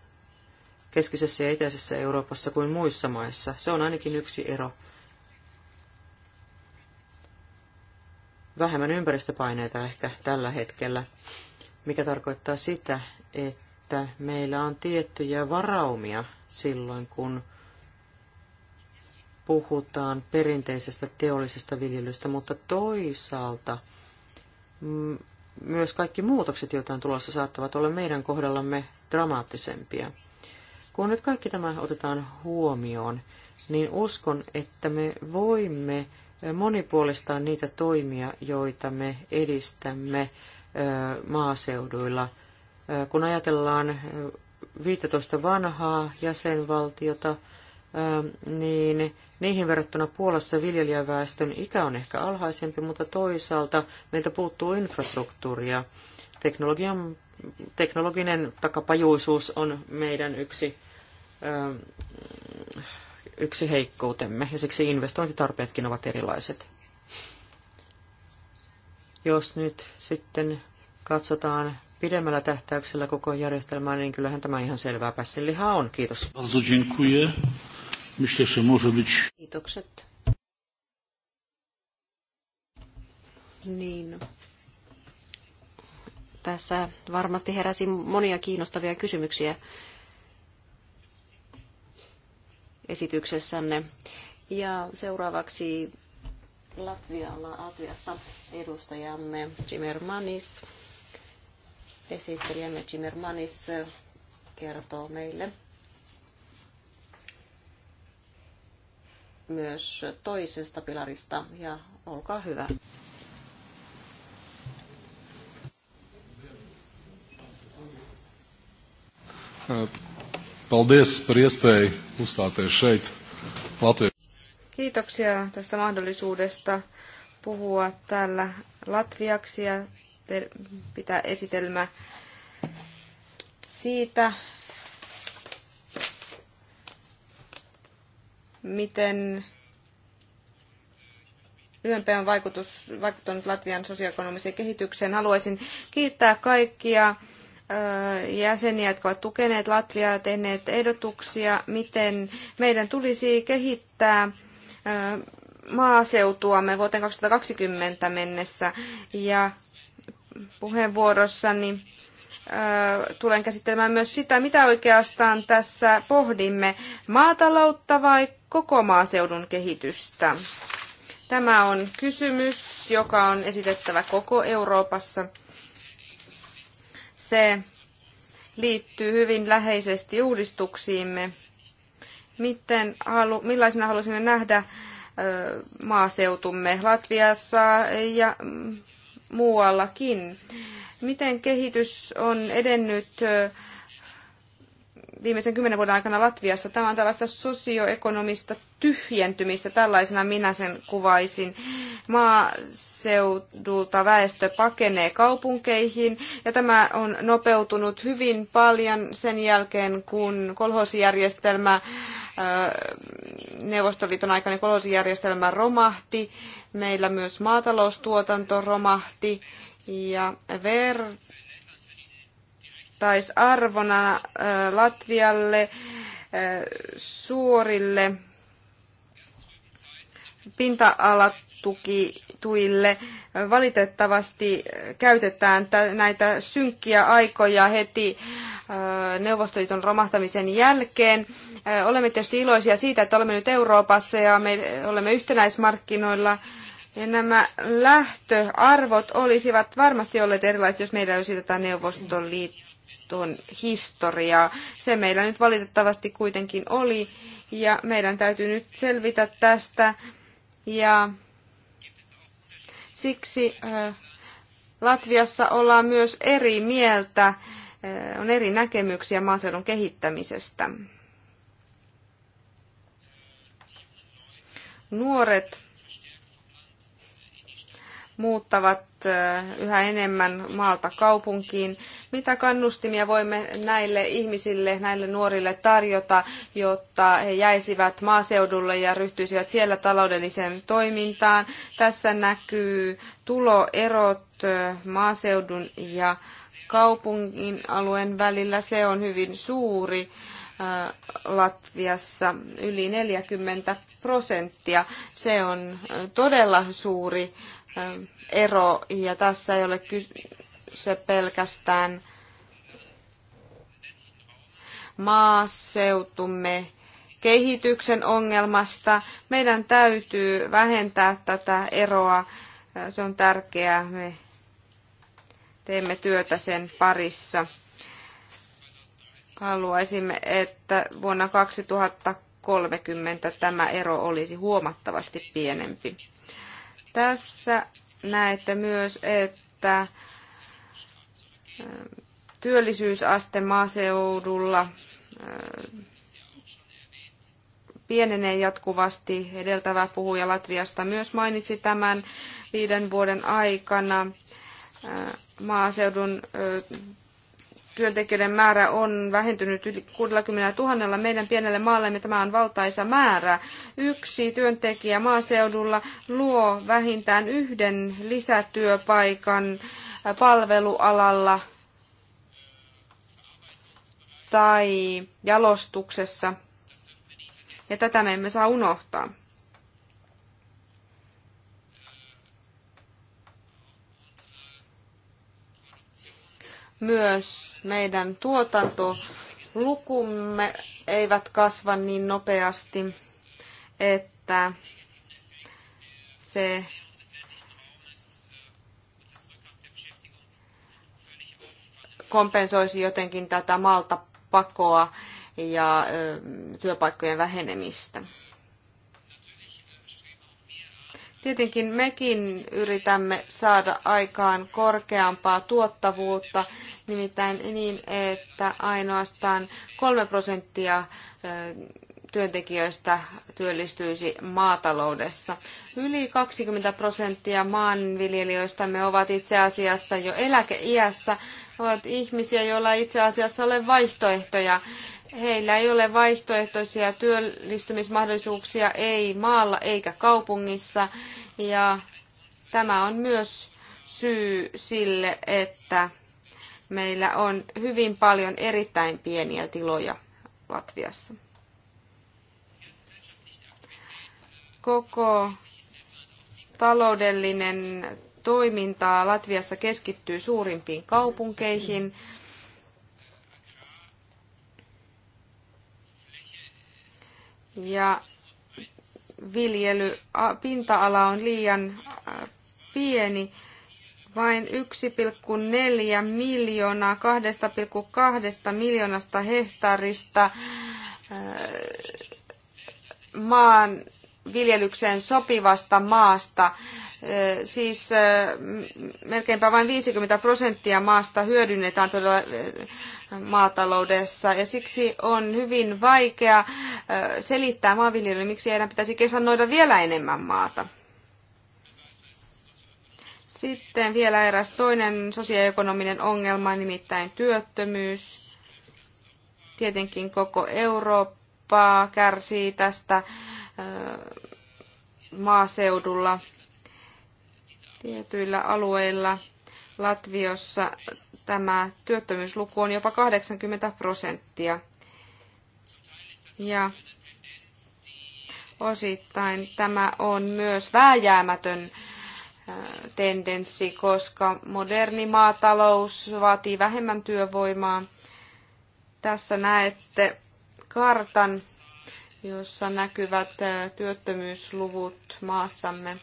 keskisessä ja itäisessä Euroopassa kuin muissa maissa. Se on ainakin yksi ero. Vähemmän ympäristöpaineita ehkä tällä hetkellä, mikä tarkoittaa sitä, että meillä on tiettyjä varaumia silloin, kun puhutaan perinteisestä teollisesta viljelystä, mutta toisaalta mm, myös kaikki muutokset, joita on tulossa, saattavat olla meidän kohdallamme dramaattisempia. Kun nyt kaikki tämä otetaan huomioon, niin uskon, että me voimme monipuolistaa niitä toimia, joita me edistämme maaseuduilla. Kun ajatellaan 15 vanhaa jäsenvaltiota, niin Niihin verrattuna Puolassa viljelijäväestön ikä on ehkä alhaisempi, mutta toisaalta meiltä puuttuu infrastruktuuria. Teknologian, teknologinen takapajuisuus on meidän yksi, ö, ähm, yksi heikkoutemme, ja siksi investointitarpeetkin ovat erilaiset. Jos nyt sitten katsotaan pidemmällä tähtäyksellä koko järjestelmää, niin kyllähän tämä ihan selvää pässinlihaa on. Kiitos. Bardzo dziękuję. Myślę, że może być... Kiitokset. Niin. Tässä varmasti heräsi monia kiinnostavia kysymyksiä esityksessänne. Ja seuraavaksi Latvialla, Latviasta edustajamme Cimermanis, esittelijämme Cimermanis kertoo meille myös toisesta pilarista ja olkaa hyvä. Paldies par iespēju šeit, Kiitoksia tästä mahdollisuudesta puhua täällä latviaksi ja pitää esitelmä siitä, miten YMP on vaikutus, vaikuttanut Latvian sosioekonomiseen kehitykseen. Haluaisin kiittää kaikkia jäseniä, jotka ovat tukeneet Latviaa ja tehneet ehdotuksia, miten meidän tulisi kehittää maaseutuamme vuoteen 2020 mennessä. Ja puheenvuorossani tulen käsittelemään myös sitä, mitä oikeastaan tässä pohdimme, maataloutta vai koko maaseudun kehitystä. Tämä on kysymys, joka on esitettävä koko Euroopassa. Se liittyy hyvin läheisesti uudistuksiimme. Miten halu, millaisena halusimme nähdä maaseutumme Latviassa ja muuallakin? Miten kehitys on edennyt viimeisen kymmenen vuoden aikana Latviassa? Tämä on tällaista sosioekonomista tyhjentymistä, tällaisena minä sen kuvaisin. Maaseudulta väestö pakenee kaupunkeihin ja tämä on nopeutunut hyvin paljon sen jälkeen, kun kolhosjärjestelmä Neuvostoliiton aikainen kolosijärjestelmä romahti, meillä myös maataloustuotanto romahti ja vertaisarvona Latvialle suorille pinta tuille. valitettavasti käytetään näitä synkkiä aikoja heti Neuvostoliiton romahtamisen jälkeen Olemme tietysti iloisia siitä, että olemme nyt Euroopassa ja me olemme yhtenäismarkkinoilla. Ja nämä lähtöarvot olisivat varmasti olleet erilaiset, jos meillä olisi tätä Neuvostoliiton historiaa. Se meillä nyt valitettavasti kuitenkin oli ja meidän täytyy nyt selvitä tästä. Ja siksi Latviassa ollaan myös eri mieltä, on eri näkemyksiä maaseudun kehittämisestä. Nuoret muuttavat yhä enemmän maalta kaupunkiin. Mitä kannustimia voimme näille ihmisille, näille nuorille tarjota, jotta he jäisivät maaseudulle ja ryhtyisivät siellä taloudelliseen toimintaan? Tässä näkyy tuloerot maaseudun ja kaupungin alueen välillä. Se on hyvin suuri. Äh, Latviassa yli 40 prosenttia. Se on äh, todella suuri äh, ero ja tässä ei ole kyse pelkästään maaseutumme kehityksen ongelmasta. Meidän täytyy vähentää tätä eroa. Se on tärkeää. Me teemme työtä sen parissa haluaisimme, että vuonna 2030 tämä ero olisi huomattavasti pienempi. Tässä näette myös, että ähm, työllisyysaste maaseudulla äh, pienenee jatkuvasti. Edeltävä puhuja Latviasta myös mainitsi tämän viiden vuoden aikana äh, maaseudun äh, työntekijöiden määrä on vähentynyt yli 60 000 meidän pienelle maallemme. Tämä on valtaisa määrä. Yksi työntekijä maaseudulla luo vähintään yhden lisätyöpaikan äh, palvelualalla tai jalostuksessa. Ja tätä me emme saa unohtaa. myös meidän tuotantolukumme eivät kasva niin nopeasti, että se kompensoisi jotenkin tätä maltapakoa pakoa ja työpaikkojen vähenemistä. Tietenkin mekin yritämme saada aikaan korkeampaa tuottavuutta, nimittäin niin, että ainoastaan 3 prosenttia työntekijöistä työllistyisi maataloudessa. Yli 20 prosenttia maanviljelijöistämme ovat itse asiassa jo eläkeiässä, ovat ihmisiä, joilla itse asiassa ole vaihtoehtoja Heillä ei ole vaihtoehtoisia työllistymismahdollisuuksia ei maalla eikä kaupungissa. Ja tämä on myös syy sille, että meillä on hyvin paljon erittäin pieniä tiloja Latviassa. Koko taloudellinen toiminta Latviassa keskittyy suurimpiin kaupunkeihin. Mm ja viljelypinta-ala on liian pieni. Vain 1,4 miljoonaa 2,2 miljoonasta hehtaarista maan viljelykseen sopivasta maasta Siis melkeinpä vain 50 prosenttia maasta hyödynnetään todella maataloudessa ja siksi on hyvin vaikea selittää maanviljelijöille, miksi heidän pitäisi kesannoida vielä enemmän maata. Sitten vielä eräs toinen sosioekonominen ongelma, nimittäin työttömyys. Tietenkin koko Eurooppa kärsii tästä maaseudulla. Tietyillä alueilla Latviossa tämä työttömyysluku on jopa 80 prosenttia. Ja osittain tämä on myös vääjäämätön äh, tendenssi, koska moderni maatalous vaatii vähemmän työvoimaa. Tässä näette kartan, jossa näkyvät äh, työttömyysluvut maassamme.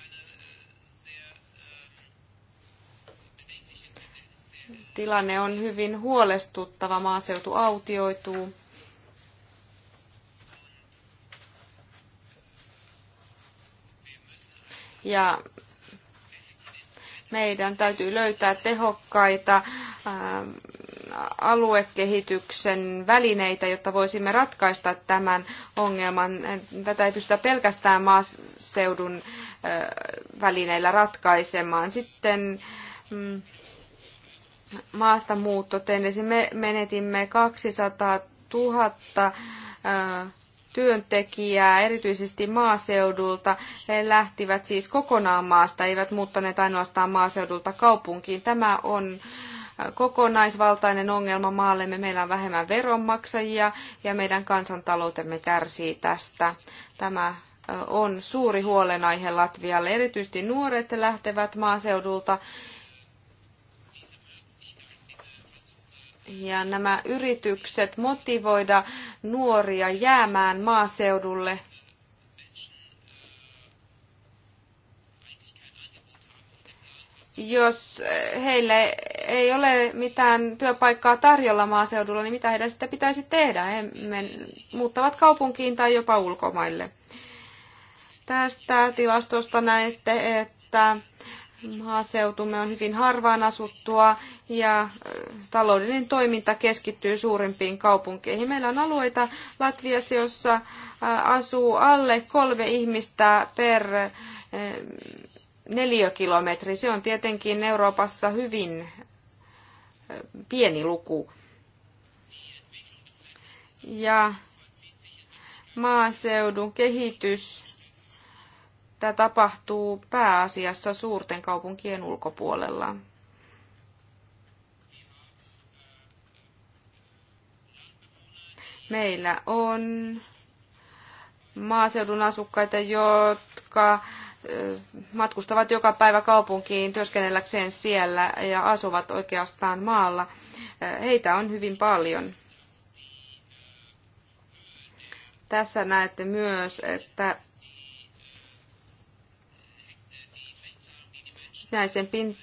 Tilanne on hyvin huolestuttava, maaseutu autioituu. Ja meidän täytyy löytää tehokkaita ähm, aluekehityksen välineitä, jotta voisimme ratkaista tämän ongelman. Tätä ei pystytä pelkästään maaseudun äh, välineillä ratkaisemaan. Sitten mm, maasta maastamuuttotendenssi. Me menetimme 200 000 työntekijää, erityisesti maaseudulta. He lähtivät siis kokonaan maasta, eivät muuttaneet ainoastaan maaseudulta kaupunkiin. Tämä on kokonaisvaltainen ongelma maallemme. Meillä on vähemmän veronmaksajia ja meidän kansantaloutemme kärsii tästä. Tämä on suuri huolenaihe Latvialle. Erityisesti nuoret lähtevät maaseudulta ja nämä yritykset motivoida nuoria jäämään maaseudulle. Jos heille ei ole mitään työpaikkaa tarjolla maaseudulla, niin mitä heidän sitten pitäisi tehdä? He muuttavat kaupunkiin tai jopa ulkomaille. Tästä tilastosta näette, että maaseutumme on hyvin harvaan asuttua ja taloudellinen toiminta keskittyy suurimpiin kaupunkeihin. Meillä on alueita Latviassa, jossa asuu alle kolme ihmistä per neliökilometri. Se on tietenkin Euroopassa hyvin pieni luku. Ja maaseudun kehitys Tämä tapahtuu pääasiassa suurten kaupunkien ulkopuolella. Meillä on maaseudun asukkaita, jotka matkustavat joka päivä kaupunkiin työskennelläkseen siellä ja asuvat oikeastaan maalla. Heitä on hyvin paljon. Tässä näette myös, että yhtenäisen, pin,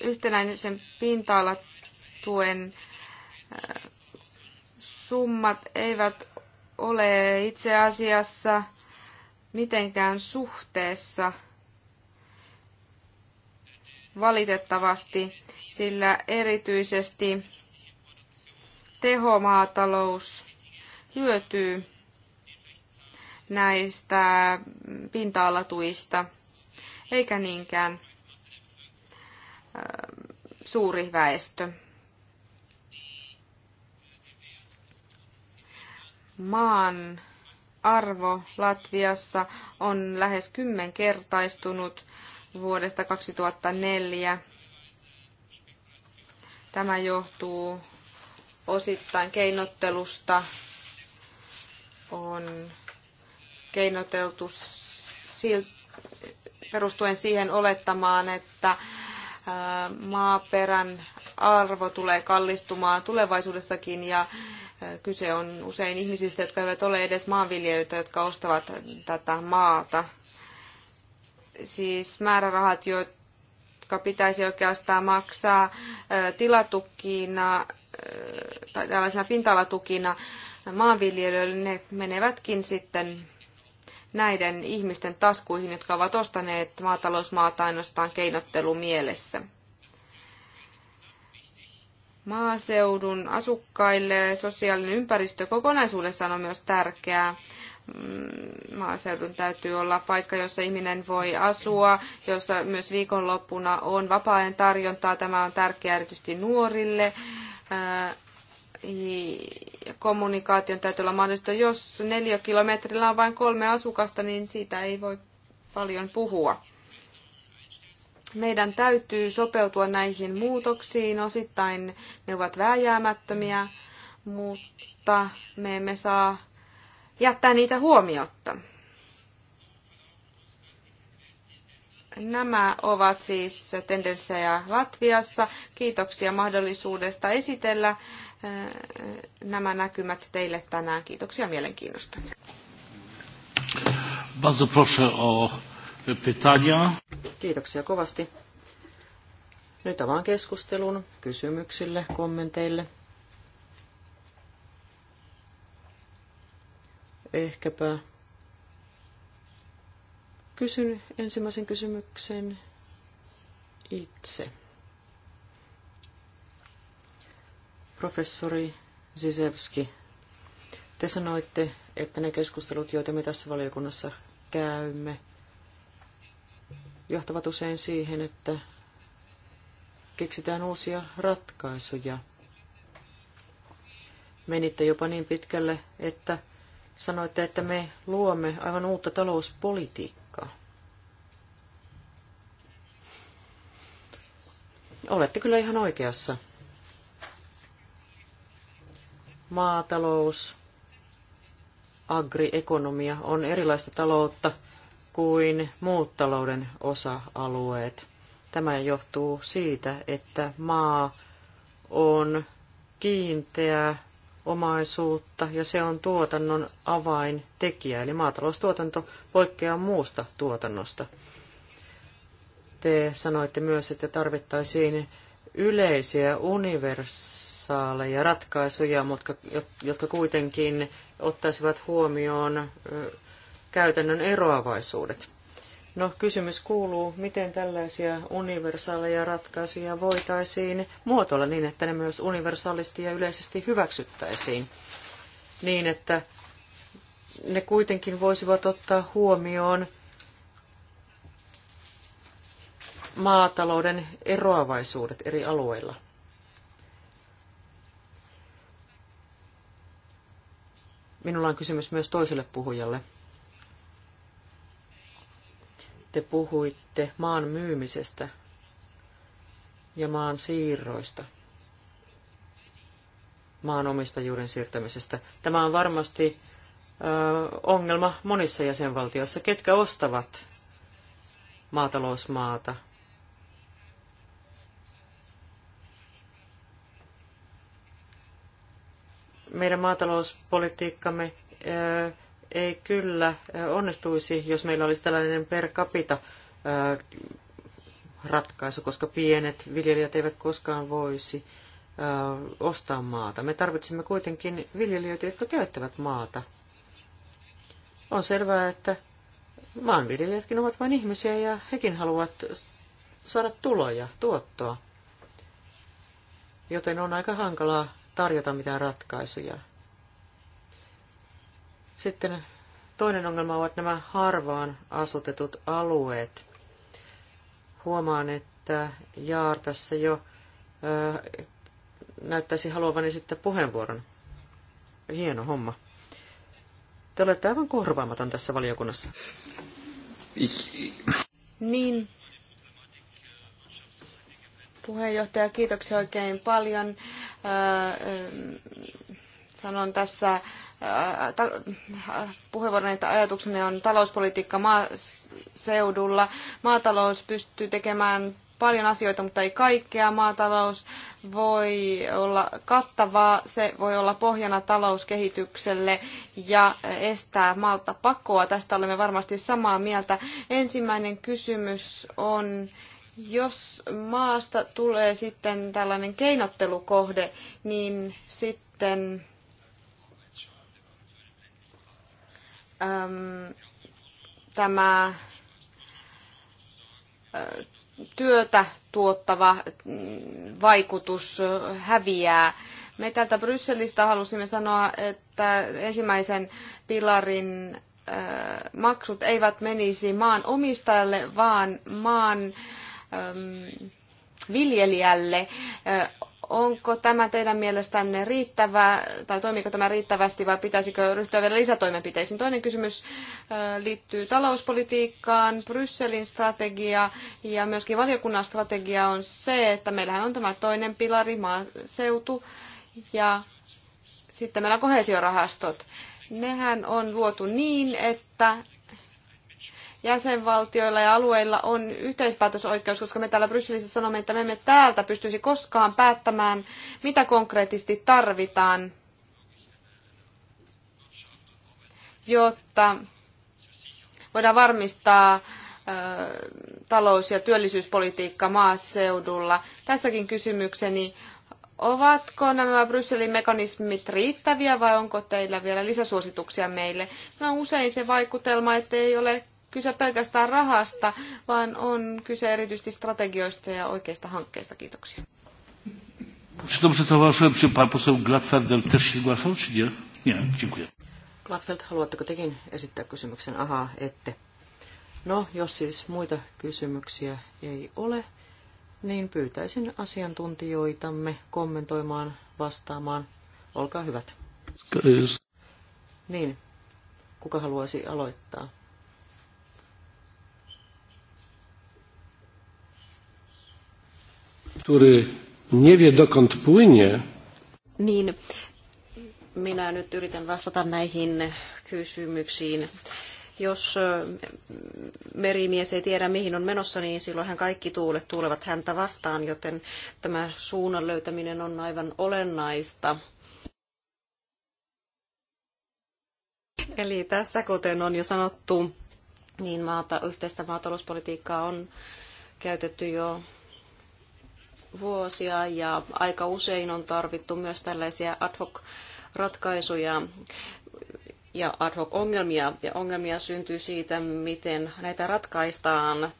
yhtenäisen pinta-alatuen äh, summat eivät ole itse asiassa mitenkään suhteessa valitettavasti, sillä erityisesti tehomaatalous hyötyy näistä pinta-alatuista – eikä niinkään suuri väestö. Maan arvo Latviassa on lähes kymmenkertaistunut vuodesta 2004. Tämä johtuu osittain keinottelusta. On keinoteltu siltä perustuen siihen olettamaan, että äh, maaperän arvo tulee kallistumaan tulevaisuudessakin ja äh, kyse on usein ihmisistä, jotka eivät ole edes maanviljelijöitä, jotka ostavat tätä maata. Siis määrärahat, jotka pitäisi oikeastaan maksaa äh, tilatukina tai tällaisena pinta-alatukina maanviljelijöille, ne menevätkin sitten näiden ihmisten taskuihin, jotka ovat ostaneet maatalousmaata ainoastaan mielessä. Maaseudun asukkaille sosiaalinen ympäristö kokonaisuudessaan on myös tärkeää. Mm, maaseudun täytyy olla paikka, jossa ihminen voi asua, jossa myös viikonloppuna on vapaa-ajan tarjontaa. Tämä on tärkeää erityisesti nuorille kommunikaation täytyy olla mahdollista. Jos neljä kilometrillä on vain kolme asukasta, niin siitä ei voi paljon puhua. Meidän täytyy sopeutua näihin muutoksiin. Osittain ne ovat vääjäämättömiä, mutta me emme saa jättää niitä huomiotta. Nämä ovat siis tendenssejä Latviassa. Kiitoksia mahdollisuudesta esitellä nämä näkymät teille tänään. Kiitoksia mielenkiinnosta. Bardzo proszę o pytania. Kiitoksia kovasti. Nyt avaan keskustelun kysymyksille, kommenteille. Ehkäpä kysyn ensimmäisen kysymyksen itse. Professori Zizevski, te sanoitte, että ne keskustelut, joita me tässä valiokunnassa käymme, johtavat usein siihen, että keksitään uusia ratkaisuja. Menitte jopa niin pitkälle, että sanoitte, että me luomme aivan uutta talouspolitiikkaa. Olette kyllä ihan oikeassa maatalous, agriekonomia on erilaista taloutta kuin muut talouden osa-alueet. Tämä johtuu siitä, että maa on kiinteää omaisuutta ja se on tuotannon avaintekijä, eli maataloustuotanto poikkeaa muusta tuotannosta. Te sanoitte myös, että tarvittaisiin yleisiä universaaleja ratkaisuja, jotka kuitenkin ottaisivat huomioon käytännön eroavaisuudet. No, kysymys kuuluu, miten tällaisia universaaleja ratkaisuja voitaisiin muotoilla niin, että ne myös universaalisti ja yleisesti hyväksyttäisiin, niin että ne kuitenkin voisivat ottaa huomioon maatalouden eroavaisuudet eri alueilla. Minulla on kysymys myös toiselle puhujalle. Te puhuitte maan myymisestä ja maan siirroista, maan omistajuuden siirtämisestä. Tämä on varmasti ö, ongelma monissa jäsenvaltioissa. Ketkä ostavat maatalousmaata? meidän maatalouspolitiikkamme ei kyllä onnistuisi, jos meillä olisi tällainen per capita ratkaisu, koska pienet viljelijät eivät koskaan voisi ostaa maata. Me tarvitsemme kuitenkin viljelijöitä, jotka käyttävät maata. On selvää, että maanviljelijätkin ovat vain ihmisiä ja hekin haluavat saada tuloja, tuottoa. Joten on aika hankalaa tarjota mitään ratkaisuja. Sitten toinen ongelma ovat nämä harvaan asutetut alueet. Huomaan, että Jaar tässä jo äh, näyttäisi haluavan esittää puheenvuoron. Hieno homma. Te olette aivan korvaamaton tässä valiokunnassa. Niin, puheenjohtaja, kiitoksia oikein paljon. Äh, ähm, sanon tässä äh, äh, puheenvuoron, että ajatukseni on talouspolitiikka maaseudulla. Maatalous pystyy tekemään paljon asioita, mutta ei kaikkea. Maatalous voi olla kattavaa, se voi olla pohjana talouskehitykselle ja estää maalta pakoa. Tästä olemme varmasti samaa mieltä. Ensimmäinen kysymys on, jos maasta tulee sitten tällainen keinottelukohde, niin sitten äm, tämä ä, äh, työtä tuottava mm, vaikutus äh, häviää. Me täältä Brysselistä halusimme sanoa, että ensimmäisen pilarin äh, maksut eivät menisi maan omistajalle, vaan maan Ähm, viljelijälle. Äh, onko tämä teidän mielestänne riittävä tai toimiko tämä riittävästi, vai pitäisikö ryhtyä vielä lisätoimenpiteisiin? Toinen kysymys äh, liittyy talouspolitiikkaan. Brysselin strategia ja myöskin valiokunnan strategia on se, että meillähän on tämä toinen pilari, maaseutu, ja sitten meillä on kohesiorahastot. Nehän on luotu niin, että jäsenvaltioilla ja alueilla on yhteispäätösoikeus, koska me täällä Brysselissä sanomme, että me emme täältä pystyisi koskaan päättämään, mitä konkreettisesti tarvitaan, jotta voidaan varmistaa talous- ja työllisyyspolitiikka maaseudulla. Tässäkin kysymykseni, ovatko nämä Brysselin mekanismit riittäviä vai onko teillä vielä lisäsuosituksia meille? No usein se vaikutelma, että ei ole kyse pelkästään rahasta, vaan on kyse erityisesti strategioista ja oikeista hankkeista. Kiitoksia. Czy dobrze zauważyłem, czy pan poseł Gladfelder też się zgłaszał, czy nie? Nie, dziękuję. Gladfeld, haluatteko tekin esittää kysymyksen? Aha, ette. No, jos siis muita kysymyksiä ei ole, niin pyytäisin asiantuntijoitamme kommentoimaan, vastaamaan. Olkaa hyvät. Niin, kuka haluaisi aloittaa? Który nie wie dokąd płynie. Niin, minä nyt yritän vastata näihin kysymyksiin. Jos merimies ei tiedä, mihin on menossa, niin silloinhan kaikki tuulet tuulevat häntä vastaan, joten tämä suunnan löytäminen on aivan olennaista. Eli tässä, kuten on jo sanottu, niin maata, yhteistä maatalouspolitiikkaa on käytetty jo vuosia ja aika usein on tarvittu myös tällaisia ad hoc ratkaisuja ja ad hoc ongelmia. Ja ongelmia syntyy siitä, miten näitä ratkaistaan.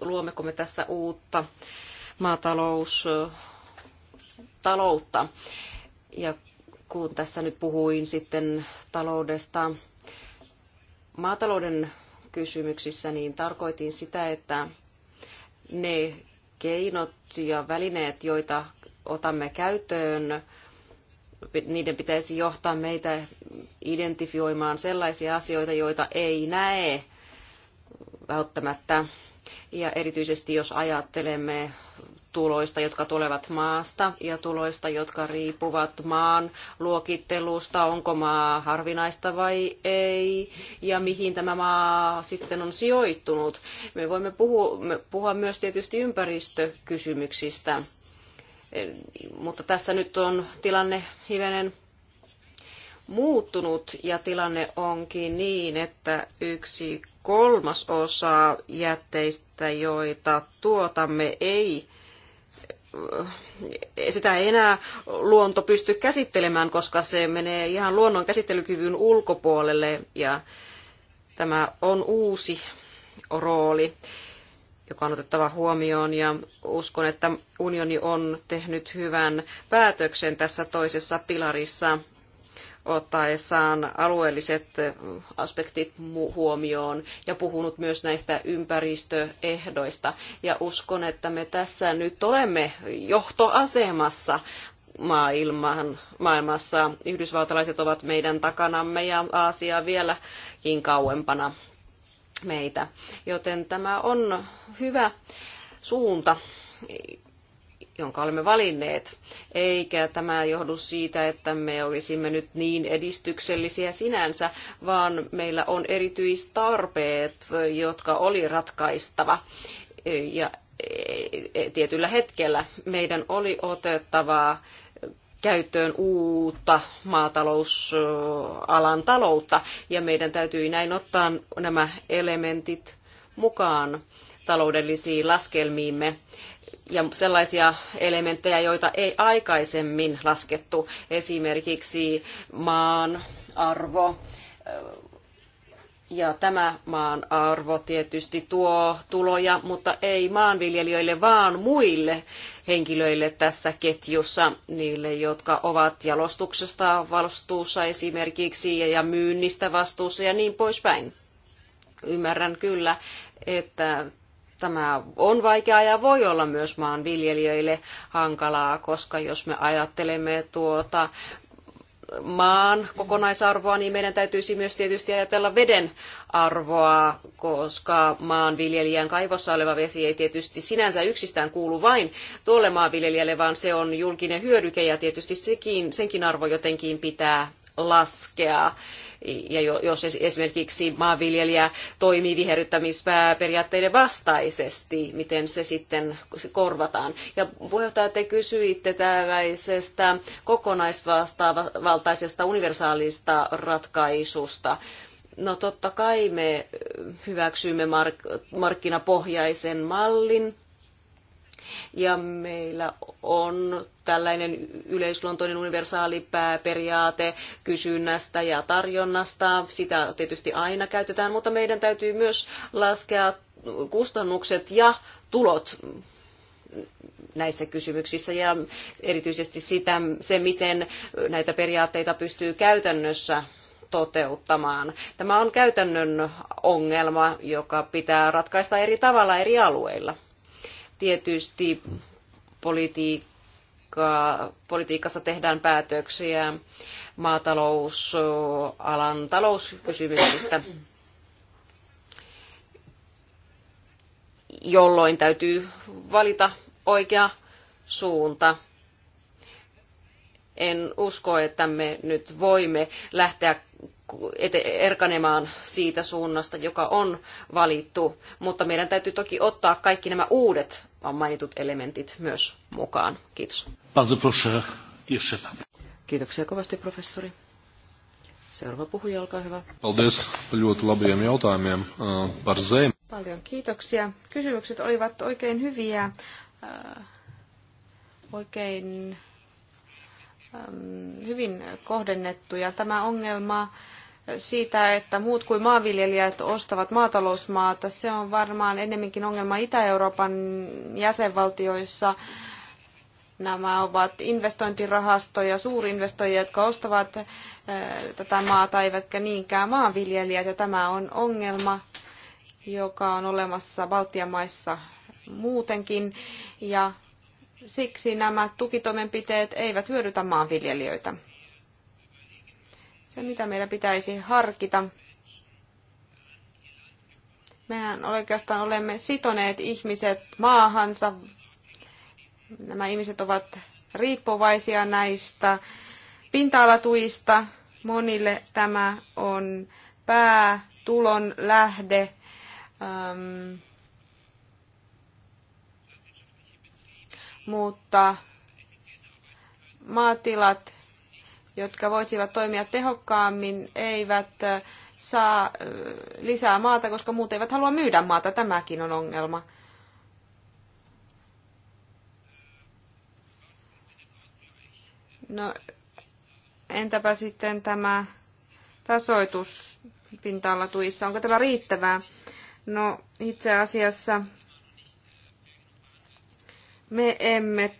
Luommeko me tässä uutta maataloustaloutta. Ja kun tässä nyt puhuin sitten taloudesta maatalouden kysymyksissä, niin tarkoitin sitä, että ne keinot ja välineet, joita otamme käyttöön, niiden pitäisi johtaa meitä identifioimaan sellaisia asioita, joita ei näe välttämättä. Ja erityisesti jos ajattelemme tuloista, jotka tulevat maasta ja tuloista, jotka riippuvat maan luokittelusta, onko maa harvinaista vai ei ja mihin tämä maa sitten on sijoittunut. Me voimme puhua, puhua myös tietysti ympäristökysymyksistä, mutta tässä nyt on tilanne hivenen muuttunut ja tilanne onkin niin, että yksi kolmasosa jätteistä, joita tuotamme, ei Eh, sitä ei enää luonto pysty käsittelemään, koska se menee ihan luonnon käsittelykyvyn ulkopuolelle ja tämä on uusi rooli, joka on otettava huomioon ja uskon, että unioni on tehnyt hyvän päätöksen tässä toisessa pilarissa ottaessaan alueelliset aspektit huomioon ja puhunut myös näistä ympäristöehdoista. Ja uskon, että me tässä nyt olemme johtoasemassa maailman, maailmassa. Yhdysvaltalaiset ovat meidän takanamme ja Aasia vieläkin kauempana meitä. Joten tämä on hyvä suunta jonka olemme valinneet, eikä tämä johdu siitä, että me olisimme nyt niin edistyksellisiä sinänsä, vaan meillä on erityistarpeet, jotka oli ratkaistava. Ja e, e, tietyllä hetkellä meidän oli otettava käyttöön uutta maatalousalan taloutta, ja meidän täytyy näin ottaa nämä elementit mukaan taloudellisiin laskelmiimme ja sellaisia elementtejä, joita ei aikaisemmin laskettu, esimerkiksi maan arvo. Ja tämä maan arvo tietysti tuo tuloja, mutta ei maanviljelijöille, vaan muille henkilöille tässä ketjussa, niille, jotka ovat jalostuksesta vastuussa esimerkiksi ja myynnistä vastuussa ja niin poispäin. Ymmärrän kyllä, että Tämä on vaikeaa ja voi olla myös maanviljelijöille hankalaa, koska jos me ajattelemme tuota maan kokonaisarvoa, niin meidän täytyisi myös tietysti ajatella veden arvoa, koska maanviljelijän kaivossa oleva vesi ei tietysti sinänsä yksistään kuulu vain tuolle maanviljelijälle, vaan se on julkinen hyödyke ja tietysti sekin, senkin arvo jotenkin pitää laskea. Ja jos esimerkiksi maanviljelijä toimii viherryttämisperiaatteiden vastaisesti, miten se sitten korvataan. Ja puheenjohtaja, te kysyitte tällaisesta kokonaisvaltaisesta universaalista ratkaisusta. No totta kai me hyväksymme mark- markkinapohjaisen mallin, ja meillä on tällainen yleisluontoinen universaali pääperiaate kysynnästä ja tarjonnasta. Sitä tietysti aina käytetään, mutta meidän täytyy myös laskea kustannukset ja tulot näissä kysymyksissä ja erityisesti sitä, se, miten näitä periaatteita pystyy käytännössä toteuttamaan. Tämä on käytännön ongelma, joka pitää ratkaista eri tavalla eri alueilla tietysti politiikkaa, politiikassa tehdään päätöksiä maatalousalan talouskysymyksistä, jolloin täytyy valita oikea suunta en usko, että me nyt voimme lähteä erkanemaan siitä suunnasta, joka on valittu, mutta meidän täytyy toki ottaa kaikki nämä uudet mainitut elementit myös mukaan. Kiitos. Kiitoksia kovasti, professori. Seuraava puhuja, olkaa hyvä. Paljon kiitoksia. Kysymykset olivat oikein hyviä, oikein hyvin kohdennettuja. Tämä ongelma siitä, että muut kuin maanviljelijät ostavat maatalousmaata. Se on varmaan ennemminkin ongelma Itä-Euroopan jäsenvaltioissa. Nämä ovat investointirahastoja, suurinvestoijia, jotka ostavat eh, tätä maata, eivätkä niinkään maanviljelijät. Ja tämä on ongelma, joka on olemassa Baltian maissa muutenkin. Ja siksi nämä tukitoimenpiteet eivät hyödytä maanviljelijöitä se, mitä meidän pitäisi harkita. Mehän oikeastaan olemme sitoneet ihmiset maahansa. Nämä ihmiset ovat riippuvaisia näistä pinta-alatuista. Monille tämä on päätulon lähde. Ähm, mutta maatilat jotka voisivat toimia tehokkaammin, eivät saa lisää maata, koska muut eivät halua myydä maata. Tämäkin on ongelma. No, entäpä sitten tämä tasoitus pinta tuissa? Onko tämä riittävää? No, itse asiassa me emme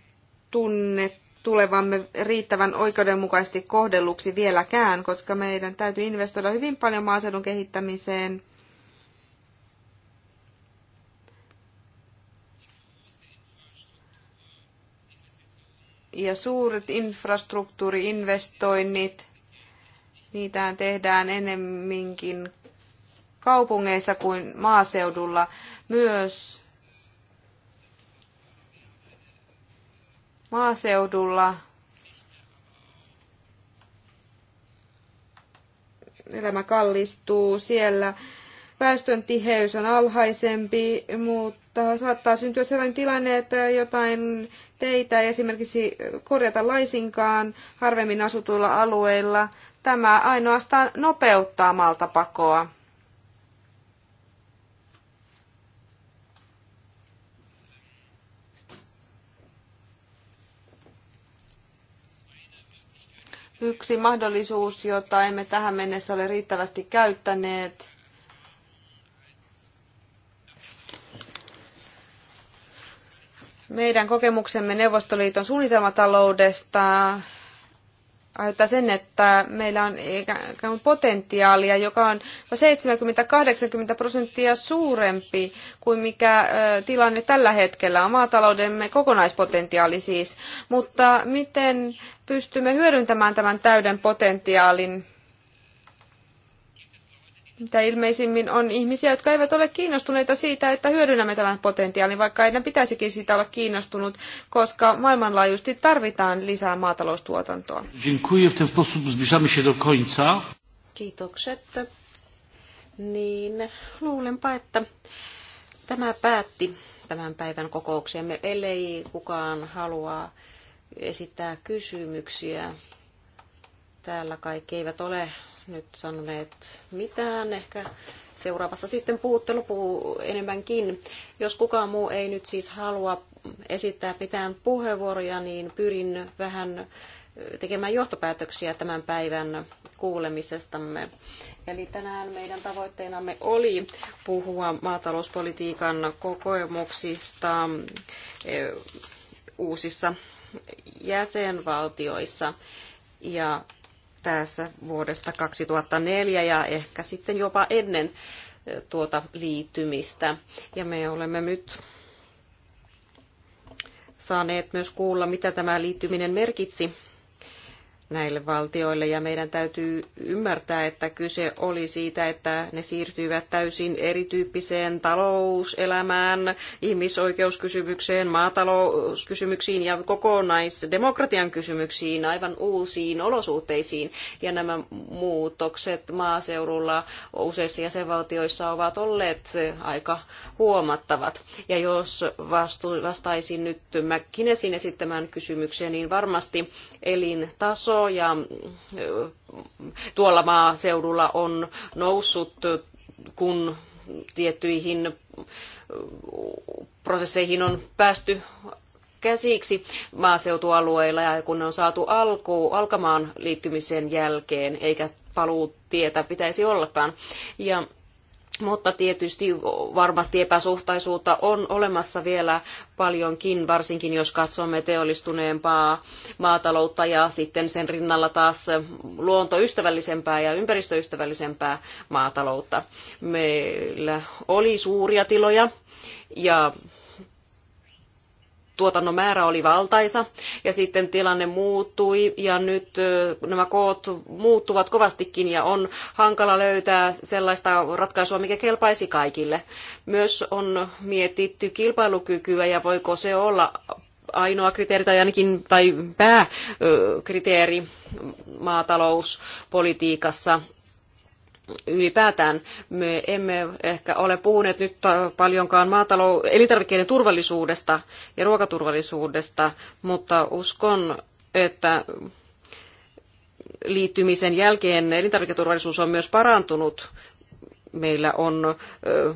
tunne tulevamme riittävän oikeudenmukaisesti kohdelluksi vieläkään, koska meidän täytyy investoida hyvin paljon maaseudun kehittämiseen. Ja suuret infrastruktuuriinvestoinnit, niitä tehdään enemminkin kaupungeissa kuin maaseudulla. Myös maaseudulla elämä kallistuu, siellä väestön tiheys on alhaisempi, mutta saattaa syntyä sellainen tilanne, että jotain teitä ei esimerkiksi korjata laisinkaan harvemmin asutuilla alueilla. Tämä ainoastaan nopeuttaa maaltapakoa. Yksi mahdollisuus, jota emme tähän mennessä ole riittävästi käyttäneet, meidän kokemuksemme Neuvostoliiton suunnitelmataloudesta aiheuttaa sen, että meillä on potentiaalia, joka on 70-80 prosenttia suurempi kuin mikä tilanne tällä hetkellä on, maataloudemme kokonaispotentiaali siis. Mutta miten pystymme hyödyntämään tämän täyden potentiaalin mitä ilmeisimmin on ihmisiä, jotka eivät ole kiinnostuneita siitä, että hyödynnämme tämän potentiaalin, vaikka heidän pitäisikin siitä olla kiinnostunut, koska maailmanlaajuisesti tarvitaan lisää maataloustuotantoa. Kiitokset. Niin, luulenpa, että tämä päätti tämän päivän kokouksemme, ellei kukaan halua esittää kysymyksiä. Täällä kaikki eivät ole nyt sanoneet mitään. Ehkä seuraavassa sitten puhutte lopuu enemmänkin. Jos kukaan muu ei nyt siis halua esittää pitään puheenvuoroja, niin pyrin vähän tekemään johtopäätöksiä tämän päivän kuulemisestamme. Eli tänään meidän tavoitteenamme oli puhua maatalouspolitiikan kokemuksista uusissa jäsenvaltioissa ja tässä vuodesta 2004 ja ehkä sitten jopa ennen tuota liittymistä. Ja me olemme nyt saaneet myös kuulla, mitä tämä liittyminen merkitsi näille valtioille ja meidän täytyy ymmärtää, että kyse oli siitä, että ne siirtyivät täysin erityyppiseen talouselämään, ihmisoikeuskysymykseen, maatalouskysymyksiin ja kokonaisdemokratian kysymyksiin, aivan uusiin olosuhteisiin. Ja nämä muutokset maaseudulla useissa jäsenvaltioissa ovat olleet aika huomattavat. Ja jos vastu, vastaisin nyt McKinesin esittämään kysymykseen, niin varmasti elintaso ja tuolla maaseudulla on noussut, kun tiettyihin prosesseihin on päästy käsiksi maaseutualueilla ja kun ne on saatu alku, alkamaan liittymisen jälkeen, eikä paluutietä pitäisi ollakaan. Ja mutta tietysti varmasti epäsuhtaisuutta on olemassa vielä paljonkin, varsinkin jos katsomme teollistuneempaa maataloutta ja sitten sen rinnalla taas luontoystävällisempää ja ympäristöystävällisempää maataloutta. Meillä oli suuria tiloja ja tuotannon määrä oli valtaisa ja sitten tilanne muuttui ja nyt nämä koot muuttuvat kovastikin ja on hankala löytää sellaista ratkaisua, mikä kelpaisi kaikille. Myös on mietitty kilpailukykyä ja voiko se olla ainoa kriteeri tai ainakin tai pääkriteeri maatalouspolitiikassa ylipäätään me emme ehkä ole puhuneet nyt paljonkaan maatalou- elintarvikkeiden turvallisuudesta ja ruokaturvallisuudesta, mutta uskon, että liittymisen jälkeen elintarviketurvallisuus on myös parantunut. Meillä on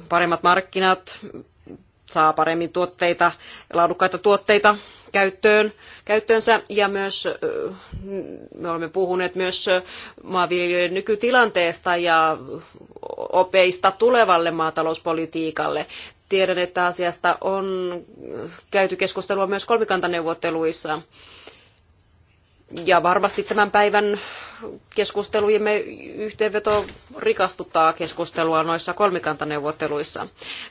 paremmat markkinat, saa paremmin tuotteita, laadukkaita tuotteita käyttöön, käyttöönsä ja myös me olemme puhuneet myös maanviljelijöiden nykytilanteesta ja opeista tulevalle maatalouspolitiikalle. Tiedän, että asiasta on käyty keskustelua myös kolmikantaneuvotteluissa ja varmasti tämän päivän keskustelujemme yhteenveto rikastuttaa keskustelua noissa kolmikantaneuvotteluissa.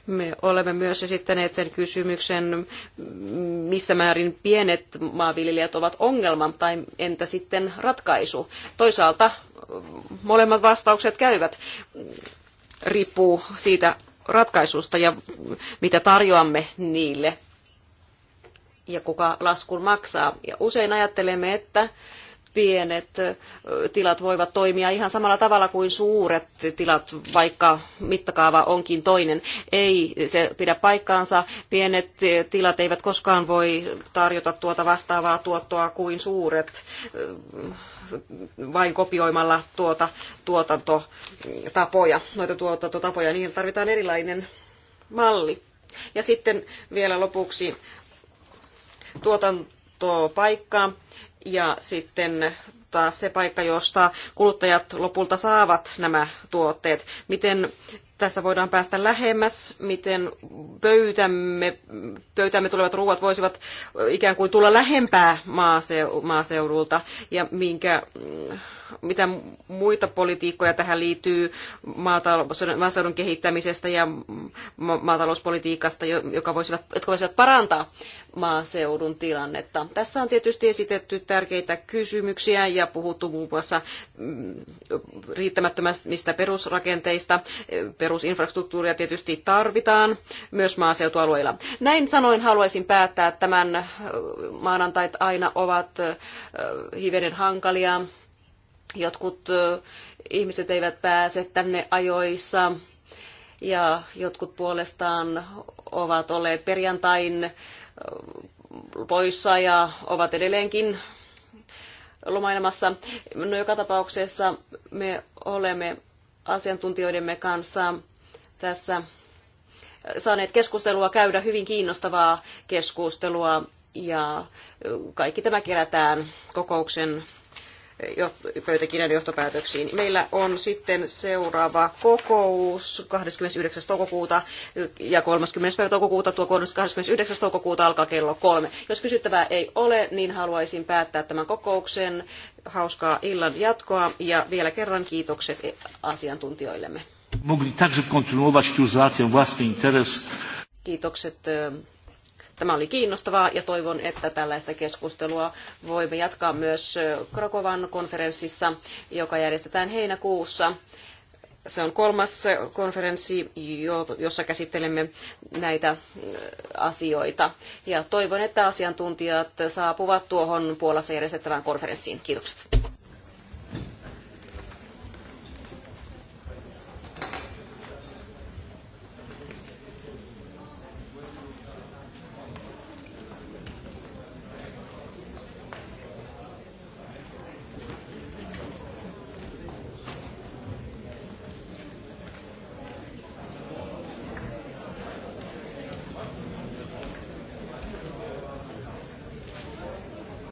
Me olemme myös esittäneet sen kysymyksen, missä määrin pienet maanviljelijät ovat ongelma tai entä sitten ratkaisu. Toisaalta molemmat vastaukset käyvät. Riippuu siitä ratkaisusta ja mitä tarjoamme niille ja kuka laskun maksaa. Ja usein ajattelemme, että pienet tilat voivat toimia ihan samalla tavalla kuin suuret tilat, vaikka mittakaava onkin toinen. Ei se pidä paikkaansa. Pienet tilat eivät koskaan voi tarjota tuota vastaavaa tuottoa kuin suuret vain kopioimalla tuota tuotantotapoja, noita tuotantotapoja, niin tarvitaan erilainen malli. Ja sitten vielä lopuksi tuotantopaikka ja sitten taas se paikka, josta kuluttajat lopulta saavat nämä tuotteet. Miten tässä voidaan päästä lähemmäs, miten pöytämme, pöytämme tulevat ruuat voisivat ikään kuin tulla lähempää maaseudulta ja minkä, mm, mitä muita politiikkoja tähän liittyy maaseudun kehittämisestä ja maatalouspolitiikasta, joka voisivat, jotka voisivat parantaa maaseudun tilannetta. Tässä on tietysti esitetty tärkeitä kysymyksiä ja puhuttu muun muassa mm, riittämättömistä perusrakenteista. Perusinfrastruktuuria tietysti tarvitaan myös maaseutualueilla. Näin sanoin haluaisin päättää tämän. Maanantait aina ovat hivenen hankalia. Jotkut ihmiset eivät pääse tänne ajoissa ja jotkut puolestaan ovat olleet perjantain poissa ja ovat edelleenkin lomailemassa. No joka tapauksessa me olemme asiantuntijoidemme kanssa tässä saaneet keskustelua käydä, hyvin kiinnostavaa keskustelua ja kaikki tämä kerätään kokouksen pöytäkirjan johtopäätöksiin. Meillä on sitten seuraava kokous 29. toukokuuta ja 30. päivä toukokuuta. Tuo 29. toukokuuta alkaa kello kolme. Jos kysyttävää ei ole, niin haluaisin päättää tämän kokouksen. Hauskaa illan jatkoa ja vielä kerran kiitokset e- asiantuntijoillemme. Kiitokset e- Tämä oli kiinnostavaa ja toivon, että tällaista keskustelua voimme jatkaa myös Krakovan konferenssissa, joka järjestetään heinäkuussa se on kolmas konferenssi, jossa käsittelemme näitä asioita. Ja toivon, että asiantuntijat saapuvat tuohon Puolassa järjestettävään konferenssiin. Kiitokset.